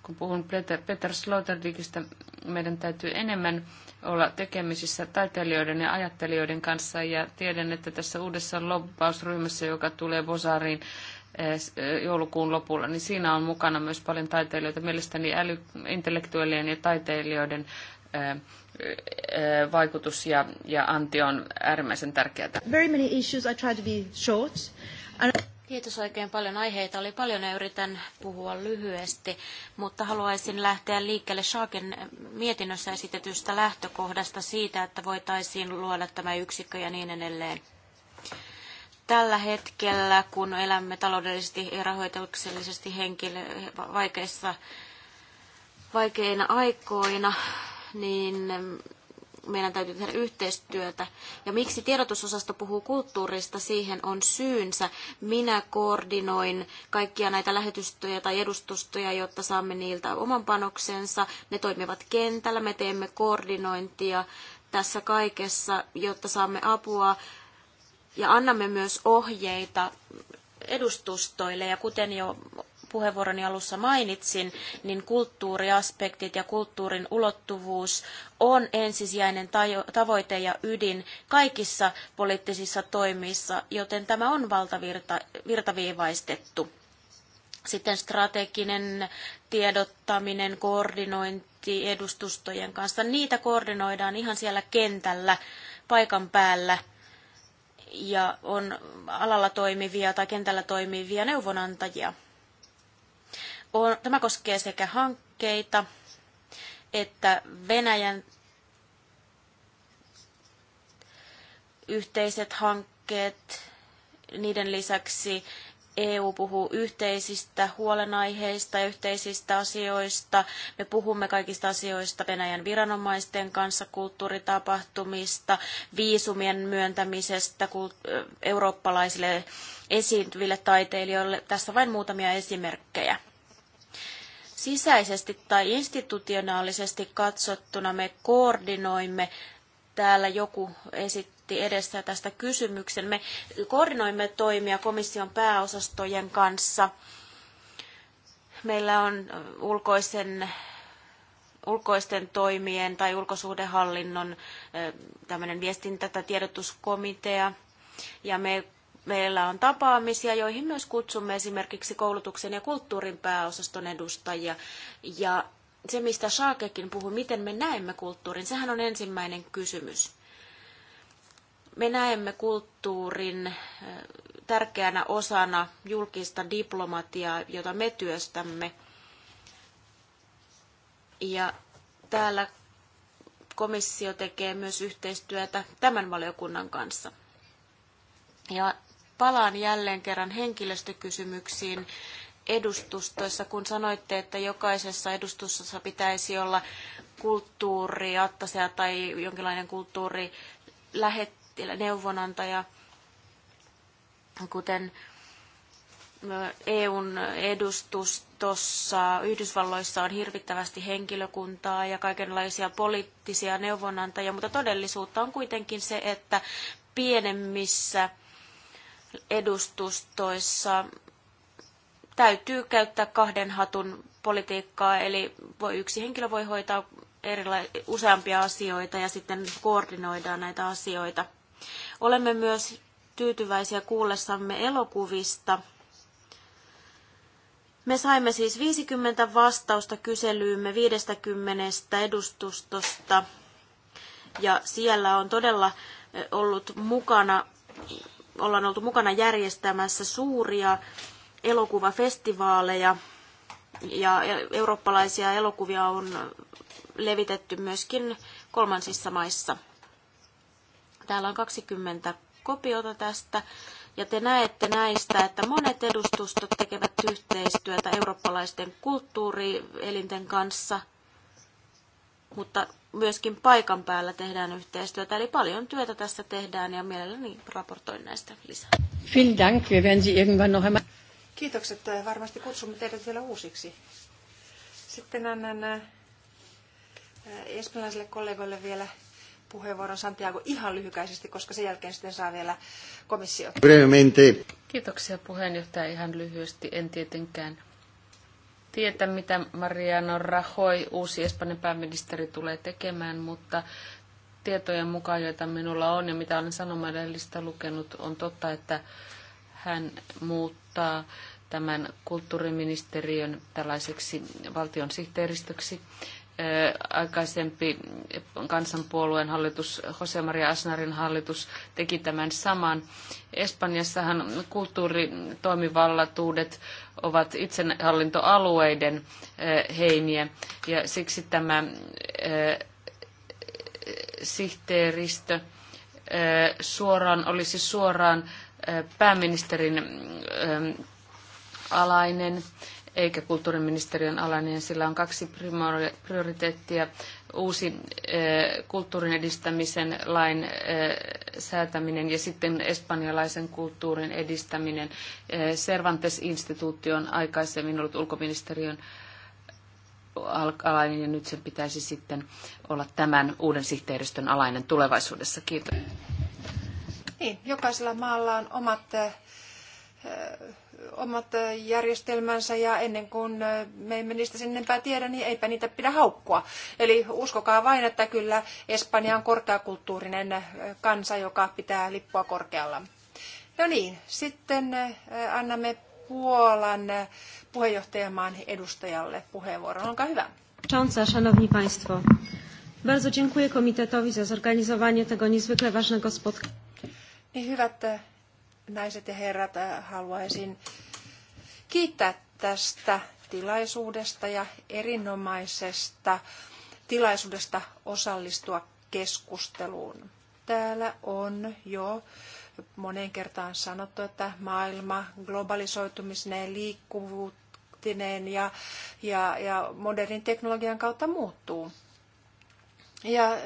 kun puhun Peter, Peter Sloterdikistä, meidän täytyy enemmän olla tekemisissä taiteilijoiden ja ajattelijoiden kanssa. Ja tiedän, että tässä uudessa lobbausryhmässä, joka tulee Bosariin eh, eh, joulukuun lopulla, niin siinä on mukana myös paljon taiteilijoita. Mielestäni äly, intellektuellien ja taiteilijoiden eh, vaikutus ja, ja anti on äärimmäisen tärkeää. Very many issues I try to be short. And... Kiitos oikein paljon. Aiheita oli paljon ja yritän puhua lyhyesti, mutta haluaisin lähteä liikkeelle Saaken mietinnössä esitetystä lähtökohdasta siitä, että voitaisiin luoda tämä yksikkö ja niin edelleen. Tällä hetkellä, kun elämme taloudellisesti ja rahoituksellisesti henkilö, vaikeissa, vaikeina aikoina, niin meidän täytyy tehdä yhteistyötä. Ja miksi tiedotusosasto puhuu kulttuurista, siihen on syynsä. Minä koordinoin kaikkia näitä lähetystöjä tai edustustoja, jotta saamme niiltä oman panoksensa. Ne toimivat kentällä, me teemme koordinointia tässä kaikessa, jotta saamme apua ja annamme myös ohjeita edustustoille. Ja kuten jo puheenvuoroni alussa mainitsin, niin kulttuuriaspektit ja kulttuurin ulottuvuus on ensisijainen tavoite ja ydin kaikissa poliittisissa toimissa, joten tämä on valtavirtaviivaistettu. Sitten strateginen tiedottaminen, koordinointi edustustojen kanssa, niitä koordinoidaan ihan siellä kentällä, paikan päällä ja on alalla toimivia tai kentällä toimivia neuvonantajia on, tämä koskee sekä hankkeita että Venäjän yhteiset hankkeet. Niiden lisäksi EU puhuu yhteisistä huolenaiheista ja yhteisistä asioista. Me puhumme kaikista asioista Venäjän viranomaisten kanssa, kulttuuritapahtumista, viisumien myöntämisestä eurooppalaisille esiintyville taiteilijoille. Tässä vain muutamia esimerkkejä sisäisesti tai institutionaalisesti katsottuna me koordinoimme, täällä joku esitti edessä tästä kysymyksen, me koordinoimme toimia komission pääosastojen kanssa. Meillä on ulkoisen ulkoisten toimien tai ulkosuhdehallinnon tämmöinen viestintä- tai tiedotuskomitea. Ja me Meillä on tapaamisia, joihin myös kutsumme esimerkiksi koulutuksen ja kulttuurin pääosaston edustajia. Ja se, mistä Saakekin puhui, miten me näemme kulttuurin, sehän on ensimmäinen kysymys. Me näemme kulttuurin eh, tärkeänä osana julkista diplomatiaa, jota me työstämme. Ja täällä komissio tekee myös yhteistyötä tämän valiokunnan kanssa. Ja palaan jälleen kerran henkilöstökysymyksiin edustustoissa, kun sanoitte, että jokaisessa edustustossa pitäisi olla kulttuuri, attasea tai jonkinlainen kulttuuri, lähettilä, neuvonantaja, kuten EUn edustustossa Yhdysvalloissa on hirvittävästi henkilökuntaa ja kaikenlaisia poliittisia neuvonantajia, mutta todellisuutta on kuitenkin se, että pienemmissä edustustoissa täytyy käyttää kahden hatun politiikkaa, eli voi, yksi henkilö voi hoitaa erila- useampia asioita ja sitten koordinoidaan näitä asioita. Olemme myös tyytyväisiä kuullessamme elokuvista. Me saimme siis 50 vastausta kyselyymme 50 edustustosta ja siellä on todella ollut mukana ollaan oltu mukana järjestämässä suuria elokuvafestivaaleja ja e- eurooppalaisia elokuvia on levitetty myöskin kolmansissa maissa. Täällä on 20 kopiota tästä. Ja te näette näistä, että monet edustustot tekevät yhteistyötä eurooppalaisten kulttuurielinten kanssa – mutta myöskin paikan päällä tehdään yhteistyötä. Eli paljon työtä tässä tehdään ja mielelläni raportoin näistä lisää. Vielen Dank. Wir werden Sie irgendwann noch einmal... Kiitokset. Varmasti kutsumme teidät vielä uusiksi. Sitten annan äh, äh, espanjalaisille kollegoille vielä puheenvuoron Santiago ihan lyhykäisesti, koska sen jälkeen sitten saa vielä komissio. Brevemente. Kiitoksia puheenjohtaja ihan lyhyesti. En tietenkään tietä, mitä Mariano Rajoy, uusi Espanjan pääministeri, tulee tekemään, mutta tietojen mukaan, joita minulla on ja mitä olen sanomalehdestä lukenut, on totta, että hän muuttaa tämän kulttuuriministeriön tällaiseksi valtion sihteeristöksi. Aikaisempi kansanpuolueen hallitus, Jose Maria Asnarin hallitus, teki tämän saman. Espanjassahan kulttuuritoimivallatuudet ovat itsehallintoalueiden eh, heiniä ja siksi tämä eh, sihteeristö eh, suoraan, olisi suoraan pääministerin alainen eikä kulttuuriministeriön alainen. Sillä on kaksi prioriteettia, uusi kulttuurin edistämisen lain säätäminen ja sitten espanjalaisen kulttuurin edistäminen. Cervantes-instituutti on aikaisemmin ollut ulkoministeriön alainen ja nyt sen pitäisi sitten olla tämän uuden sihteeristön alainen tulevaisuudessa. Kiitos. Niin, jokaisella maalla on omat omat järjestelmänsä ja ennen kuin me emme niistä sen enempää tiedä, niin eipä niitä pidä haukkua. Eli uskokaa vain, että kyllä Espanja on korkeakulttuurinen kansa, joka pitää lippua korkealla. No niin, sitten annamme Puolan puheenjohtajamaan edustajalle puheenvuoron. Olkaa hyvä. Szanowni Państwo, bardzo dziękuję komitetowi za zorganizowanie tego niezwykle ważnego spotkania. Niin hyvät naiset ja herrat, äh, haluaisin kiittää tästä tilaisuudesta ja erinomaisesta tilaisuudesta osallistua keskusteluun. Täällä on jo moneen kertaan sanottu, että maailma globalisoitumisneen, liikkuvuutineen ja, ja, ja modernin teknologian kautta muuttuu. Ja äh,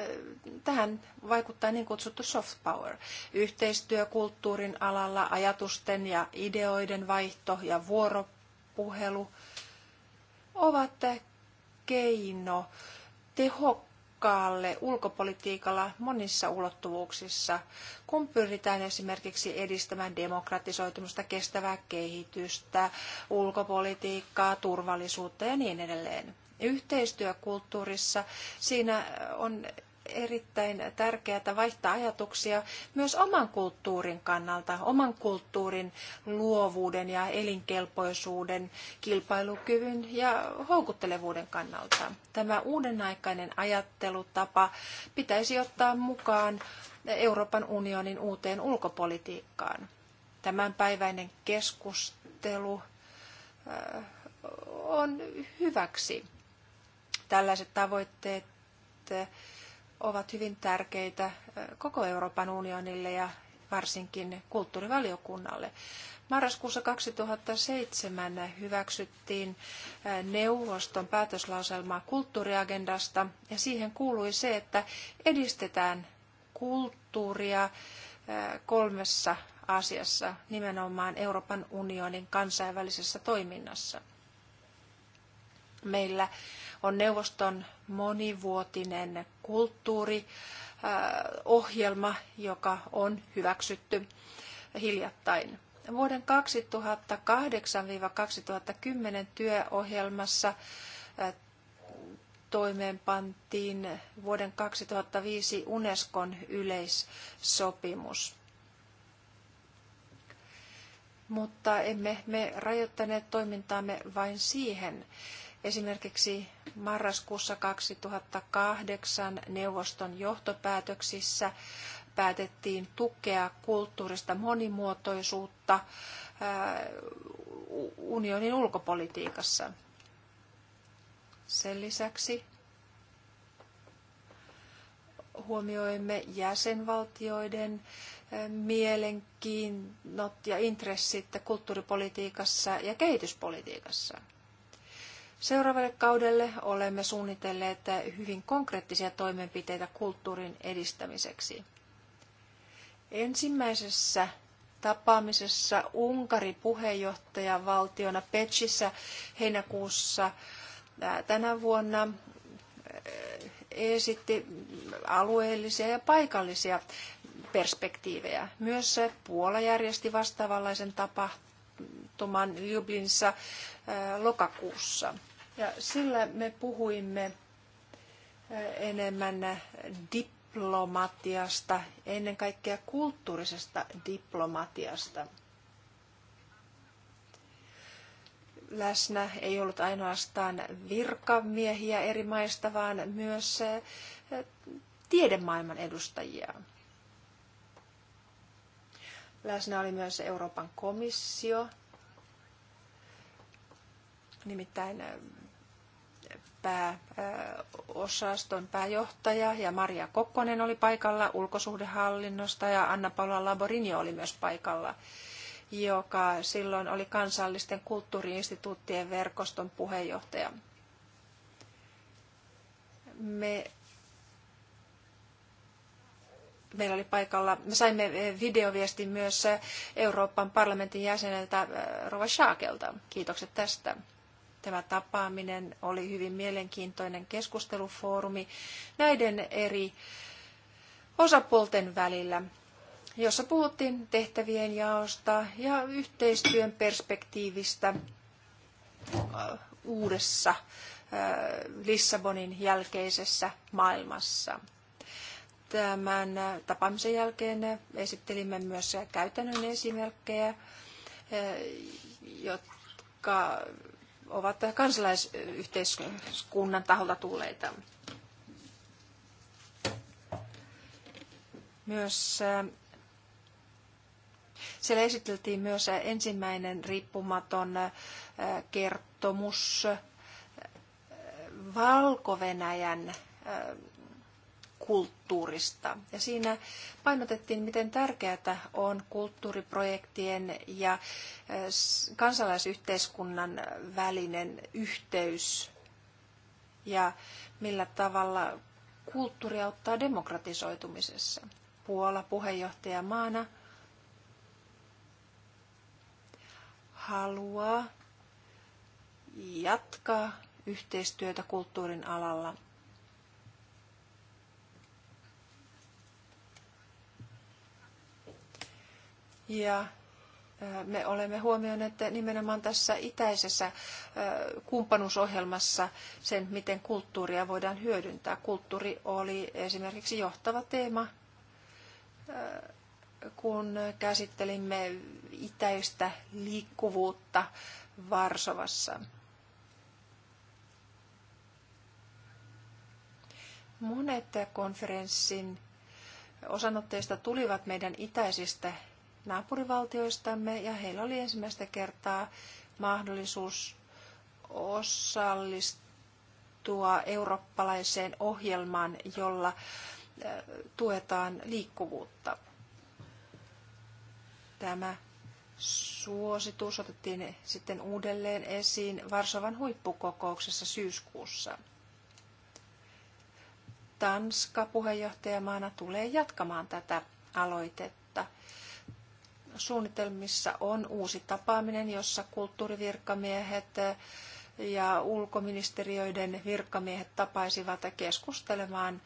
tähän vaikuttaa niin kutsuttu soft power. Yhteistyö kulttuurin alalla, ajatusten ja ideoiden vaihto ja vuoropuhelu ovat keino tehokkaasti tehokkaalle ulkopolitiikalla monissa ulottuvuuksissa, kun pyritään esimerkiksi edistämään demokratisoitumista, kestävää kehitystä, ulkopolitiikkaa, turvallisuutta ja niin edelleen. Yhteistyökulttuurissa siinä on erittäin tärkeää vaihtaa ajatuksia myös oman kulttuurin kannalta, oman kulttuurin luovuuden ja elinkelpoisuuden, kilpailukyvyn ja houkuttelevuuden kannalta. Tämä uudenaikainen ajattelutapa pitäisi ottaa mukaan Euroopan unionin uuteen ulkopolitiikkaan. Tämänpäiväinen keskustelu äh, on hyväksi. Tällaiset tavoitteet ovat hyvin tärkeitä koko Euroopan unionille ja varsinkin kulttuurivaliokunnalle. Marraskuussa 2007 hyväksyttiin neuvoston päätöslauselmaa kulttuuriagendasta ja siihen kuului se, että edistetään kulttuuria kolmessa asiassa, nimenomaan Euroopan unionin kansainvälisessä toiminnassa. Meillä on neuvoston monivuotinen kulttuuriohjelma, äh, joka on hyväksytty hiljattain. Vuoden 2008-2010 työohjelmassa äh, toimeenpantiin vuoden 2005 Unescon yleissopimus. Mutta emme me rajoittaneet toimintaamme vain siihen. Esimerkiksi marraskuussa 2008 neuvoston johtopäätöksissä päätettiin tukea kulttuurista monimuotoisuutta unionin ulkopolitiikassa. Sen lisäksi huomioimme jäsenvaltioiden mielenkiinnot ja intressit kulttuuripolitiikassa ja kehityspolitiikassa. Seuraavalle kaudelle olemme suunnitelleet hyvin konkreettisia toimenpiteitä kulttuurin edistämiseksi. Ensimmäisessä tapaamisessa Unkari valtiona Petsissä heinäkuussa tänä vuonna esitti alueellisia ja paikallisia perspektiivejä. Myös Puola järjesti vastaavanlaisen tapahtuman ljublinsa lokakuussa. Ja sillä me puhuimme enemmän diplomatiasta, ennen kaikkea kulttuurisesta diplomatiasta. Läsnä ei ollut ainoastaan virkamiehiä eri maista, vaan myös tiedemaailman edustajia. Läsnä oli myös Euroopan komissio, nimittäin pääosaston pääjohtaja ja Maria Kokkonen oli paikalla ulkosuhdehallinnosta ja Anna-Paula Laborinio oli myös paikalla, joka silloin oli kansallisten kulttuuriinstituuttien verkoston puheenjohtaja. Me meillä oli paikalla, me saimme videoviestin myös Euroopan parlamentin jäseneltä eh, Rova Schaakelta. Kiitokset tästä tämä tapaaminen oli hyvin mielenkiintoinen keskustelufoorumi näiden eri osapuolten välillä, jossa puhuttiin tehtävien jaosta ja yhteistyön perspektiivistä äh, uudessa äh, Lissabonin jälkeisessä maailmassa. Tämän äh, tapaamisen jälkeen esittelimme myös käytännön esimerkkejä, jotka ovat kansalaisyhteiskunnan taholta tulleita. Myös äh, siellä esiteltiin myös ensimmäinen riippumaton äh, kertomus äh, Valko-Venäjän kulttuurista. Ja siinä painotettiin, miten tärkeää on kulttuuriprojektien ja äh, kansalaisyhteiskunnan välinen yhteys ja millä tavalla kulttuuri auttaa demokratisoitumisessa. Puola puheenjohtajamaana haluaa jatkaa yhteistyötä kulttuurin alalla – Ja me olemme huomioineet nimenomaan tässä itäisessä kumppanuusohjelmassa sen, miten kulttuuria voidaan hyödyntää. Kulttuuri oli esimerkiksi johtava teema, kun käsittelimme itäistä liikkuvuutta Varsovassa. Monet konferenssin osanotteista tulivat meidän itäisistä naapurivaltioistamme ja heillä oli ensimmäistä kertaa mahdollisuus osallistua eurooppalaiseen ohjelmaan, jolla tuetaan liikkuvuutta. Tämä suositus otettiin sitten uudelleen esiin Varsovan huippukokouksessa syyskuussa. Tanska puheenjohtajamaana tulee jatkamaan tätä aloitetta suunnitelmissa on uusi tapaaminen, jossa kulttuurivirkamiehet ja ulkoministeriöiden virkamiehet tapaisivat keskustelemaan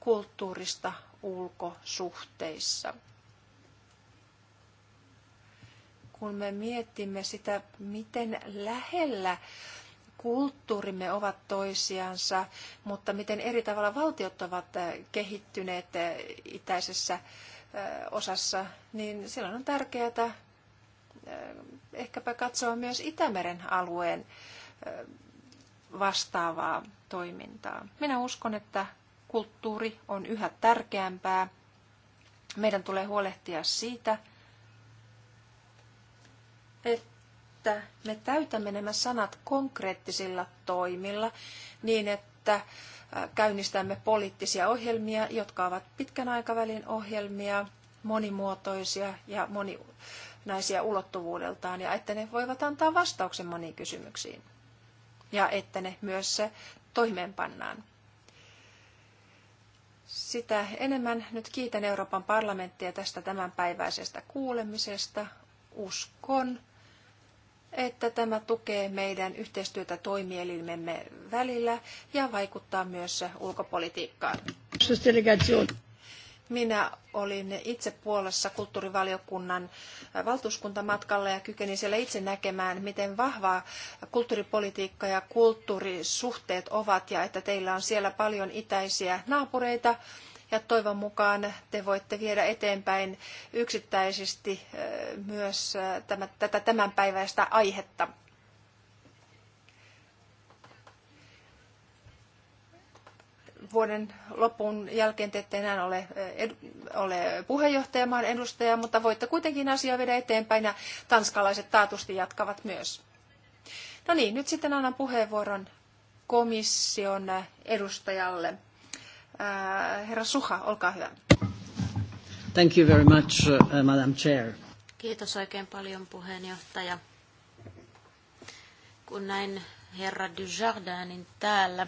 kulttuurista ulkosuhteissa. Kun me mietimme sitä, miten lähellä kulttuurimme ovat toisiansa, mutta miten eri tavalla valtiot ovat kehittyneet itäisessä osassa, niin silloin on tärkeää ehkäpä katsoa myös Itämeren alueen vastaavaa toimintaa. Minä uskon, että kulttuuri on yhä tärkeämpää. Meidän tulee huolehtia siitä, että me täytämme nämä sanat konkreettisilla toimilla niin, että että käynnistämme poliittisia ohjelmia, jotka ovat pitkän aikavälin ohjelmia, monimuotoisia ja moninaisia ulottuvuudeltaan, ja että ne voivat antaa vastauksen moniin kysymyksiin, ja että ne myös toimeenpannaan. Sitä enemmän nyt kiitän Euroopan parlamenttia tästä tämänpäiväisestä kuulemisesta. Uskon, että tämä tukee meidän yhteistyötä toimielimemme välillä ja vaikuttaa myös ulkopolitiikkaan. Minä olin itse Puolassa kulttuurivaliokunnan valtuuskuntamatkalla ja kykenin siellä itse näkemään, miten vahva kulttuuripolitiikka ja kulttuurisuhteet ovat ja että teillä on siellä paljon itäisiä naapureita ja toivon mukaan te voitte viedä eteenpäin yksittäisesti myös tätä tämänpäiväistä aihetta. vuoden lopun jälkeen te ette enää ole, ed, ole puheenjohtajamaan edustaja, mutta voitte kuitenkin asiaa viedä eteenpäin ja tanskalaiset taatusti jatkavat myös. No niin, nyt sitten annan puheenvuoron komission edustajalle. Äh, herra Suha, olkaa hyvä. Thank you very much, uh, uh, Madam Chair. Kiitos oikein paljon puheenjohtaja. Kun näin herra Dujardinin täällä,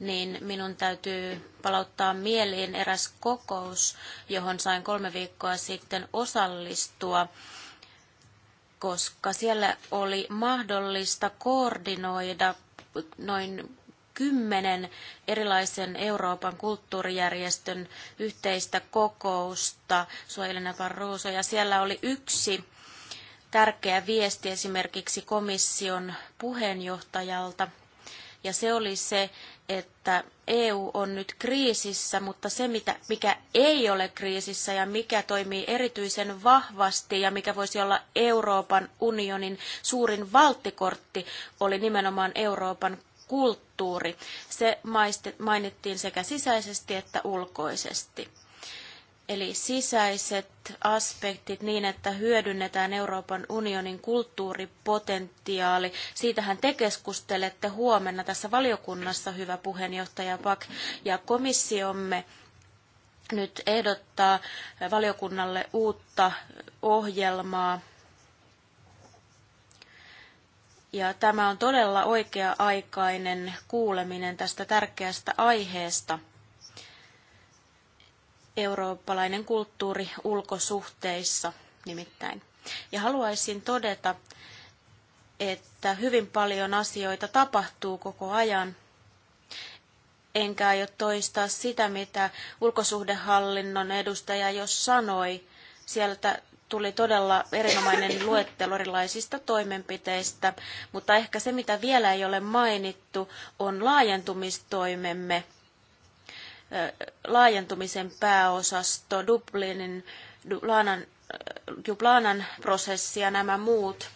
niin minun täytyy palauttaa mieliin eräs kokous, johon sain kolme viikkoa sitten osallistua, koska siellä oli mahdollista koordinoida noin kymmenen erilaisen Euroopan kulttuurijärjestön yhteistä kokousta, Suojelena Barroso, ja siellä oli yksi tärkeä viesti esimerkiksi komission puheenjohtajalta, ja se oli se, että EU on nyt kriisissä, mutta se, mitä, mikä ei ole kriisissä ja mikä toimii erityisen vahvasti ja mikä voisi olla Euroopan unionin suurin valttikortti, oli nimenomaan Euroopan kulttuuri. Se mainittiin sekä sisäisesti että ulkoisesti. Eli sisäiset aspektit niin, että hyödynnetään Euroopan unionin kulttuuripotentiaali. Siitähän te keskustelette huomenna tässä valiokunnassa, hyvä puheenjohtaja Pak, ja komissiomme nyt ehdottaa valiokunnalle uutta ohjelmaa ja tämä on todella oikea-aikainen kuuleminen tästä tärkeästä aiheesta. Eurooppalainen kulttuuri ulkosuhteissa nimittäin. Ja haluaisin todeta, että hyvin paljon asioita tapahtuu koko ajan. Enkä aio toistaa sitä, mitä ulkosuhdehallinnon edustaja jo sanoi. Sieltä tuli todella erinomainen luettelo erilaisista toimenpiteistä, mutta ehkä se, mitä vielä ei ole mainittu, on laajentumistoimemme, laajentumisen pääosasto, Dublinin, Dublanan, Dublanan prosessi ja nämä muut.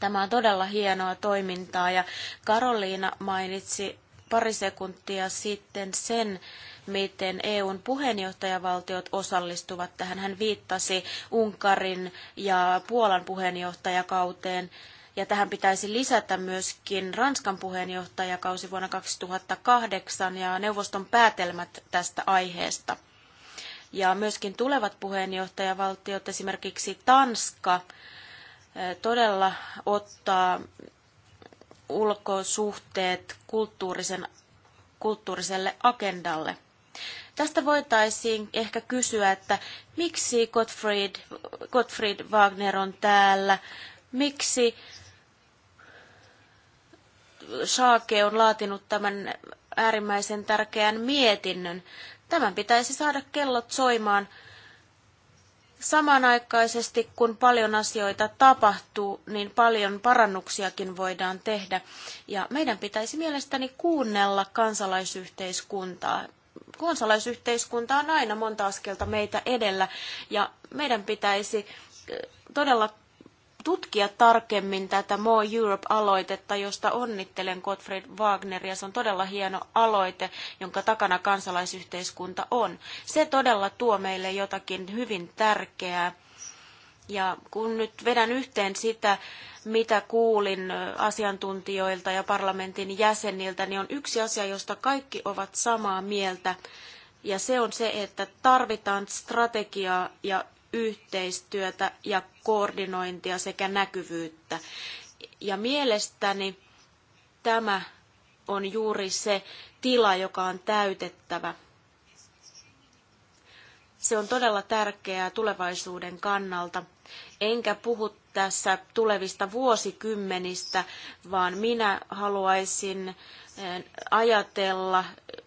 Tämä on todella hienoa toimintaa ja Karoliina mainitsi pari sekuntia sitten sen, miten EUn puheenjohtajavaltiot osallistuvat tähän. Hän viittasi Unkarin ja Puolan puheenjohtajakauteen. Ja tähän pitäisi lisätä myöskin Ranskan puheenjohtajakausi vuonna 2008 ja neuvoston päätelmät tästä aiheesta. Ja myöskin tulevat puheenjohtajavaltiot, esimerkiksi Tanska, eh, todella ottaa ulkosuhteet kulttuurisen, kulttuuriselle agendalle. Tästä voitaisiin ehkä kysyä, että miksi Gottfried, Gottfried Wagner on täällä, miksi Saake on laatinut tämän äärimmäisen tärkeän mietinnön. Tämän pitäisi saada kellot soimaan samanaikaisesti, kun paljon asioita tapahtuu, niin paljon parannuksiakin voidaan tehdä. Ja meidän pitäisi mielestäni kuunnella kansalaisyhteiskuntaa kansalaisyhteiskunta on aina monta askelta meitä edellä ja meidän pitäisi eh, todella tutkia tarkemmin tätä More Europe-aloitetta, josta onnittelen Gottfried Wagneria. Se on todella hieno aloite, jonka takana kansalaisyhteiskunta on. Se todella tuo meille jotakin hyvin tärkeää. Ja kun nyt vedän yhteen sitä, mitä kuulin asiantuntijoilta ja parlamentin jäseniltä, niin on yksi asia, josta kaikki ovat samaa mieltä. Ja se on se, että tarvitaan strategiaa ja yhteistyötä ja koordinointia sekä näkyvyyttä. Ja mielestäni tämä on juuri se tila, joka on täytettävä. Se on todella tärkeää tulevaisuuden kannalta. Enkä puhu tässä tulevista vuosikymmenistä, vaan minä haluaisin eh, ajatella,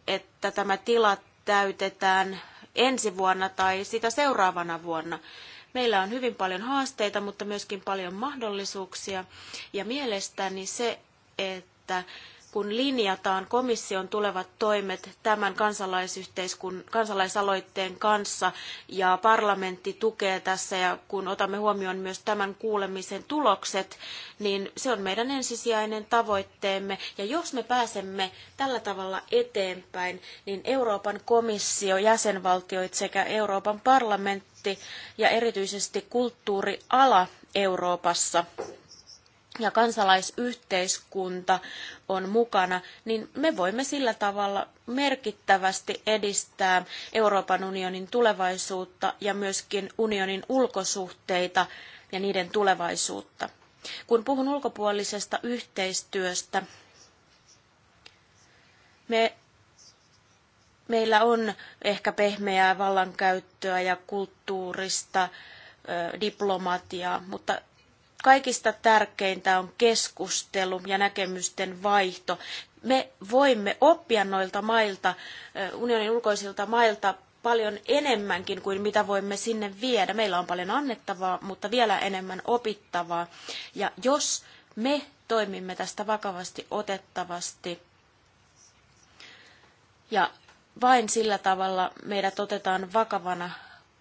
että tämä tila täytetään ensi vuonna tai sitä seuraavana vuonna. Meillä on hyvin paljon haasteita, mutta myöskin paljon mahdollisuuksia. Ja mielestäni se, että kun linjataan komission tulevat toimet tämän kansalaisaloitteen kanssa ja parlamentti tukee tässä ja kun otamme huomioon myös tämän kuulemisen tulokset, niin se on meidän ensisijainen tavoitteemme. Ja jos me pääsemme tällä tavalla eteenpäin, niin Euroopan komissio, jäsenvaltioit sekä Euroopan parlamentti ja erityisesti kulttuuriala Euroopassa ja kansalaisyhteiskunta on mukana, niin me voimme sillä tavalla merkittävästi edistää Euroopan unionin tulevaisuutta ja myöskin unionin ulkosuhteita ja niiden tulevaisuutta. Kun puhun ulkopuolisesta yhteistyöstä, me, meillä on ehkä pehmeää vallankäyttöä ja kulttuurista diplomatiaa, mutta Kaikista tärkeintä on keskustelu ja näkemysten vaihto. Me voimme oppia noilta mailta, unionin ulkoisilta mailta, paljon enemmänkin kuin mitä voimme sinne viedä. Meillä on paljon annettavaa, mutta vielä enemmän opittavaa. Ja jos me toimimme tästä vakavasti otettavasti ja vain sillä tavalla meidät otetaan vakavana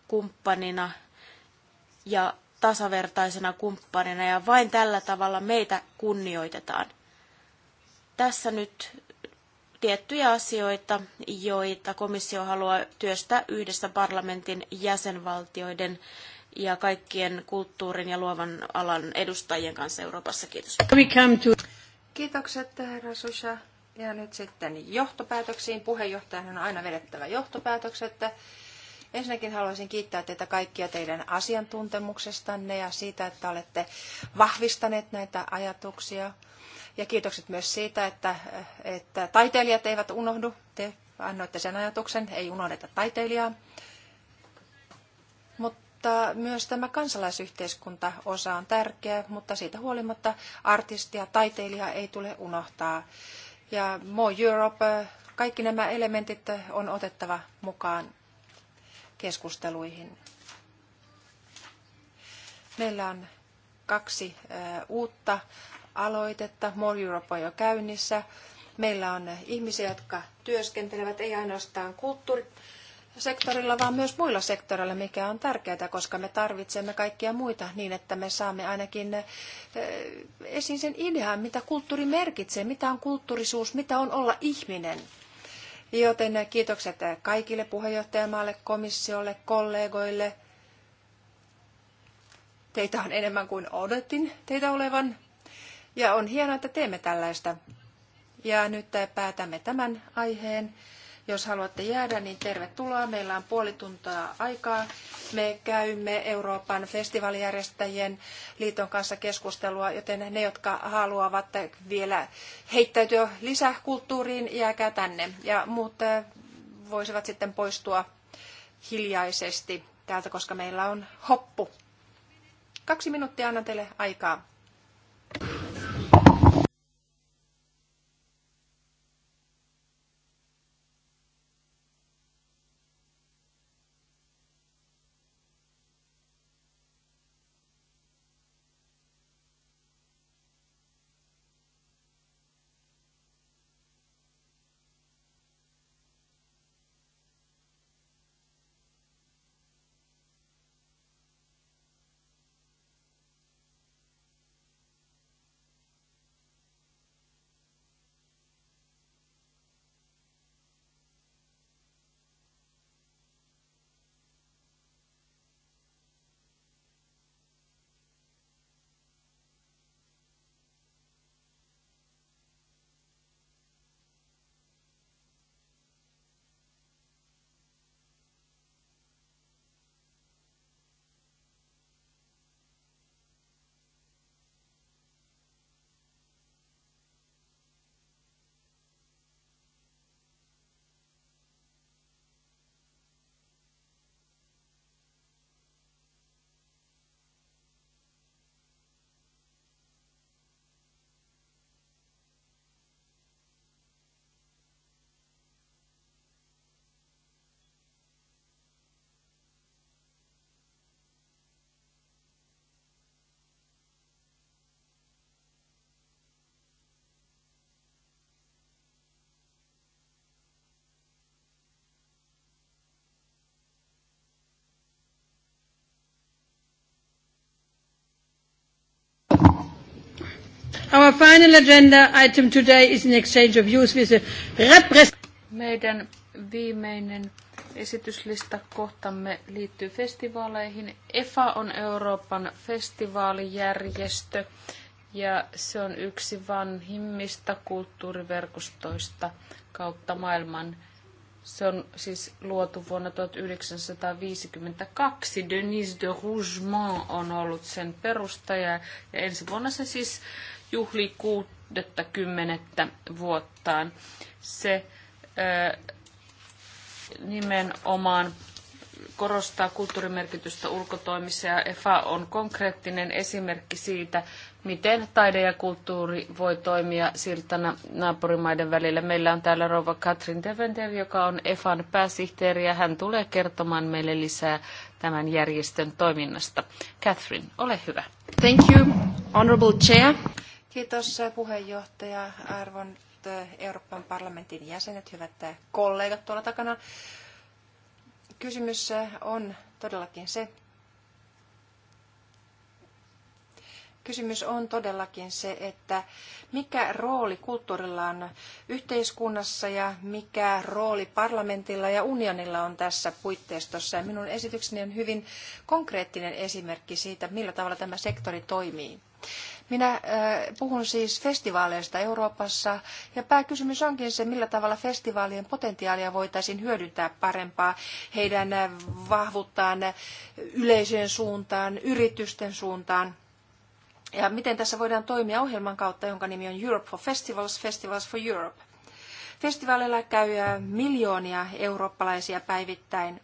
kumppanina ja tasavertaisena kumppanina ja vain tällä tavalla meitä kunnioitetaan. Tässä nyt tiettyjä asioita, joita komissio haluaa työstää yhdessä parlamentin jäsenvaltioiden ja kaikkien kulttuurin ja luovan alan edustajien kanssa Euroopassa. Kiitos. Kiitokset, herra Susha. Ja nyt sitten johtopäätöksiin. Puheenjohtajan on aina vedettävä johtopäätökset. Ensinnäkin haluaisin kiittää teitä kaikkia teidän asiantuntemuksestanne ja siitä, että olette vahvistaneet näitä ajatuksia. Ja kiitokset myös siitä, että, että taiteilijat eivät unohdu. Te annoitte sen ajatuksen, ei unohdeta taiteilijaa. Mutta myös tämä kansalaisyhteiskuntaosa on tärkeä, mutta siitä huolimatta artistia, taiteilijaa ei tule unohtaa. Ja More Europe, kaikki nämä elementit on otettava mukaan keskusteluihin. Meillä on kaksi uutta aloitetta. More Europe on jo käynnissä. Meillä on ihmisiä, jotka työskentelevät ei ainoastaan kulttuurisektorilla, vaan myös muilla sektoreilla, mikä on tärkeää, koska me tarvitsemme kaikkia muita niin, että me saamme ainakin esiin sen idean, mitä kulttuuri merkitsee, mitä on kulttuurisuus, mitä on olla ihminen – Joten kiitokset kaikille puheenjohtajamaalle, komissiolle, kollegoille. Teitä on enemmän kuin odotin teitä olevan. Ja on hienoa, että teemme tällaista. Ja nyt päätämme tämän aiheen. Jos haluatte jäädä, niin tervetuloa. Meillä on puoli tuntia aikaa. Me käymme Euroopan festivaalijärjestäjien liiton kanssa keskustelua, joten ne, jotka haluavat vielä heittäytyä lisäkulttuuriin, jääkää tänne. Ja muut eh, voisivat sitten poistua hiljaisesti täältä, koska meillä on hoppu. Kaksi minuuttia annan teille aikaa. Our final agenda item today is an exchange of views with a Meidän viimeinen esityslista kohtamme liittyy festivaaleihin. EFA on Euroopan festivaalijärjestö ja se on yksi vanhimmista kulttuuriverkostoista kautta maailman. Se on siis luotu vuonna 1952. Denise de Rougemont on ollut sen perustaja ja ensi vuonna se siis juhlii 60 vuottaan. Se ö, nimenomaan korostaa kulttuurimerkitystä ulkotoimissa ja EFA on konkreettinen esimerkki siitä, miten taide ja kulttuuri voi toimia siltana naapurimaiden välillä. Meillä on täällä rouva Katrin Deventer, joka on EFAn pääsihteeri ja hän tulee kertomaan meille lisää tämän järjestön toiminnasta. Catherine, ole hyvä. Thank you, honorable chair. Kiitos eh, puheenjohtaja, arvon eh, Euroopan parlamentin jäsenet, hyvät eh, kollegat tuolla takana. Kysymys on todellakin se, Kysymys on todellakin se, että mikä rooli kulttuurilla on yhteiskunnassa ja mikä rooli parlamentilla ja unionilla on tässä puitteistossa. Ja minun esitykseni on hyvin konkreettinen esimerkki siitä, millä tavalla tämä sektori toimii. Minä äh, puhun siis festivaaleista Euroopassa ja pääkysymys onkin se, millä tavalla festivaalien potentiaalia voitaisiin hyödyntää parempaa heidän äh, vahvuuttaan äh, yleisön suuntaan, yritysten suuntaan. Ja miten tässä voidaan toimia ohjelman kautta, jonka nimi on Europe for Festivals, Festivals for Europe. Festivaaleilla käy miljoonia eurooppalaisia päivittäin.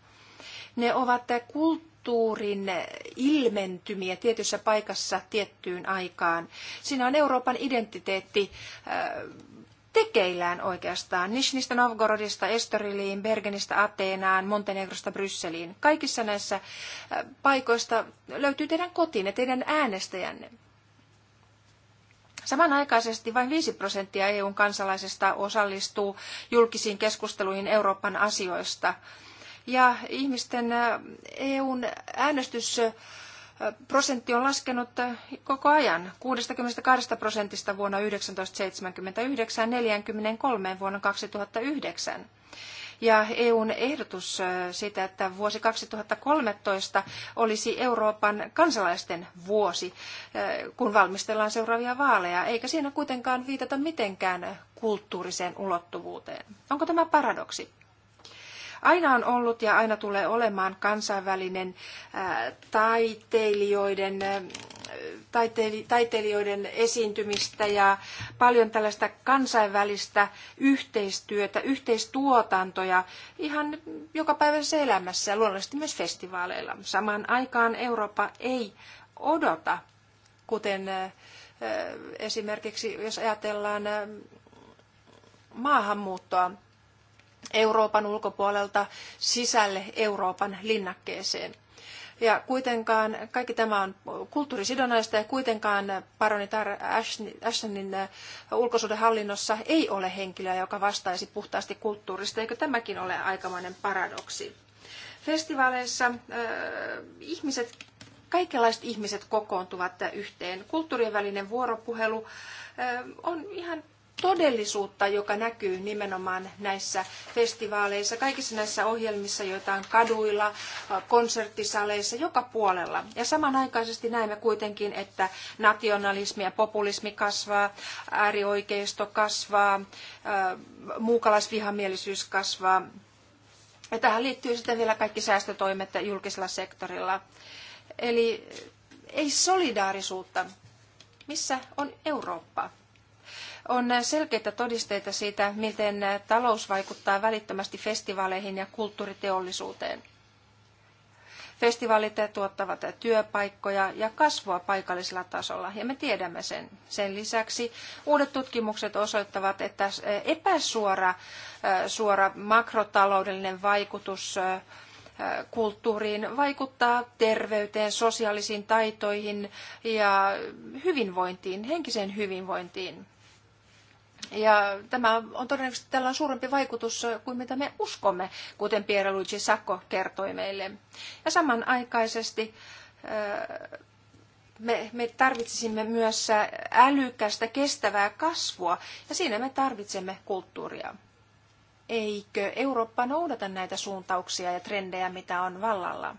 Ne ovat kulttuuri kulttuurin ilmentymiä tietyssä paikassa tiettyyn aikaan. Siinä on Euroopan identiteetti äh, tekeillään oikeastaan. Nishnistä Novgorodista, Estoriliin, Bergenistä, Ateenaan, Montenegrosta, Brysseliin. Kaikissa näissä äh, paikoista löytyy teidän kotiinne, teidän äänestäjänne. Samanaikaisesti vain 5 prosenttia EUn kansalaisista osallistuu julkisiin keskusteluihin Euroopan asioista – ja ihmisten äh, EUn äänestysprosentti on laskenut äh, koko ajan 62 prosentista vuonna 1979 43 vuonna 2009. Ja EUn ehdotus äh, siitä, että vuosi 2013 olisi Euroopan kansalaisten vuosi, kun valmistellaan seuraavia vaaleja, eikä siinä kuitenkaan viitata mitenkään kulttuuriseen ulottuvuuteen. Onko tämä paradoksi? Aina on ollut ja aina tulee olemaan kansainvälinen taiteilijoiden, taiteilijoiden esiintymistä ja paljon tällaista kansainvälistä yhteistyötä, yhteistuotantoja ihan joka päivässä elämässä ja luonnollisesti myös festivaaleilla. Samaan aikaan Eurooppa ei odota, kuten esimerkiksi jos ajatellaan maahanmuuttoa Euroopan ulkopuolelta sisälle Euroopan linnakkeeseen. Ja kuitenkaan kaikki tämä on kulttuurisidonnaista ja kuitenkaan paronitar Ashtonin äh, ulkosuhdehallinnossa ei ole henkilöä, joka vastaisi puhtaasti kulttuurista. Eikö tämäkin ole aikamoinen paradoksi? Festivaaleissa äh, ihmiset, kaikenlaiset ihmiset kokoontuvat yhteen. Kulttuurien välinen vuoropuhelu äh, on ihan todellisuutta, joka näkyy nimenomaan näissä festivaaleissa, kaikissa näissä ohjelmissa, joita on kaduilla, konserttisaleissa, joka puolella. Ja samanaikaisesti näemme kuitenkin, että nationalismi ja populismi kasvaa, äärioikeisto kasvaa, muukalaisvihamielisyys kasvaa. Ja tähän liittyy sitten vielä kaikki säästötoimet julkisella sektorilla. Eli ei solidaarisuutta. Missä on Eurooppa? On selkeitä todisteita siitä, miten talous vaikuttaa välittömästi festivaaleihin ja kulttuuriteollisuuteen. Festivaalit tuottavat työpaikkoja ja kasvua paikallisella tasolla, ja me tiedämme sen. Sen lisäksi uudet tutkimukset osoittavat, että epäsuora suora makrotaloudellinen vaikutus kulttuuriin vaikuttaa terveyteen, sosiaalisiin taitoihin ja hyvinvointiin, henkiseen hyvinvointiin. Ja tämä on todennäköisesti tällä on suurempi vaikutus kuin mitä me uskomme, kuten Pierluigi Sacco kertoi meille. Ja samanaikaisesti me, me tarvitsisimme myös älykästä, kestävää kasvua, ja siinä me tarvitsemme kulttuuria. Eikö Eurooppa noudata näitä suuntauksia ja trendejä, mitä on vallalla?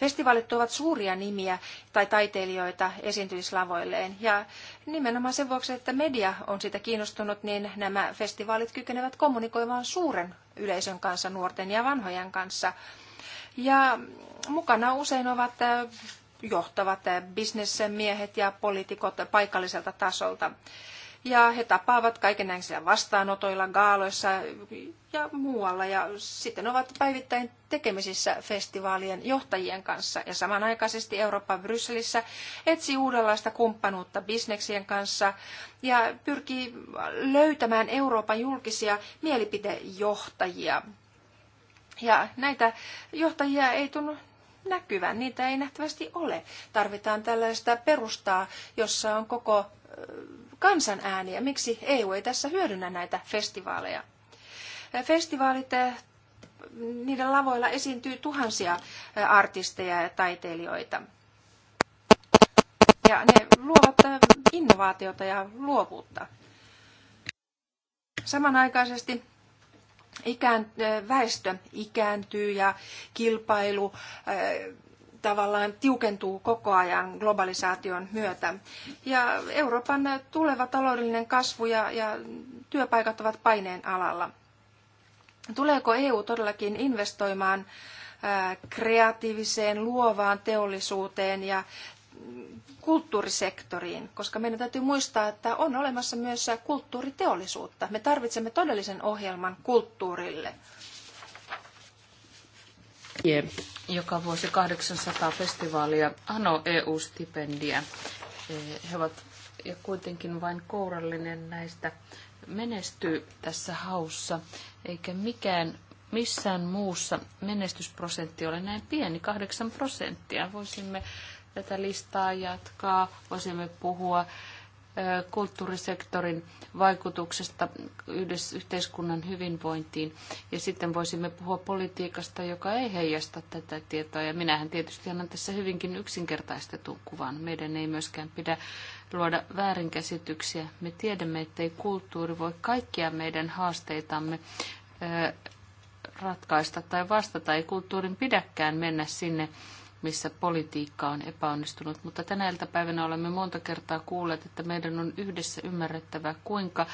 Festivaalit tuovat suuria nimiä tai taiteilijoita esiintymislavoilleen ja nimenomaan sen vuoksi, että media on siitä kiinnostunut, niin nämä festivaalit kykenevät kommunikoimaan suuren yleisön kanssa, nuorten ja vanhojen kanssa. Ja mukana usein ovat äh, johtavat äh, bisnesmiehet ja poliitikot paikalliselta tasolta ja he tapaavat kaikenlaisia vastaanotoilla, gaaloissa ja muualla ja sitten ovat päivittäin tekemisissä festivaalien johtajien kanssa ja samanaikaisesti Eurooppa Brysselissä etsii uudenlaista kumppanuutta bisneksien kanssa ja pyrkii löytämään Euroopan julkisia mielipidejohtajia. Ja näitä johtajia ei tunnu näkyvän, niitä ei nähtävästi ole. Tarvitaan tällaista perustaa, jossa on koko kansan ääniä. Miksi EU ei tässä hyödynnä näitä festivaaleja? Festivaalit, niiden lavoilla esiintyy tuhansia artisteja ja taiteilijoita. Ja ne luovat innovaatiota ja luovuutta. Samanaikaisesti ikään, väestö ikääntyy ja kilpailu tavallaan tiukentuu koko ajan globalisaation myötä. Ja Euroopan tuleva taloudellinen kasvu ja, ja työpaikat ovat paineen alalla. Tuleeko EU todellakin investoimaan kreatiiviseen, luovaan teollisuuteen ja mm, kulttuurisektoriin, koska meidän täytyy muistaa, että on olemassa myös kulttuuriteollisuutta. Me tarvitsemme todellisen ohjelman kulttuurille joka vuosi 800 festivaalia ano EU-stipendiä. E, he ovat ja kuitenkin vain kourallinen näistä menestyy tässä haussa, eikä mikään missään muussa menestysprosentti ole näin pieni, 8 prosenttia. Voisimme tätä listaa jatkaa, voisimme puhua kulttuurisektorin vaikutuksesta yhdessä yhteiskunnan hyvinvointiin. Ja sitten voisimme puhua politiikasta, joka ei heijasta tätä tietoa. Ja minähän tietysti annan tässä hyvinkin yksinkertaistetun kuvan. Meidän ei myöskään pidä luoda väärinkäsityksiä. Me tiedämme, ettei kulttuuri voi kaikkia meidän haasteitamme ratkaista tai vastata. Ei kulttuurin pidäkään mennä sinne missä politiikka on epäonnistunut, mutta tänä iltapäivänä olemme monta kertaa kuulleet, että meidän on yhdessä ymmärrettävä, kuinka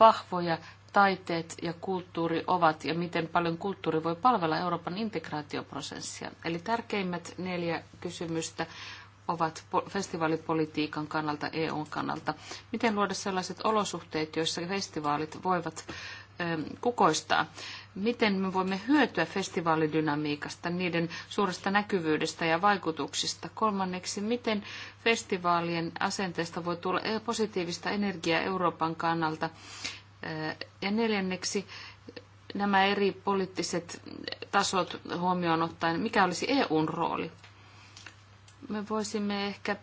vahvoja taiteet ja kulttuuri ovat ja miten paljon kulttuuri voi palvella Euroopan integraatioprosessia. Eli tärkeimmät neljä kysymystä ovat festivaalipolitiikan kannalta, EUn kannalta. Miten luoda sellaiset olosuhteet, joissa festivaalit voivat kukoistaa? miten me voimme hyötyä festivaalidynamiikasta, niiden suuresta näkyvyydestä ja vaikutuksista. Kolmanneksi, miten festivaalien asenteesta voi tulla positiivista energiaa Euroopan kannalta. Ja neljänneksi, nämä eri poliittiset tasot huomioon ottaen, mikä olisi EUn rooli? Me voisimme ehkä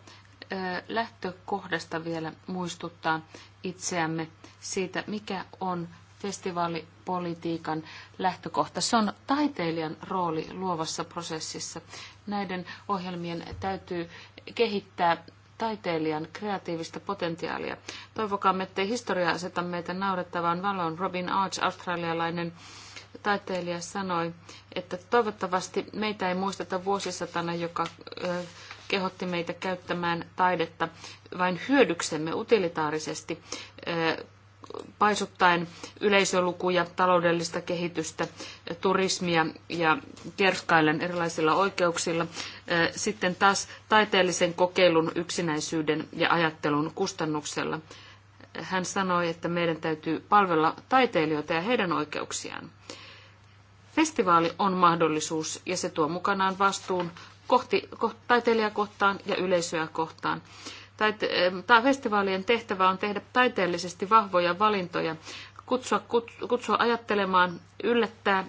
lähtökohdasta vielä muistuttaa itseämme siitä, mikä on festivaalipolitiikan lähtökohta. Se on taiteilijan rooli luovassa prosessissa. Näiden ohjelmien täytyy kehittää taiteilijan kreatiivista potentiaalia. Toivokaamme, ettei historia aseta meitä naurettavaan valoon. Robin Arch, australialainen taiteilija, sanoi, että toivottavasti meitä ei muisteta vuosisatana, joka kehotti meitä käyttämään taidetta vain hyödyksemme utilitaarisesti paisuttaen yleisölukuja, taloudellista kehitystä, turismia ja kerskaillen erilaisilla oikeuksilla. Sitten taas taiteellisen kokeilun yksinäisyyden ja ajattelun kustannuksella. Hän sanoi, että meidän täytyy palvella taiteilijoita ja heidän oikeuksiaan. Festivaali on mahdollisuus ja se tuo mukanaan vastuun kohti, kohti taiteilijaa kohtaan ja yleisöä kohtaan taite- festivaalien tehtävä on tehdä taiteellisesti vahvoja valintoja, kutsua, kutsua ajattelemaan, yllättää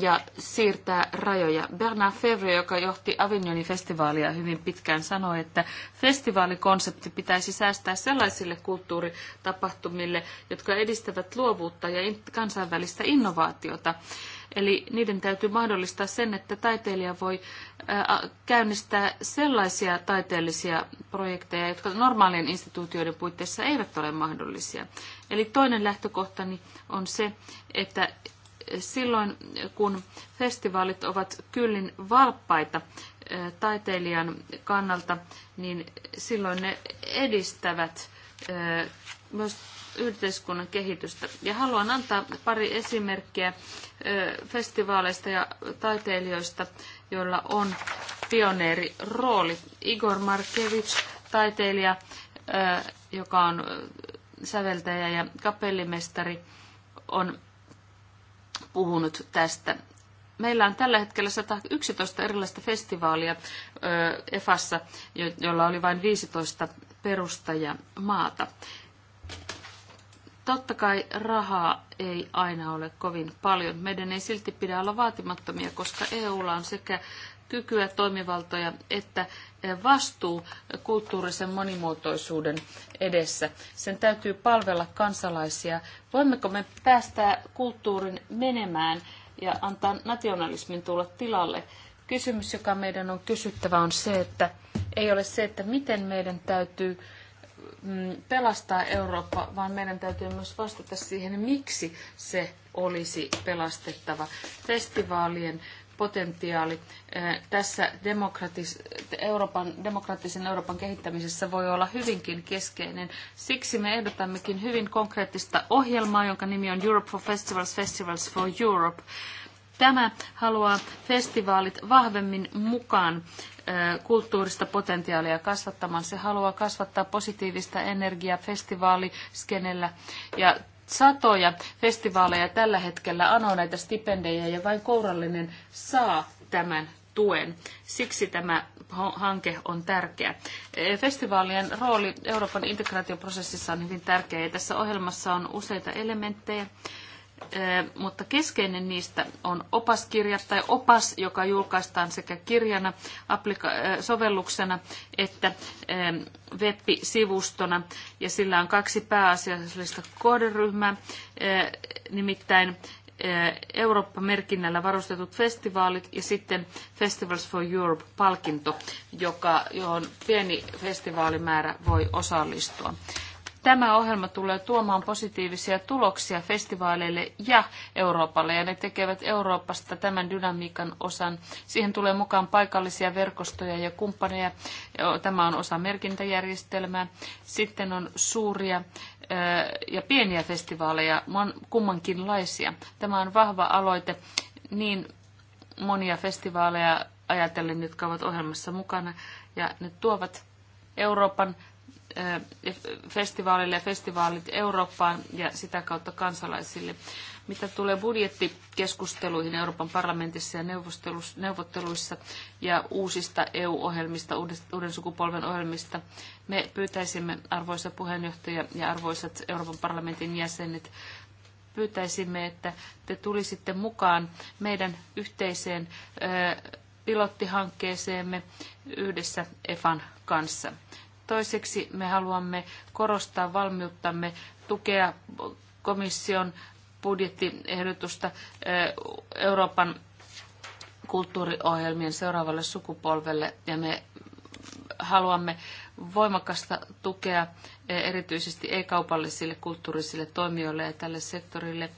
ja siirtää rajoja. Bernard Fevre, joka johti Avignonin festivaalia hyvin pitkään, sanoi, että festivaalikonsepti pitäisi säästää sellaisille kulttuuritapahtumille, jotka edistävät luovuutta ja kansainvälistä innovaatiota. Eli niiden täytyy mahdollistaa sen, että taiteilija voi käynnistää sellaisia taiteellisia projekteja, jotka normaalien instituutioiden puitteissa eivät ole mahdollisia. Eli toinen lähtökohtani on se, että silloin kun festivaalit ovat kyllin valppaita taiteilijan kannalta, niin silloin ne edistävät myös yhteiskunnan kehitystä. Ja haluan antaa pari esimerkkiä festivaaleista ja taiteilijoista, joilla on pioneeri rooli. Igor Markevich, taiteilija, joka on säveltäjä ja kapellimestari, on puhunut tästä. Meillä on tällä hetkellä 111 erilaista festivaalia EFassa, joilla oli vain 15 perustajamaata. Totta kai rahaa ei aina ole kovin paljon. Meidän ei silti pidä olla vaatimattomia, koska EUlla on sekä kykyä, toimivaltoja että vastuu kulttuurisen monimuotoisuuden edessä. Sen täytyy palvella kansalaisia. Voimmeko me päästää kulttuurin menemään ja antaa nationalismin tulla tilalle? Kysymys, joka meidän on kysyttävä, on se, että ei ole se, että miten meidän täytyy Mm, pelastaa Eurooppa, vaan meidän täytyy myös vastata siihen, miksi se olisi pelastettava. Festivaalien potentiaali eh, tässä demokratis, Euroopan, demokraattisen Euroopan kehittämisessä voi olla hyvinkin keskeinen. Siksi me ehdotammekin hyvin konkreettista ohjelmaa, jonka nimi on Europe for Festivals, Festivals for Europe. Tämä haluaa festivaalit vahvemmin mukaan kulttuurista potentiaalia kasvattamaan. Se haluaa kasvattaa positiivista energiaa festivaaliskenellä ja satoja festivaaleja tällä hetkellä anoo näitä stipendejä ja vain kourallinen saa tämän tuen. Siksi tämä hanke on tärkeä. E, festivaalien rooli Euroopan integraatioprosessissa on hyvin tärkeä ja tässä ohjelmassa on useita elementtejä. Eh, mutta keskeinen niistä on opaskirja tai opas, joka julkaistaan sekä kirjana, applika- eh, sovelluksena että eh, web-sivustona. Ja sillä on kaksi pääasiallista kohderyhmää, nimittäin Eurooppa-merkinnällä varustetut festivaalit ja sitten Festivals for Europe-palkinto, joka, johon pieni festivaalimäärä voi osallistua. Tämä ohjelma tulee tuomaan positiivisia tuloksia festivaaleille ja Euroopalle, ja ne tekevät Euroopasta tämän dynamiikan osan. Siihen tulee mukaan paikallisia verkostoja ja kumppaneja. Tämä on osa merkintäjärjestelmää. Sitten on suuria ja pieniä festivaaleja, kummankinlaisia. Tämä on vahva aloite niin monia festivaaleja ajatellen, jotka ovat ohjelmassa mukana, ja ne tuovat Euroopan Festivaaleille, ja festivaalit Eurooppaan ja sitä kautta kansalaisille. Mitä tulee budjettikeskusteluihin Euroopan parlamentissa ja neuvotteluissa ja uusista EU-ohjelmista, uuden sukupolven ohjelmista, me pyytäisimme arvoisa puheenjohtaja ja arvoisat Euroopan parlamentin jäsenet pyytäisimme, että te tulisitte mukaan meidän yhteiseen pilottihankkeeseemme yhdessä EFAN kanssa. Toiseksi me haluamme korostaa valmiuttamme tukea komission budjettiehdotusta eh, Euroopan kulttuuriohjelmien seuraavalle sukupolvelle ja me haluamme voimakasta tukea eh, erityisesti ei-kaupallisille kulttuurisille toimijoille ja tälle sektorille.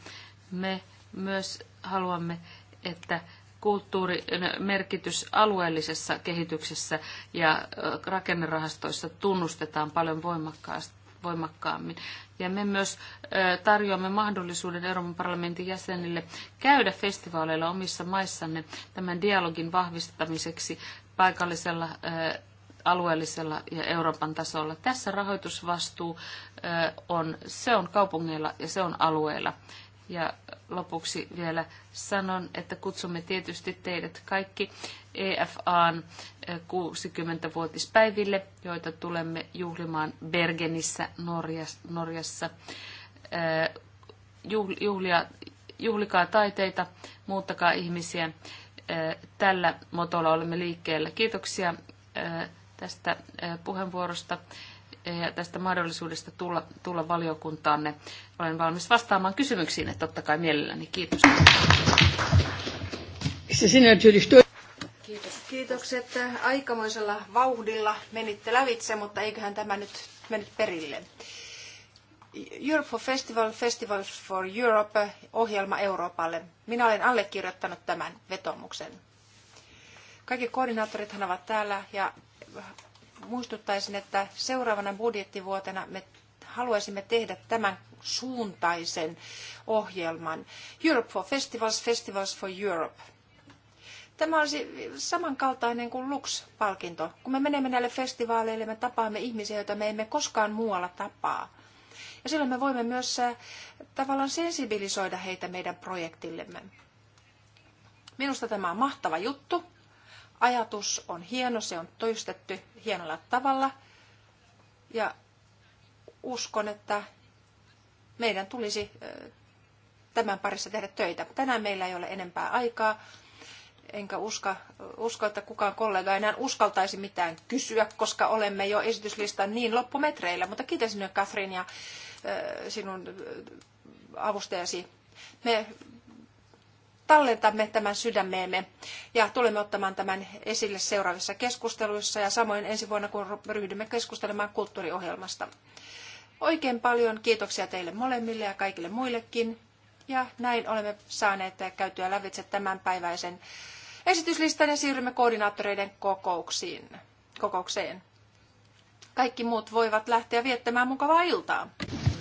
Me myös haluamme, että kulttuurin merkitys alueellisessa kehityksessä ja rakennerahastoissa tunnustetaan paljon voimakkaammin. Ja me myös tarjoamme mahdollisuuden Euroopan parlamentin jäsenille käydä festivaaleilla omissa maissanne tämän dialogin vahvistamiseksi paikallisella alueellisella ja Euroopan tasolla. Tässä rahoitusvastuu on, se on kaupungeilla ja se on alueilla. Ja lopuksi vielä sanon, että kutsumme tietysti teidät kaikki EFAn 60-vuotispäiville, eh, joita tulemme juhlimaan Bergenissä Norjassa. Eh, juhlia, juhlikaa taiteita, muuttakaa ihmisiä. Eh, tällä motolla olemme liikkeellä. Kiitoksia tästä puheenvuorosta ja eh, tästä mahdollisuudesta tulla, tulla valiokuntaanne. Olen valmis vastaamaan kysymyksiin, että totta kai mielelläni. Kiitos. Kiitos. Kiitokset. Aikamoisella vauhdilla menitte lävitse, mutta eiköhän tämä nyt mennyt perille. Europe for Festival, Festivals for Europe, ohjelma Euroopalle. Minä olen allekirjoittanut tämän vetomuksen. Kaikki koordinaattorithan ovat täällä ja muistuttaisin, että seuraavana budjettivuotena me haluaisimme tehdä tämän suuntaisen ohjelman. Europe for Festivals, Festivals for Europe. Tämä olisi samankaltainen kuin Lux-palkinto. Kun me menemme näille festivaaleille, me tapaamme ihmisiä, joita me emme koskaan muualla tapaa. Ja silloin me voimme myös äh, tavallaan sensibilisoida heitä meidän projektillemme. Minusta tämä on mahtava juttu ajatus on hieno, se on toistettu hienolla tavalla. Ja uskon, että meidän tulisi tämän parissa tehdä töitä. Tänään meillä ei ole enempää aikaa, enkä usko, usko, että kukaan kollega enää uskaltaisi mitään kysyä, koska olemme jo esityslistan niin loppumetreillä. Mutta kiitos sinne Catherine ja sinun avustajasi. Me tallentamme tämän sydämeemme ja tulemme ottamaan tämän esille seuraavissa keskusteluissa ja samoin ensi vuonna, kun ryhdymme keskustelemaan kulttuuriohjelmasta. Oikein paljon kiitoksia teille molemmille ja kaikille muillekin. Ja näin olemme saaneet käytyä lävitse tämänpäiväisen esityslistan ja siirrymme koordinaattoreiden kokouksiin, kokoukseen. Kaikki muut voivat lähteä viettämään mukavaa iltaa.